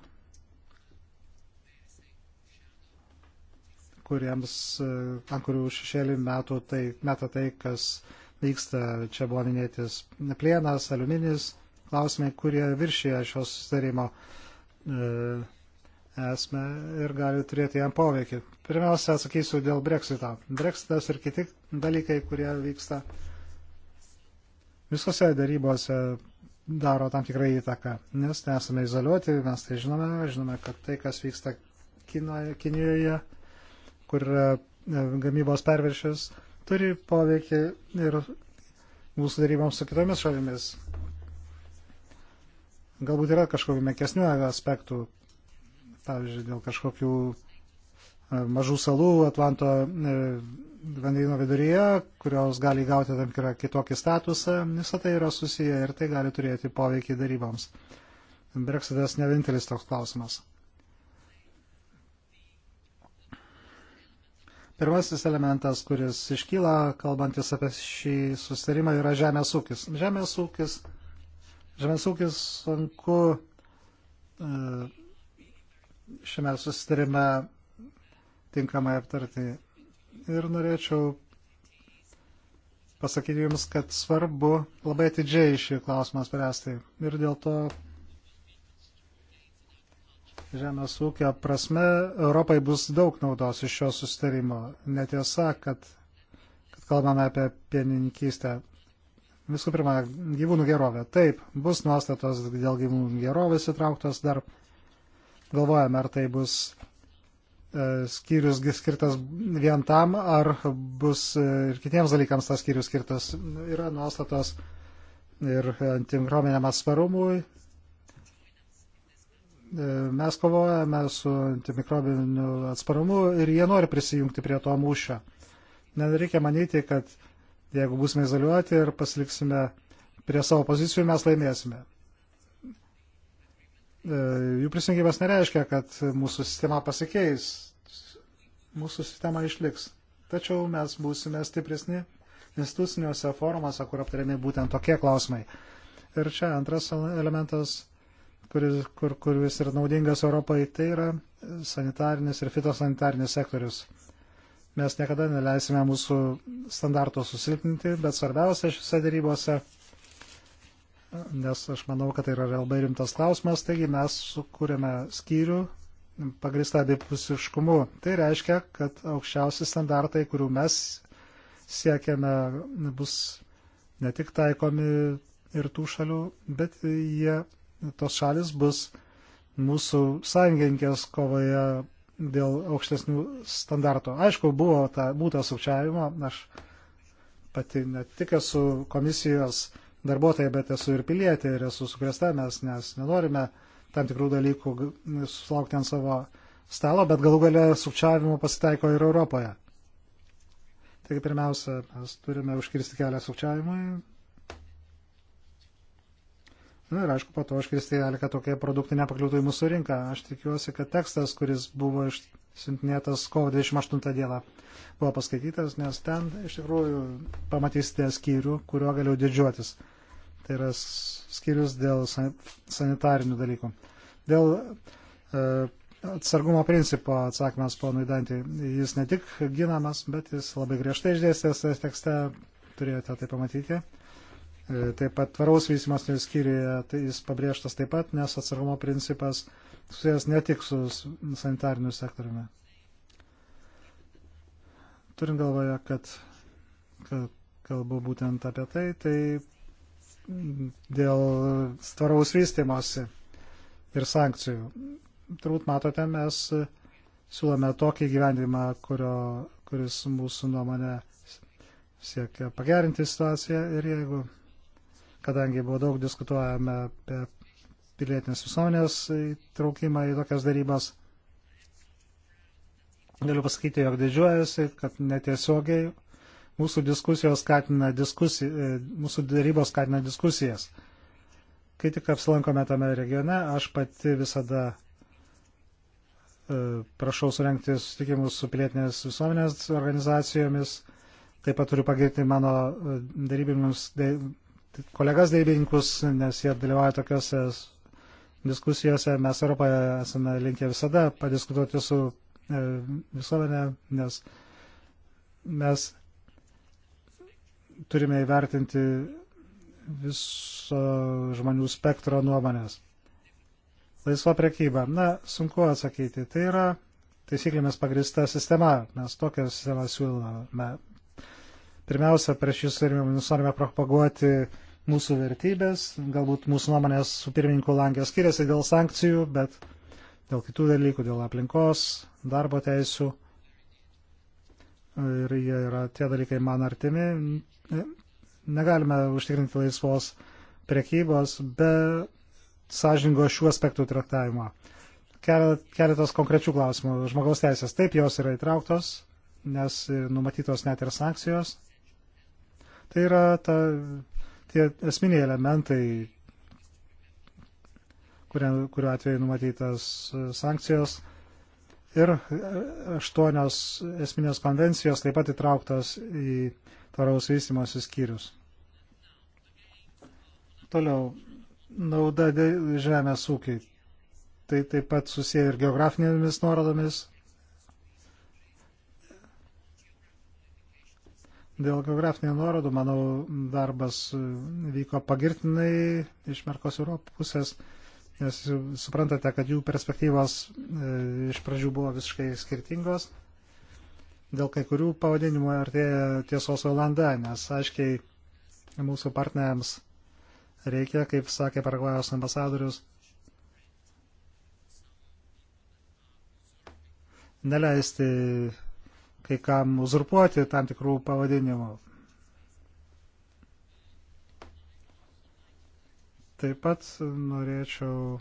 kuriems, e, ant kurių šešėlį metų tai, meta tai, kas vyksta. Čia buvo minėtis plienas, aliuminis, klausimai, kurie viršyje šios sustarimo e, esmę ir gali turėti jam poveikį. Pirmiausia, atsakysiu dėl breksito. Breksitas ir kiti dalykai, kurie vyksta visose darybose, daro tam tikrą įtaką, nes nesame tai izoliuoti, mes tai žinome, žinome, kad tai, kas vyksta Kinoje, Kinijoje, kur e, gamybos perviršis, turi poveikį ir mūsų daryboms su kitomis šalimis. Galbūt yra kažkokių mekesnių aspektų, pavyzdžiui, dėl kažkokių e, mažų salų Atlanto e, vandenino viduryje, kurios gali gauti tam tikrą kitokį statusą, visą tai yra susiję ir tai gali turėti poveikį daryboms. Brexitas ne vienintelis toks klausimas. Pirmasis elementas, kuris iškyla, kalbantis apie šį susitarimą, yra žemės ūkis. Žemės ūkis, žemės ūkis sunku uh, šiame susitarime tinkamai aptarti. Ir norėčiau pasakyti Jums, kad svarbu labai atidžiai šį klausimą spręsti. Ir dėl to žemės ūkio prasme Europai bus daug naudos iš šio susitarimo. Netiesa, kad, kad kalbame apie pieninkystę. Visų pirma, gyvūnų gerovė. Taip, bus nuostatos dėl gyvūnų gerovės įtrauktos dar galvojame, ar tai bus e, skyrius skirtas vien tam, ar bus e, ir kitiems dalykams tas skyrius skirtas. Yra nuostatos ir antinkrominėm atsparumui. E, mes kovojame su antimikrobiniu atsparumu ir jie nori prisijungti prie to mūšio. Nereikia manyti, kad jeigu būsime izoliuoti ir pasiliksime prie savo pozicijų, mes laimėsime. E, jų prisijungimas nereiškia, kad mūsų sistema pasikeis, mūsų sistema išliks. Tačiau mes būsime stipresni instituciniuose forumuose, kur aptariami būtent tokie klausimai. Ir čia antras elementas, kuris, kur, kuris yra naudingas Europai, tai yra sanitarinis ir fitosanitarinis sektorius. Mes niekada neleisime mūsų standarto susilpninti, bet svarbiausia šiuose darybose nes aš manau, kad tai yra labai rimtas klausimas, taigi mes sukūrėme skyrių pagristą abipusiškumu. Tai reiškia, kad aukščiausi standartai, kurių mes siekiame, bus ne tik taikomi ir tų šalių, bet jie, tos šalis bus mūsų sąjungininkės kovoje dėl aukštesnių standartų. Aišku, buvo ta būta sukčiavimo, aš pati ne tik esu komisijos darbuotoja, bet esu ir pilietė ir esu sukrėsta, mes nes nenorime tam tikrų dalykų sulaukti ant savo stalo, bet galų galę sukčiavimo pasitaiko ir Europoje. Taigi pirmiausia, mes turime užkirsti kelią sukčiavimui. Na ir aišku, po to užkirsti kelią, kad tokie produktai nepakliūtų į mūsų rinką. Aš tikiuosi, kad tekstas, kuris buvo išsintinėtas kovo 28 dieną, buvo paskaitytas, nes ten iš tikrųjų pamatysite skyrių, kuriuo galiu didžiuotis. Tai yra skyrius dėl sanitarinių dalykų. Dėl e, atsargumo principo atsakymas ponui Dantį. Jis ne tik ginamas, bet jis labai griežtai išdėstęs tai tekste, turėjote tai pamatyti. E, taip pat tvaraus vystimas tai skyriuje, tai jis pabrėžtas taip pat, nes atsargumo principas susijęs ne tik su sanitariniu sektoriumi. Turint galvoje, kad, kad kalbu būtent apie tai, tai dėl tvaraus vystimosi ir sankcijų. Turbūt matote, mes siūlome tokį gyvendimą, kurio, kuris mūsų nuomonė siekia pagerinti situaciją ir jeigu, kadangi buvo daug diskutuojame apie pilietinės visuomenės įtraukimą į tokias darybas, galiu pasakyti, jog didžiuojasi, kad netiesiogiai Mūsų diskusijos skatina diskusiją, e, mūsų darybos skatina diskusijas. Kai tik apsilankome tame regione, aš pati visada e, prašau surenkti susitikimus su pilietinės visuomenės organizacijomis. Taip pat turiu pagirti mano e, darybinius kolegas darybininkus, nes jie dalyvauja tokiuose diskusijose. Mes Europoje esame linkę visada padiskutuoti su visuomenė, nes mes turime įvertinti viso žmonių spektro nuomonės. Laisva prekyba. Na, sunku atsakyti. Tai yra taisyklėmis pagrista sistema. Mes tokią sistemą siūlome. Pirmiausia, prieš jūs norime propaguoti mūsų vertybės. Galbūt mūsų nuomonės su pirmininku langė skiriasi dėl sankcijų, bet dėl kitų dalykų, dėl aplinkos, darbo teisų ir jie yra tie dalykai man artimi. Negalime užtikrinti laisvos priekybos be sąžingo šių aspektų traktavimo. Keletas konkrečių klausimų. Žmogaus teisės. Taip, jos yra įtrauktos, nes numatytos net ir sankcijos. Tai yra ta, tie esminiai elementai, kurio, kurio atveju numatytas sankcijos ir e, aštuonios esminės konvencijos taip pat įtrauktos į tvaraus vystimosi skyrius. Toliau, nauda žemės ūkiai. Tai taip pat susiję ir geografinėmis nuorodomis. Dėl geografinių nuorodų, manau, darbas vyko pagirtinai iš Merkos Europos pusės nes suprantate, kad jų perspektyvos e, iš pradžių buvo visiškai skirtingos. Dėl kai kurių pavadinimų artėja tiesos valanda, nes aiškiai mūsų partneriams reikia, kaip sakė Paragvajos ambasadorius, neleisti kai kam uzurpuoti tam tikrų pavadinimų. Taip pat norėčiau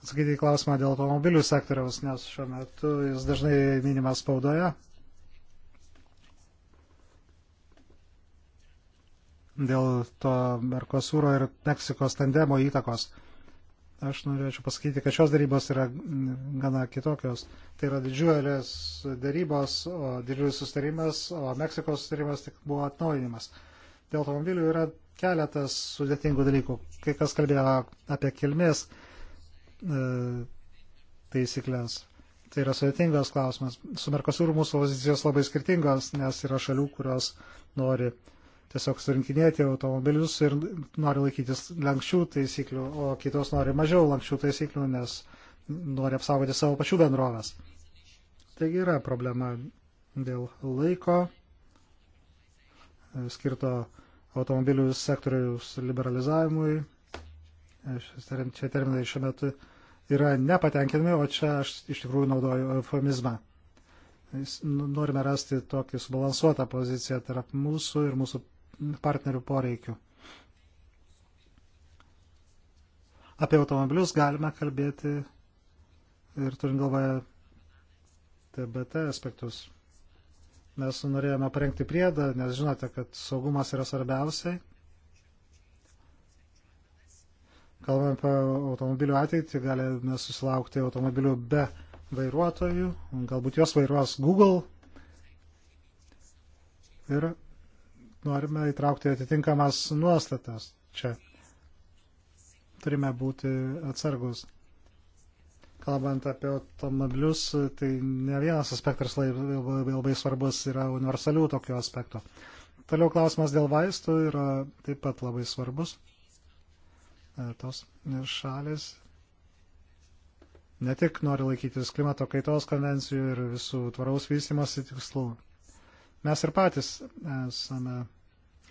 atsakyti į klausimą dėl automobilių sektoriaus, nes šiuo metu jis dažnai minimas spaudoje. Dėl to Merkosūro ir Meksikos tandemo įtakos. Aš norėčiau pasakyti, kad šios darybos yra gana kitokios. Tai yra didžiulės darybos, o didžiulis sustarimas, o Meksikos sustarimas tik buvo atnaujinimas. Dėl automobilių yra keletas sudėtingų dalykų. Kai kas kalbėjo apie kilmės e, taisyklės. Tai yra sudėtingas klausimas. Su Merkosūru mūsų pozicijos labai skirtingos, nes yra šalių, kurios nori tiesiog surinkinėti automobilius ir nori laikytis lankščių taisyklių, o kitos nori mažiau lankščių taisyklių, nes nori apsaugoti savo pačių bendrovės. Taigi yra problema dėl laiko e, skirto automobilių sektoriaus liberalizavimui. Šie terminai šiuo metu yra nepatenkinami, o čia aš iš tikrųjų naudoju eufemizmą. Nu, norime rasti tokį subalansuotą poziciją tarp mūsų ir mūsų partnerių poreikių. Apie automobilius galime kalbėti ir turint galvoje TBT aspektus. Mes norėjome parengti priedą, nes žinote, kad saugumas yra svarbiausiai. Kalbame apie automobilių ateitį, galime susilaukti automobilių be vairuotojų, galbūt jos vairuos Google. Ir norime įtraukti atitinkamas nuostatas čia. Turime būti atsargus kalbant apie automobilius, tai ne vienas aspektas labai, labai, labai svarbus yra universalių tokių aspektų. Toliau klausimas dėl vaistų yra taip pat labai svarbus. E, tos šalis ne tik nori laikytis klimato kaitos konvencijų ir visų tvaraus vystimosi tikslų. Mes ir patys esame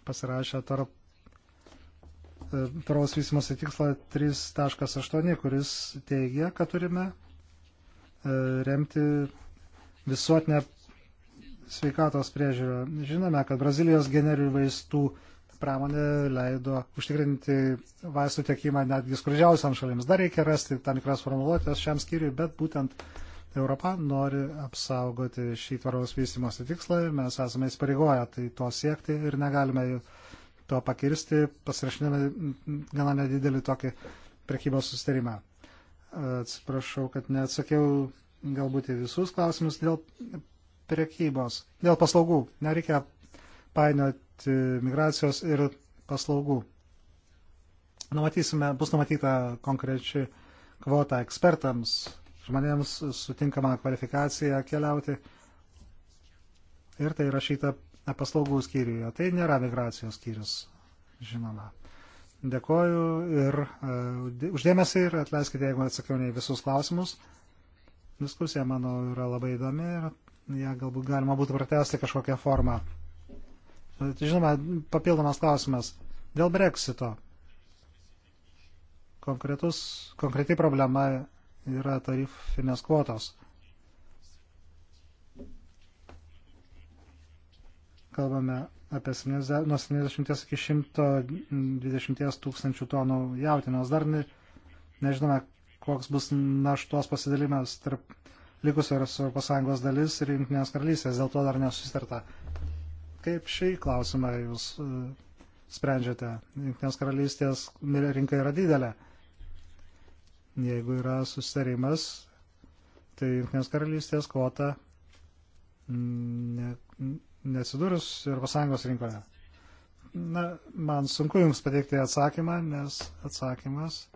pasirašę tarp E, tvaraus vystimosi tikslą 3.8, kuris teigia, kad turime e, remti visuotinę sveikatos priežiūrą. Žinome, kad Brazilijos generių vaistų pramonė leido užtikrinti vaistų tiekimą netgi skurdžiausiam šalims. Dar reikia rasti tam tikras formuluotės šiam skyriui, bet būtent Europa nori apsaugoti šį tvaraus vystimosi tikslą ir mes esame įsipareigoję tai to siekti ir negalime jų to pakirsti, pasirašinėme gana nedidelį tokį prekybos sustarimą. Atsiprašau, kad neatsakiau galbūt į visus klausimus dėl prekybos, dėl paslaugų. Nereikia painioti migracijos ir paslaugų. Numatysime, bus numatyta konkrečiai kvota ekspertams, žmonėms sutinkama kvalifikacija keliauti. Ir tai rašyta paslaugų skyriuje. Tai nėra migracijos skyrius, žinoma. Dėkoju ir uh, uždėmesi ir atleiskite, jeigu atsakiau ne visus klausimus. Diskusija, manau, yra labai įdomi ir ją galbūt galima būtų pratesti kažkokią formą. Bet, žinoma, papildomas klausimas. Dėl breksito. Konkretus, konkreti problema yra tarifinės kvotos. kalbame apie 70, nuo 70 iki 120 tūkstančių tonų jautinos. Dar ne, nežinome, koks bus naštos pasidalimas tarp likusio Europos Sąjungos dalis ir Junktinės karalystės, dėl to dar nesusitarta. Kaip šį klausimą jūs e, sprendžiate? Junktinės karalystės rinka yra didelė. Jeigu yra susitarimas, tai Junktinės karalystės kvota mm, ne, nesidūrus Europos Sąjungos rinkoje? Na, man sunku Jums pateikti atsakymą, nes atsakymas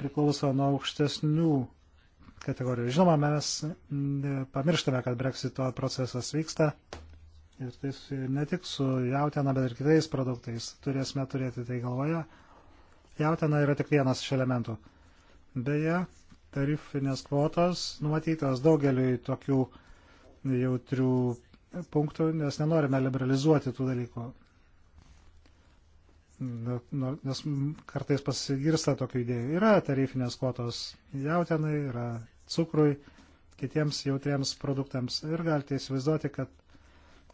priklauso nuo aukštesnių kategorijų. Žinoma, mes pamirštame, kad breksito procesas vyksta ir tai ne tik su jautiena, bet ir kitais produktais. Turėsime turėti tai galvoje. Jautiena yra tik vienas iš elementų. Beje, tarifinės kvotos numatytos daugeliui tokių jautrių punktų, nes nenorime liberalizuoti tų dalykų. Nu, nes kartais pasigirsta tokių idėjų. Yra tarifinės kvotos jautenai, yra cukrui, kitiems jautriems produktams. Ir galite įsivaizduoti, kad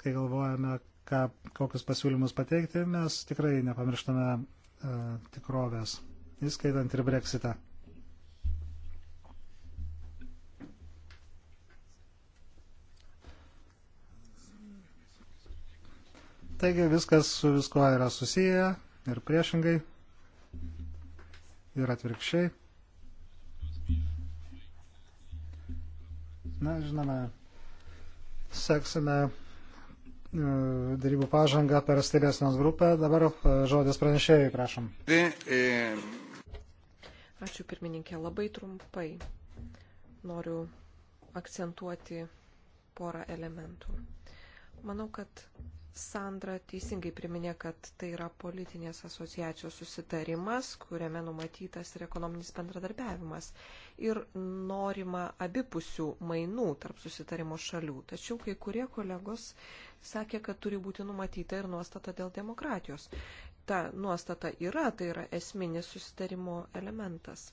kai galvojame, ką, kokius pasiūlymus pateikti, mes tikrai nepamirštame e, tikrovės, įskaitant ir breksitą. Taigi viskas su viskuo yra susiję ir priešingai ir atvirkščiai. Na, žinome, seksime e, darybų pažangą per stebėsinos grupę. Dabar e, žodis pranešėjai, prašom. E, Ačiū pirmininkė, labai trumpai noriu akcentuoti porą elementų. Manau, kad Sandra teisingai priminė, kad tai yra politinės asociacijos susitarimas, kuriame numatytas ir ekonominis bendradarbiavimas. Ir norima abipusių mainų tarp susitarimo šalių. Tačiau kai kurie kolegos sakė, kad turi būti numatyta ir nuostata dėl demokratijos. Ta nuostata yra, tai yra esminis susitarimo elementas.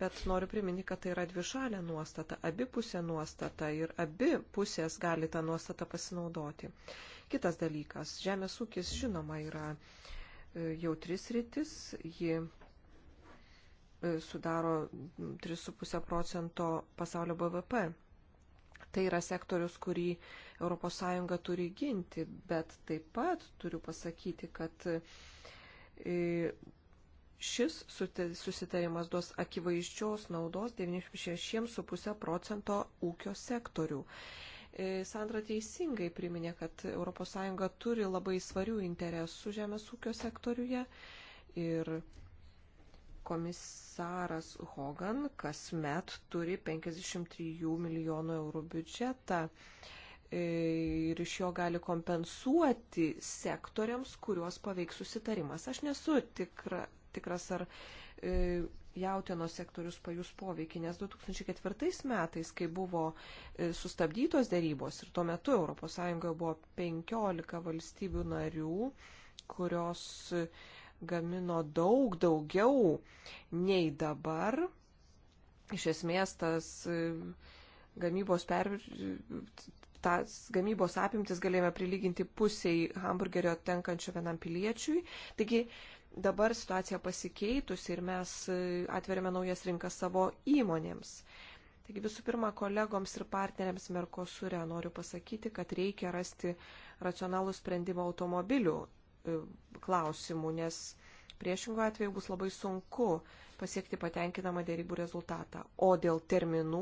Bet noriu priminti, kad tai yra dvišalė nuostata, abipusė nuostata ir abi pusės gali tą nuostatą pasinaudoti. Uh, Kitas dalykas, žemės ūkis žinoma yra e, jautris rytis, ji e, sudaro 3,5 procento pasaulio BVP. Tai yra sektorius, kurį ES turi ginti, bet taip pat turiu pasakyti, kad e, šis susitarimas duos akivaizdžios naudos 96,5 procento ūkio sektorių. E, Sandra teisingai priminė, kad ES turi labai svarių interesų žemės ūkio sektoriuje ir komisaras Hogan kasmet turi 53 milijonų eurų biudžetą e, ir iš jo gali kompensuoti sektoriams, kuriuos paveiks susitarimas. Aš nesu tikra, tikras, ar e, jautienos sektorius pajus poveikį, nes 2004 metais, kai buvo e, sustabdytos dėrybos ir tuo metu ES buvo 15 valstybių narių, kurios e, gamino daug daugiau nei dabar, iš esmės tas e, gamybos per... Tas gamybos apimtis galėjome prilyginti pusiai hamburgerio tenkančio vienam piliečiui. Taigi, uh, dabar situacija pasikeitusi ir mes e, atveriame naujas rinkas savo įmonėms. Taigi visų pirma, kolegoms ir partneriams Merkosure noriu pasakyti, kad reikia rasti racionalų sprendimą automobilių e, klausimų, nes priešingų atveju bus labai sunku pasiekti patenkinamą dėrybų rezultatą. O dėl terminų,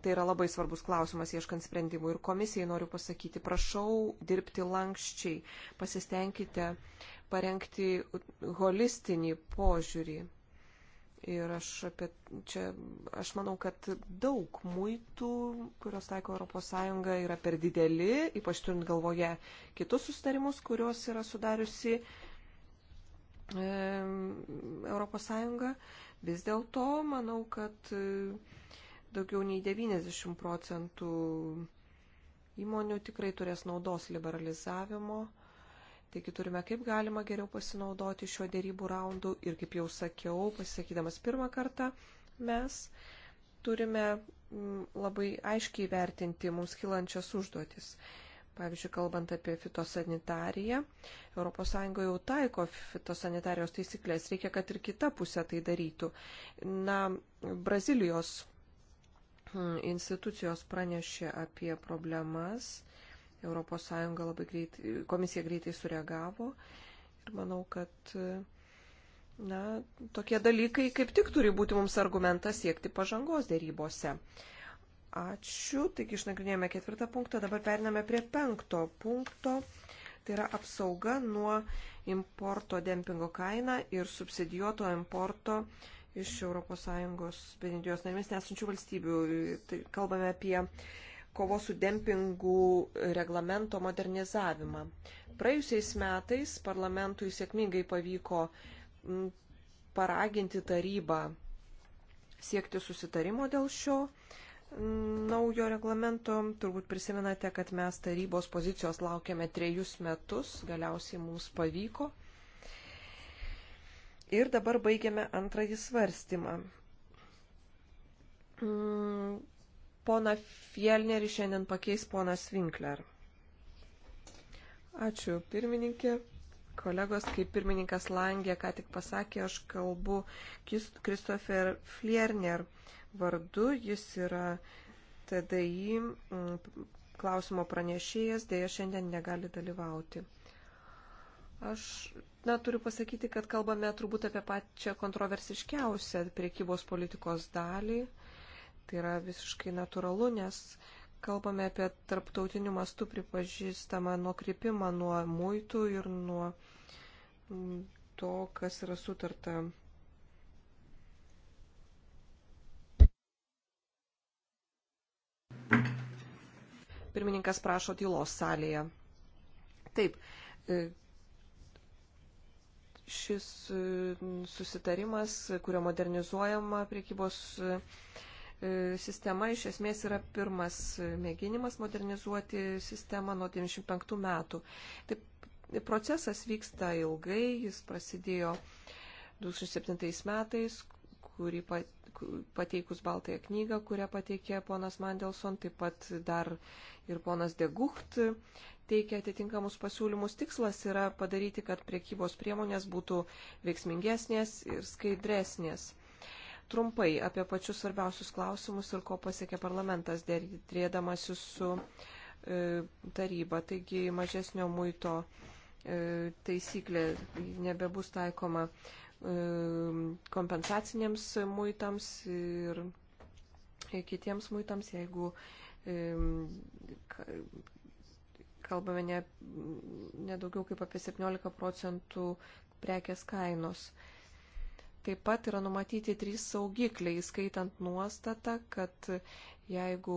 tai yra labai svarbus klausimas ieškant sprendimų ir komisijai noriu pasakyti, prašau dirbti lankščiai, pasistengkite parengti holistinį požiūrį. Ir aš apie čia, aš manau, kad daug muitų, kurios taiko ES, yra per dideli, ypač turint galvoje kitus sustarimus, kuriuos yra sudariusi e, ES. Vis dėlto manau, kad e, daugiau nei 90 procentų įmonių tikrai turės naudos liberalizavimo. Taigi turime kaip galima geriau pasinaudoti šiuo dėrybų raundu ir kaip jau sakiau, pasisakydamas pirmą kartą, mes turime mm, labai aiškiai vertinti mums kilančias užduotis. Pavyzdžiui, kalbant apie fitosanitariją, ES jau taiko fitosanitarijos taisyklės, reikia, kad ir kita pusė tai darytų. Na, Brazilijos mm, institucijos pranešė apie problemas ES labai greitai, komisija greitai sureagavo ir manau, kad na, tokie dalykai kaip tik turi būti mums argumentas siekti pažangos dėrybose. Ačiū, taigi išnagrinėjome ketvirtą punktą, dabar periname prie penkto punkto. Tai yra apsauga nuo importo dempingo kaina ir subsidijuoto importo iš ES Benedijos narėmis nesančių valstybių. Tai kalbame apie kovos su dempingu reglamento modernizavimą. Praėjusiais metais parlamentui sėkmingai pavyko paraginti tarybą siekti susitarimo dėl šio naujo reglamento. Turbūt prisimenate, kad mes tarybos pozicijos laukiame trejus metus, galiausiai mums pavyko. Ir dabar baigiame antrąjį svarstymą Pona Fielnerį šiandien pakeis ponas Winkler. Ačiū, pirmininkė. Kolegos, kaip pirmininkas Langė ką tik pasakė, aš kalbu Kristofer Flierner vardu. Jis yra TDI mm, klausimo pranešėjas, dėja šiandien negali dalyvauti. Aš, na, turiu pasakyti, kad kalbame turbūt apie pačią kontroversiškiausią priekybos politikos dalį Tai yra visiškai natūralu, nes kalbame apie tarptautinių mastų pripažįstamą nukrypimą nuo muitų ir nuo to, kas yra sutarta. Pirmininkas prašo tylos salėje. Taip, e, šis e, susitarimas, kurio modernizuojama priekybos e, E, sistema iš esmės yra pirmas mėginimas modernizuoti sistemą nuo 95 metų. Taip, procesas vyksta ilgai, jis prasidėjo 2007 metais, kurį pateikus Baltąją knygą, kurią pateikė ponas Mandelson, taip pat dar ir ponas Degucht teikia atitinkamus pasiūlymus. Tikslas yra padaryti, kad priekybos priemonės būtų veiksmingesnės ir skaidresnės trumpai apie pačius svarbiausius klausimus ir ko pasiekė parlamentas dėrėdamasis su e, taryba. Taigi mažesnio muito e, taisyklė nebebus taikoma e, kompensaciniams muitams ir kitiems muitams, jeigu kalbame ne, ne daugiau kaip apie 17 procentų prekės kainos. E, Taip pat yra numatyti trys saugikliai, skaitant nuostatą, kad jeigu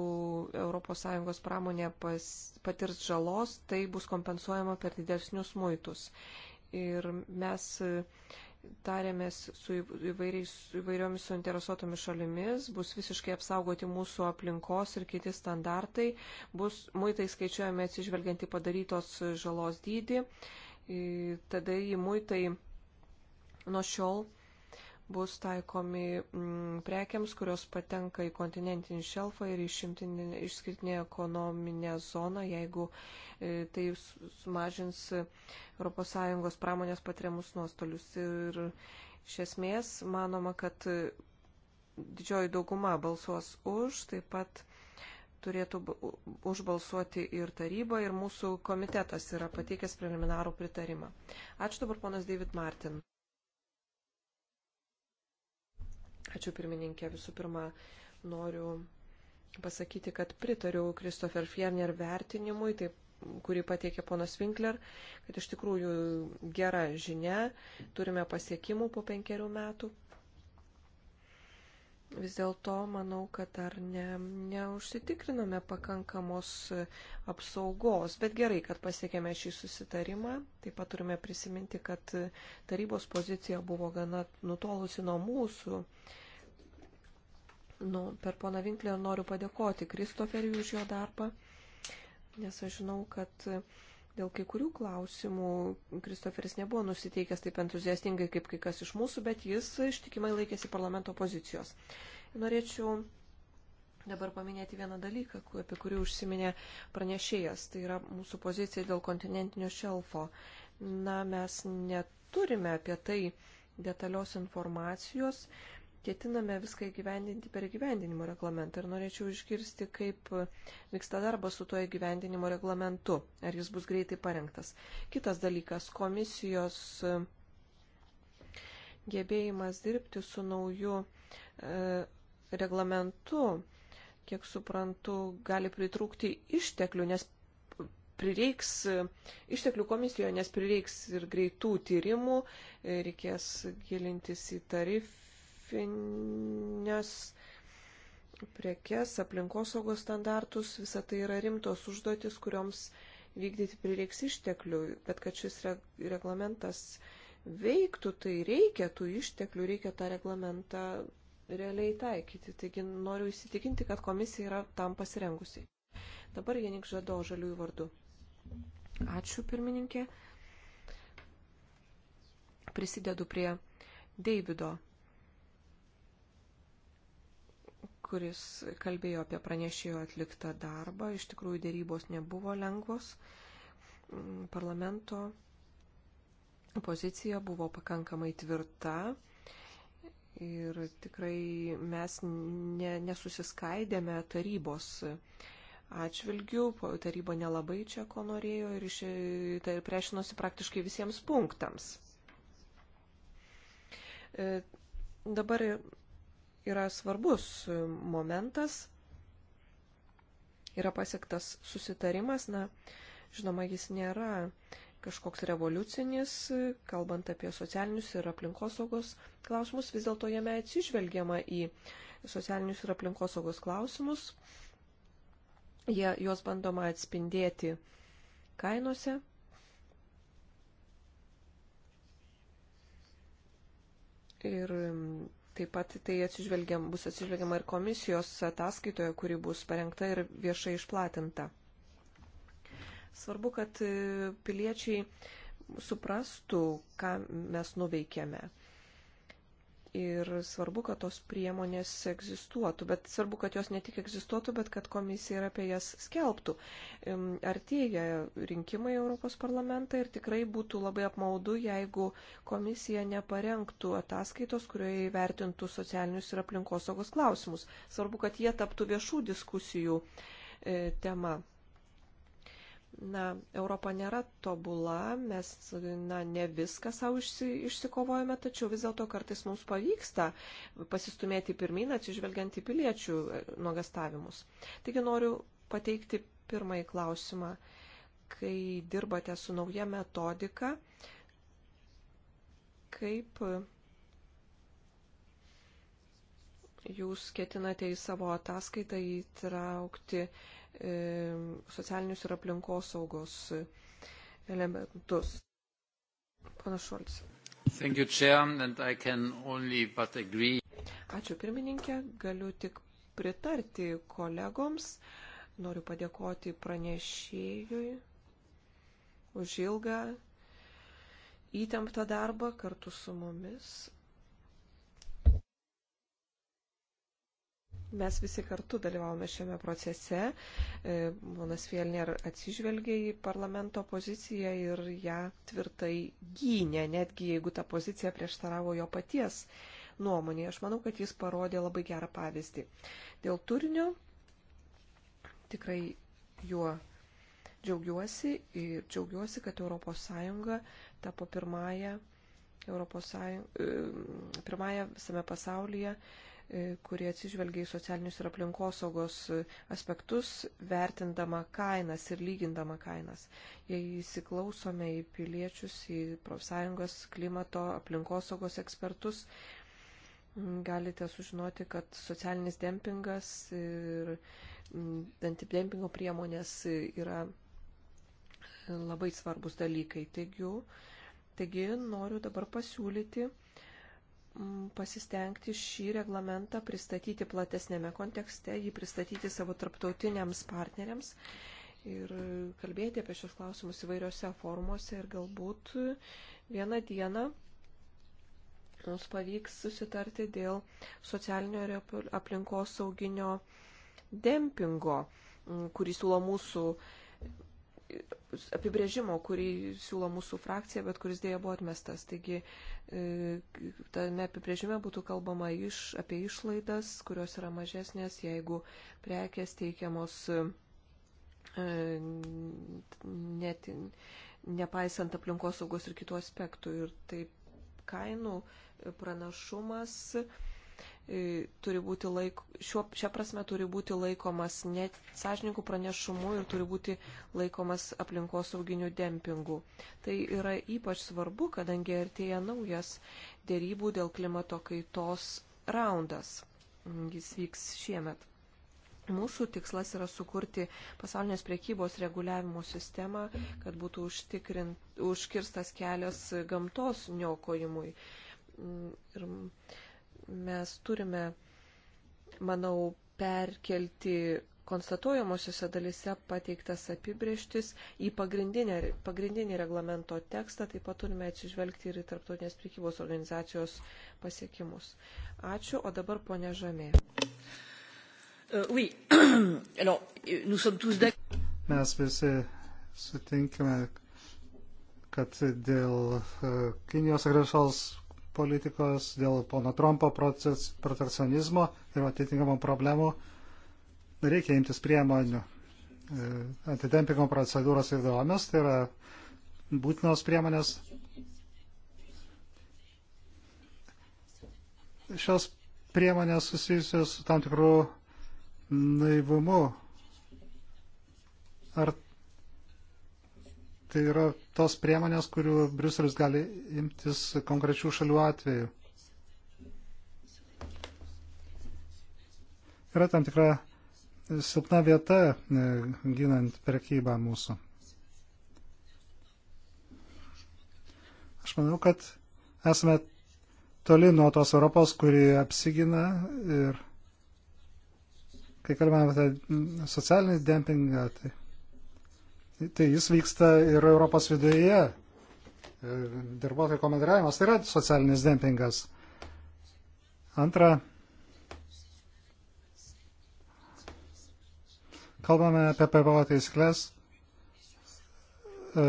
ES pramonė pas, patirs žalos, tai bus kompensuojama per didesnius muitus. Ir mes tarėmės su įvairiomis suinteresuotomis šalimis, bus visiškai apsaugoti mūsų aplinkos ir kiti standartai, bus muitai skaičiuojami atsižvelgiant į padarytos žalos dydį, tada į muitai nuo šiol bus taikomi mm, prekiams, kurios patenka į kontinentinį šelfą ir išskirtinę ekonominę zoną, jeigu e, tai sumažins ES pramonės patiriamus nuostolius. Ir iš esmės manoma, kad e, didžioji dauguma balsuos už, taip pat turėtų užbalsuoti ir taryba, ir mūsų komitetas yra pateikęs preliminarų pritarimą. Ačiū dabar ponas David Martin. Ačiū pirmininkė. Visų pirma, noriu pasakyti, kad pritariu Kristofer Fierner vertinimui, taip, kurį pateikė ponas Winkler, kad iš tikrųjų gera žinia, turime pasiekimų po penkerių metų vis dėlto manau, kad dar ne, neužsitikrinome pakankamos e, apsaugos, bet gerai, kad pasiekėme šį susitarimą. Taip pat turime prisiminti, kad e, tarybos pozicija buvo gana nutolusi nuo mūsų. Nu, per poną Vinklį noriu padėkoti Kristoferiui už jo darbą, nes aš žinau, kad Dėl kai kurių klausimų Kristoferis nebuvo nusiteikęs taip entuziastingai kaip kai kas iš mūsų, bet jis ištikimai laikėsi parlamento pozicijos. Norėčiau dabar paminėti vieną dalyką, apie kurį užsiminė pranešėjas. Tai yra mūsų pozicija dėl kontinentinio šelfo. Na, mes neturime apie tai detalios informacijos, ketiname viską įgyvendinti per įgyvendinimo reglamentą ir norėčiau išgirsti, kaip vyksta darbas su tuo įgyvendinimo reglamentu, ar jis bus greitai parengtas. Kitas dalykas - komisijos e, gebėjimas dirbti su nauju e, reglamentu, kiek suprantu, gali pritrūkti išteklių, nes prireiks išteklių komisijoje, nes prireiks ir greitų tyrimų, e, reikės gilintis į tarif, specifines prekes, aplinkosaugos standartus, visa tai yra rimtos užduotis, kurioms vykdyti prireiks išteklių, bet kad šis reglamentas veiktų, tai reikia tų išteklių, reikia tą reglamentą realiai taikyti. Taigi noriu įsitikinti, kad komisija yra tam pasirengusi. Dabar Janik Žado žaliųjų vardu. Ačiū pirmininkė. Prisidedu prie Davido kuris kalbėjo apie pranešėjo atliktą darbą. Iš tikrųjų, dėrybos nebuvo lengvos. Mm, parlamento pozicija buvo pakankamai tvirta. Ir tikrai mes ne, nesusiskaidėme tarybos atžvilgių, taryba nelabai čia ko norėjo ir iš, tai priešinosi praktiškai visiems punktams. E, dabar yra svarbus momentas. Yra pasiektas susitarimas, na, žinoma, jis nėra kažkoks revoliucinis, kalbant apie socialinius ir aplinkosaugos klausimus, vis dėlto jame atsižvelgiama į socialinius ir aplinkosaugos klausimus. Jie, juos bandoma atspindėti kainose. Ir Taip pat tai atsižvelgiam, bus atsižvelgiama ir komisijos ataskaitoje, kuri bus parengta ir viešai išplatinta. Svarbu, kad piliečiai suprastų, ką mes nuveikėme ir svarbu, kad tos priemonės egzistuotų, bet svarbu, kad jos ne tik egzistuotų, bet kad komisija ir apie jas skelbtų. Artėja rinkimai Europos parlamentą ir tikrai būtų labai apmaudu, jeigu komisija neparengtų ataskaitos, kurioje įvertintų socialinius ir aplinkosaugos klausimus. Svarbu, kad jie taptų viešų diskusijų e, tema na, Europa nėra tobula, mes, na, ne viską savo išsi, išsikovojame, tačiau vis dėlto kartais mums pavyksta pasistumėti pirmin, atsižvelgiant į piliečių e, nuogastavimus. Taigi noriu pateikti pirmąjį klausimą. Kai dirbate su nauja metodika, kaip jūs ketinate į savo ataskaitą įtraukti E, socialinius ir aplinkos saugos elementus. Pana Šolts. Ačiū pirmininkė, galiu tik pritarti kolegoms. Noriu padėkoti pranešėjui už ilgą įtemptą darbą kartu su mumis. Mes visi kartu dalyvavome šiame procese. E, Monas Fielner atsižvelgė į parlamento poziciją ir ją tvirtai gynė, netgi jeigu ta pozicija prieštaravo jo paties nuomonė. Aš manau, kad jis parodė labai gerą pavyzdį. Dėl turinio tikrai juo džiaugiuosi ir džiaugiuosi, kad ES tapo pirmąją, ES, e, pirmąją visame pasaulyje E, kurie atsižvelgia į socialinius ir aplinkosaugos e, aspektus, vertindama kainas ir lygindama kainas. Jei įsiklausome į piliečius, į profsąjungos, klimato, aplinkosaugos ekspertus, galite sužinoti, kad socialinis dempingas ir antidempingo priemonės yra labai svarbus dalykai. Taigi, taigi noriu dabar pasiūlyti pasistengti šį reglamentą pristatyti platesnėme kontekste, jį pristatyti savo tarptautiniams partneriams ir kalbėti apie šios klausimus įvairiose formuose ir galbūt vieną dieną mums pavyks susitarti dėl socialinio ir aplinkos sauginio dempingo, kurį siūlo mūsų apibrėžimo, kurį siūlo mūsų frakcija, bet kuris dėja buvo atmestas. Taigi, e, tame apibrėžime būtų kalbama iš, apie išlaidas, kurios yra mažesnės, jeigu prekės teikiamos e, net, nepaisant aplinkosaugos ir kitų aspektų. Ir taip kainų pranašumas E, turi būti laiko, šiuo, šią prasme turi būti laikomas net sąžininkų pranešumu ir turi būti laikomas aplinkosauginiu dempingu. Tai yra ypač svarbu, kadangi artėja naujas dėrybų dėl klimato kaitos raundas. Jis vyks šiemet. Mūsų tikslas yra sukurti pasaulinės priekybos reguliavimo sistemą, kad būtų užkirstas kelias gamtos niokojimui. Mm, ir mes turime, manau, perkelti konstatuojamosiose dalise pateiktas apibrieštis į pagrindinį reglamento tekstą, taip pat turime atsižvelgti ir į Tarptautinės prekybos organizacijos pasiekimus. Ačiū, o dabar ponė Žamė. Uh, mes visi sutinkame, kad dėl uh, Kinijos agresos politikos, dėl pono Trumpo proces, protekcionizmo ir atitinkamų problemų reikia imtis priemonių. E, Antidempingo procedūros įdomios, tai yra būtinos priemonės. Šios priemonės susijusios su tam tikrų naivumu. Ar tai yra tos priemonės, kurių Briuselis gali imtis konkrečių šalių atveju. Yra tam tikra silpna vieta e, ginant prekybą mūsų. Aš manau, kad esame toli nuo tos Europos, kuri apsigina ir kai kalbame apie socialinį dempingą, tai tai jis vyksta ir Europos viduje. E, darbuotojų komandiravimas tai yra socialinis dempingas. Antra, kalbame apie PPO taisyklės, e,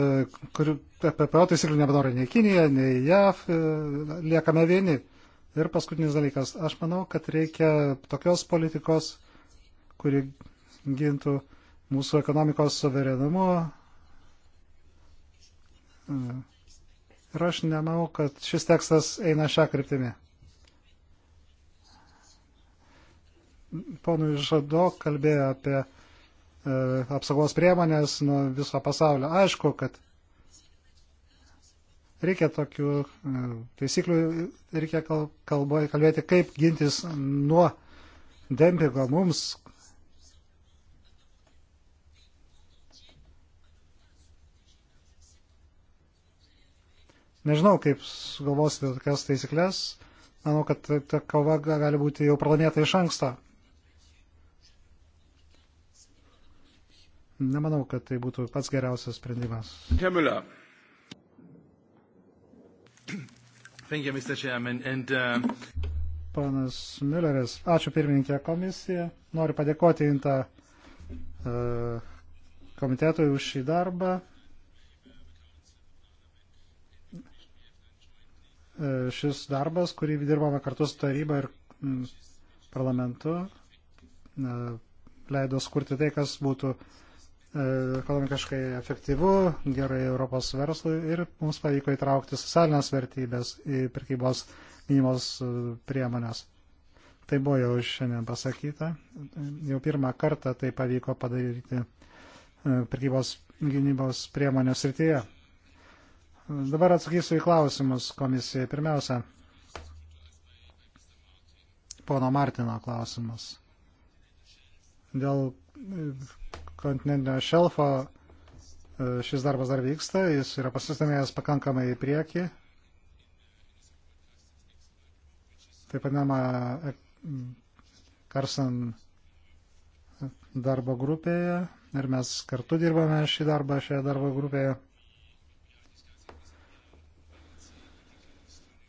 kurių PPO taisyklių nebenori nei Kinija, nei JAV, e, liekame vieni. Ir paskutinis dalykas, aš manau, kad reikia tokios politikos, kuri gintų uh, mūsų ekonomikos suverenumu. Ir aš nemanau, kad šis tekstas eina šią kryptimį. Ponui Žado kalbėjo apie e, apsaugos priemonės nuo viso pasaulio. Aišku, kad reikia tokių e, taisyklių, reikia kalboj, kalbėti, kaip gintis nuo dempingo mums, Nežinau, kaip sugalvosite tokias taisyklės. Manau, kad ta kova gali būti jau pralaimėta iš anksto. Nemanau, kad tai būtų pats geriausias sprendimas. Kemula. Thank you, Mr. Chairman. And, uh... Panas Mülleris. Ačiū pirmininkė komisija. Noriu padėkoti Inta uh, komitetui už šį darbą. E, šis darbas, kurį dirbome kartu su taryba ir mm, parlamentu, e, leido skurti tai, kas būtų e, ekonomiškai efektyvu, gerai Europos verslui ir mums pavyko įtraukti socialinės vertybės į prekybos gynybos priemonės. Tai buvo jau šiandien pasakyta. Jau pirmą kartą tai pavyko padaryti prekybos gynybos priemonės rytyje. Dabar atsakysiu į klausimus komisijai. Pirmiausia, pono Martino klausimas. Dėl kontinentinio šelfo e, šis darbas dar vyksta, jis yra pasistumėjęs pakankamai į priekį. Taip vadinama e, Karsan darbo grupėje ir mes kartu dirbame šį darbą šioje darbo grupėje.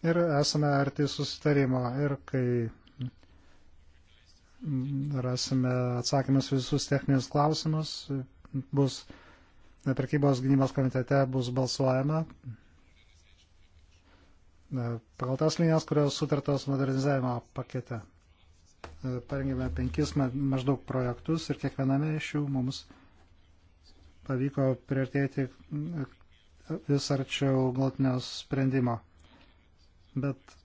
ir esame arti susitarimo. Ir kai rasime atsakymus visus techninius klausimus, bus prekybos gynybos komitete bus balsuojama e, pagal tas linijas, kurios sutartos modernizavimo pakete. E, parengėme penkis maždaug projektus ir kiekviename iš jų mums pavyko priartėti e, vis arčiau galtinio sprendimo bet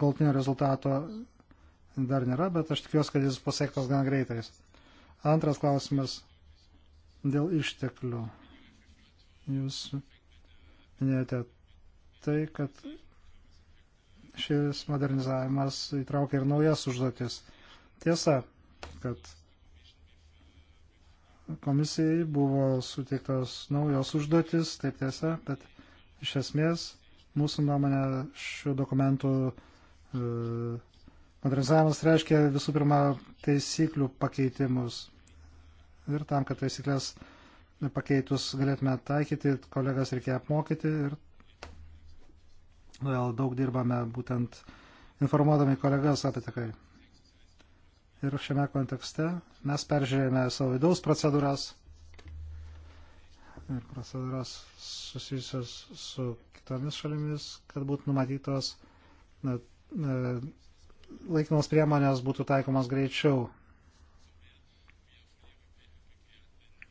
galtinio rezultato dar nėra, bet aš tikiuosi, kad jis pasiektas gan greitai. Antras klausimas dėl išteklių. Jūs minėjote tai, kad šis modernizavimas įtraukia ir naujas užduotis. Tiesa, kad komisijai buvo suteiktos naujos užduotis, taip tiesa, bet iš esmės mūsų nuomonė šių dokumentų e, modernizavimas reiškia visų pirma taisyklių pakeitimus. Ir tam, kad taisyklės pakeitus galėtume taikyti, kolegas reikia apmokyti ir todėl daug dirbame būtent informuodami kolegas apie tai. Ir šiame kontekste mes peržiūrėjome savo vidaus procedūras ir procedūras susijusios su kitomis šalimis, kad būtų numatytos na, na, e, laikinos priemonės būtų taikomas greičiau.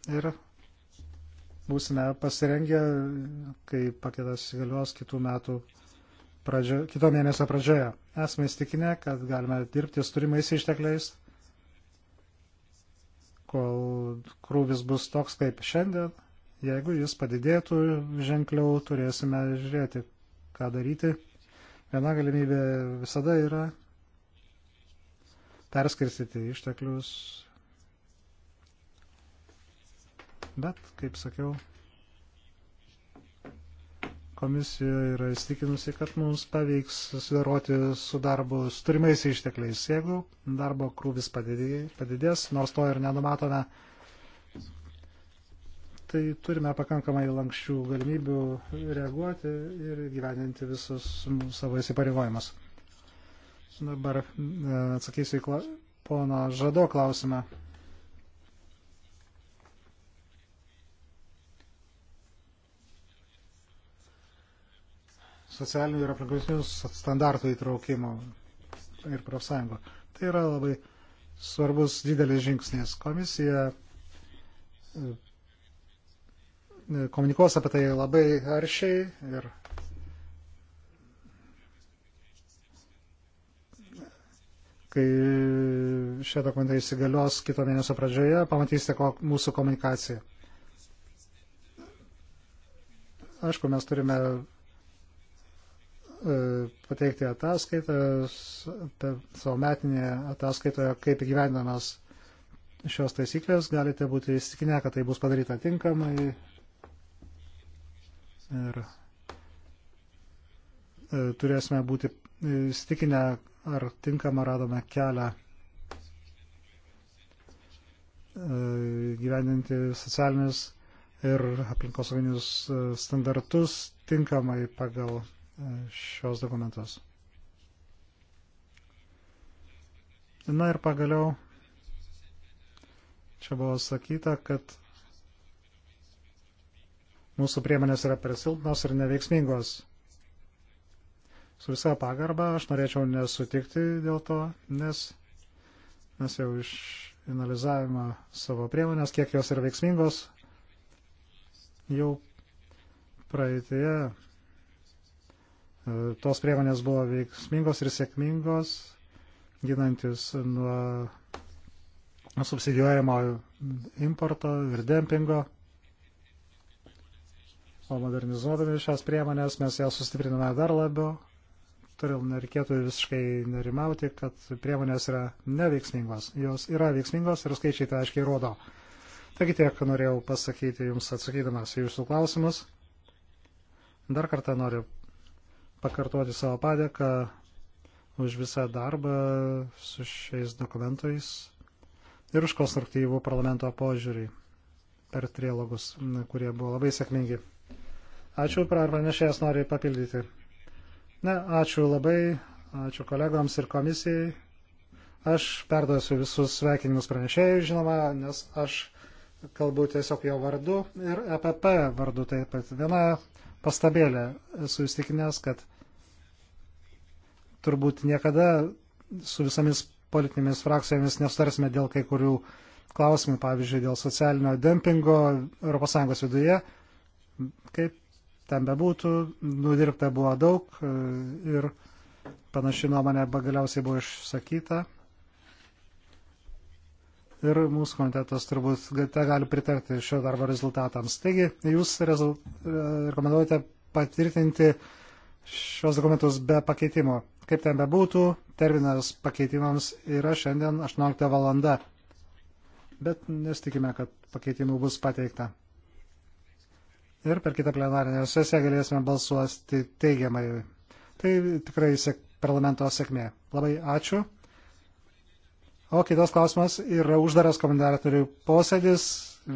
Ir būsime pasirengę, kai paketas įgalios kitų metų pradžio, kito mėnesio pradžioje. Esame įstikinę, kad galime dirbti su turimais ištekliais kol krūvis bus toks kaip šiandien. Jeigu jis padidėtų ženkliau, turėsime žiūrėti, ką daryti. Viena galimybė visada yra perskirstyti išteklius. Bet, kaip sakiau, komisija yra įstikinusi, kad mums pavyks susidaroti su darbu su turimais ištekliais. Jeigu darbo krūvis padidės, nors to ir nenumatome, tai turime pakankamai lankščių galimybių reaguoti ir gyveninti visus savo įsipareigojimus. Dabar e, atsakysiu į kla... pono Žado klausimą. socialinių ir aplinkosinių standartų įtraukimo ir profsąjungo. Tai yra labai svarbus didelis žingsnis. Komisija e, komunikuos apie tai labai aršiai ir kai šie dokumentai įsigalios kito mėnesio pradžioje, pamatysite ko, mūsų komunikaciją. Aišku, mes turime E, pateikti ataskaitą savo metinėje ataskaitoje, kaip gyvenimas šios taisyklės, galite būti įstikinę, kad tai bus padaryta tinkamai ir e, turėsime būti įstikinę, ar tinkamą radome kelią e, gyveninti socialinius ir aplinkosauginius standartus tinkamai pagal šios dokumentus. Na ir pagaliau, čia buvo sakyta, kad mūsų priemonės yra persilpnos ir neveiksmingos. Su visa pagarba aš norėčiau nesutikti dėl to, nes mes jau išanalizavimą savo priemonės, kiek jos yra veiksmingos, jau praeitėje E, tos priemonės buvo veiksmingos ir sėkmingos, ginantis nuo subsidijuojamo importo ir dempingo. O modernizuodami šias priemonės mes ją sustipriname dar labiau. Todėl nereikėtų visiškai nerimauti, kad priemonės yra neveiksmingos. Jos yra veiksmingos ir skaičiai tai aiškiai rodo. Taigi tiek norėjau pasakyti Jums atsakydamas į Jūsų klausimus. Dar kartą noriu pakartoti savo padėką už visą darbą su šiais dokumentais ir už konstruktyvų parlamento požiūrį per trialogus, kurie buvo labai sėkmingi. Ačiū, pranešėjas nori papildyti. Ne, ačiū labai, ačiū kolegoms ir komisijai. Aš perduosiu visus sveikinimus pranešėjai, žinoma, nes aš kalbu tiesiog jo vardu ir EPP vardu taip pat. Viena pastabėlę. Esu įstikinęs, kad turbūt niekada su visomis politinėmis frakcijomis nesutarsime dėl kai kurių klausimų, pavyzdžiui, dėl socialinio dempingo ES viduje. Kaip ten bebūtų, nudirbta buvo daug e, ir panaši nuomonė galiausiai buvo išsakyta ir mūsų komitetas turbūt gali pritarti šio darbo rezultatams. Taigi, jūs rezult... rekomenduojate patvirtinti šios dokumentus be pakeitimo. Kaip ten bebūtų, terminas pakeitimams yra šiandien 18 valanda, bet nesitikime, kad pakeitimų bus pateikta. Ir per kitą plenarinę sesiją galėsime balsuoti teigiamai. Tai tikrai parlamento sėkmė. Labai ačiū. O kitas klausimas yra uždaras komentatorių posėdis.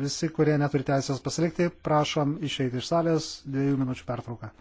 Visi, kurie neturi teisės pasilikti, prašom išeiti iš salės dviejų minučių pertrauką.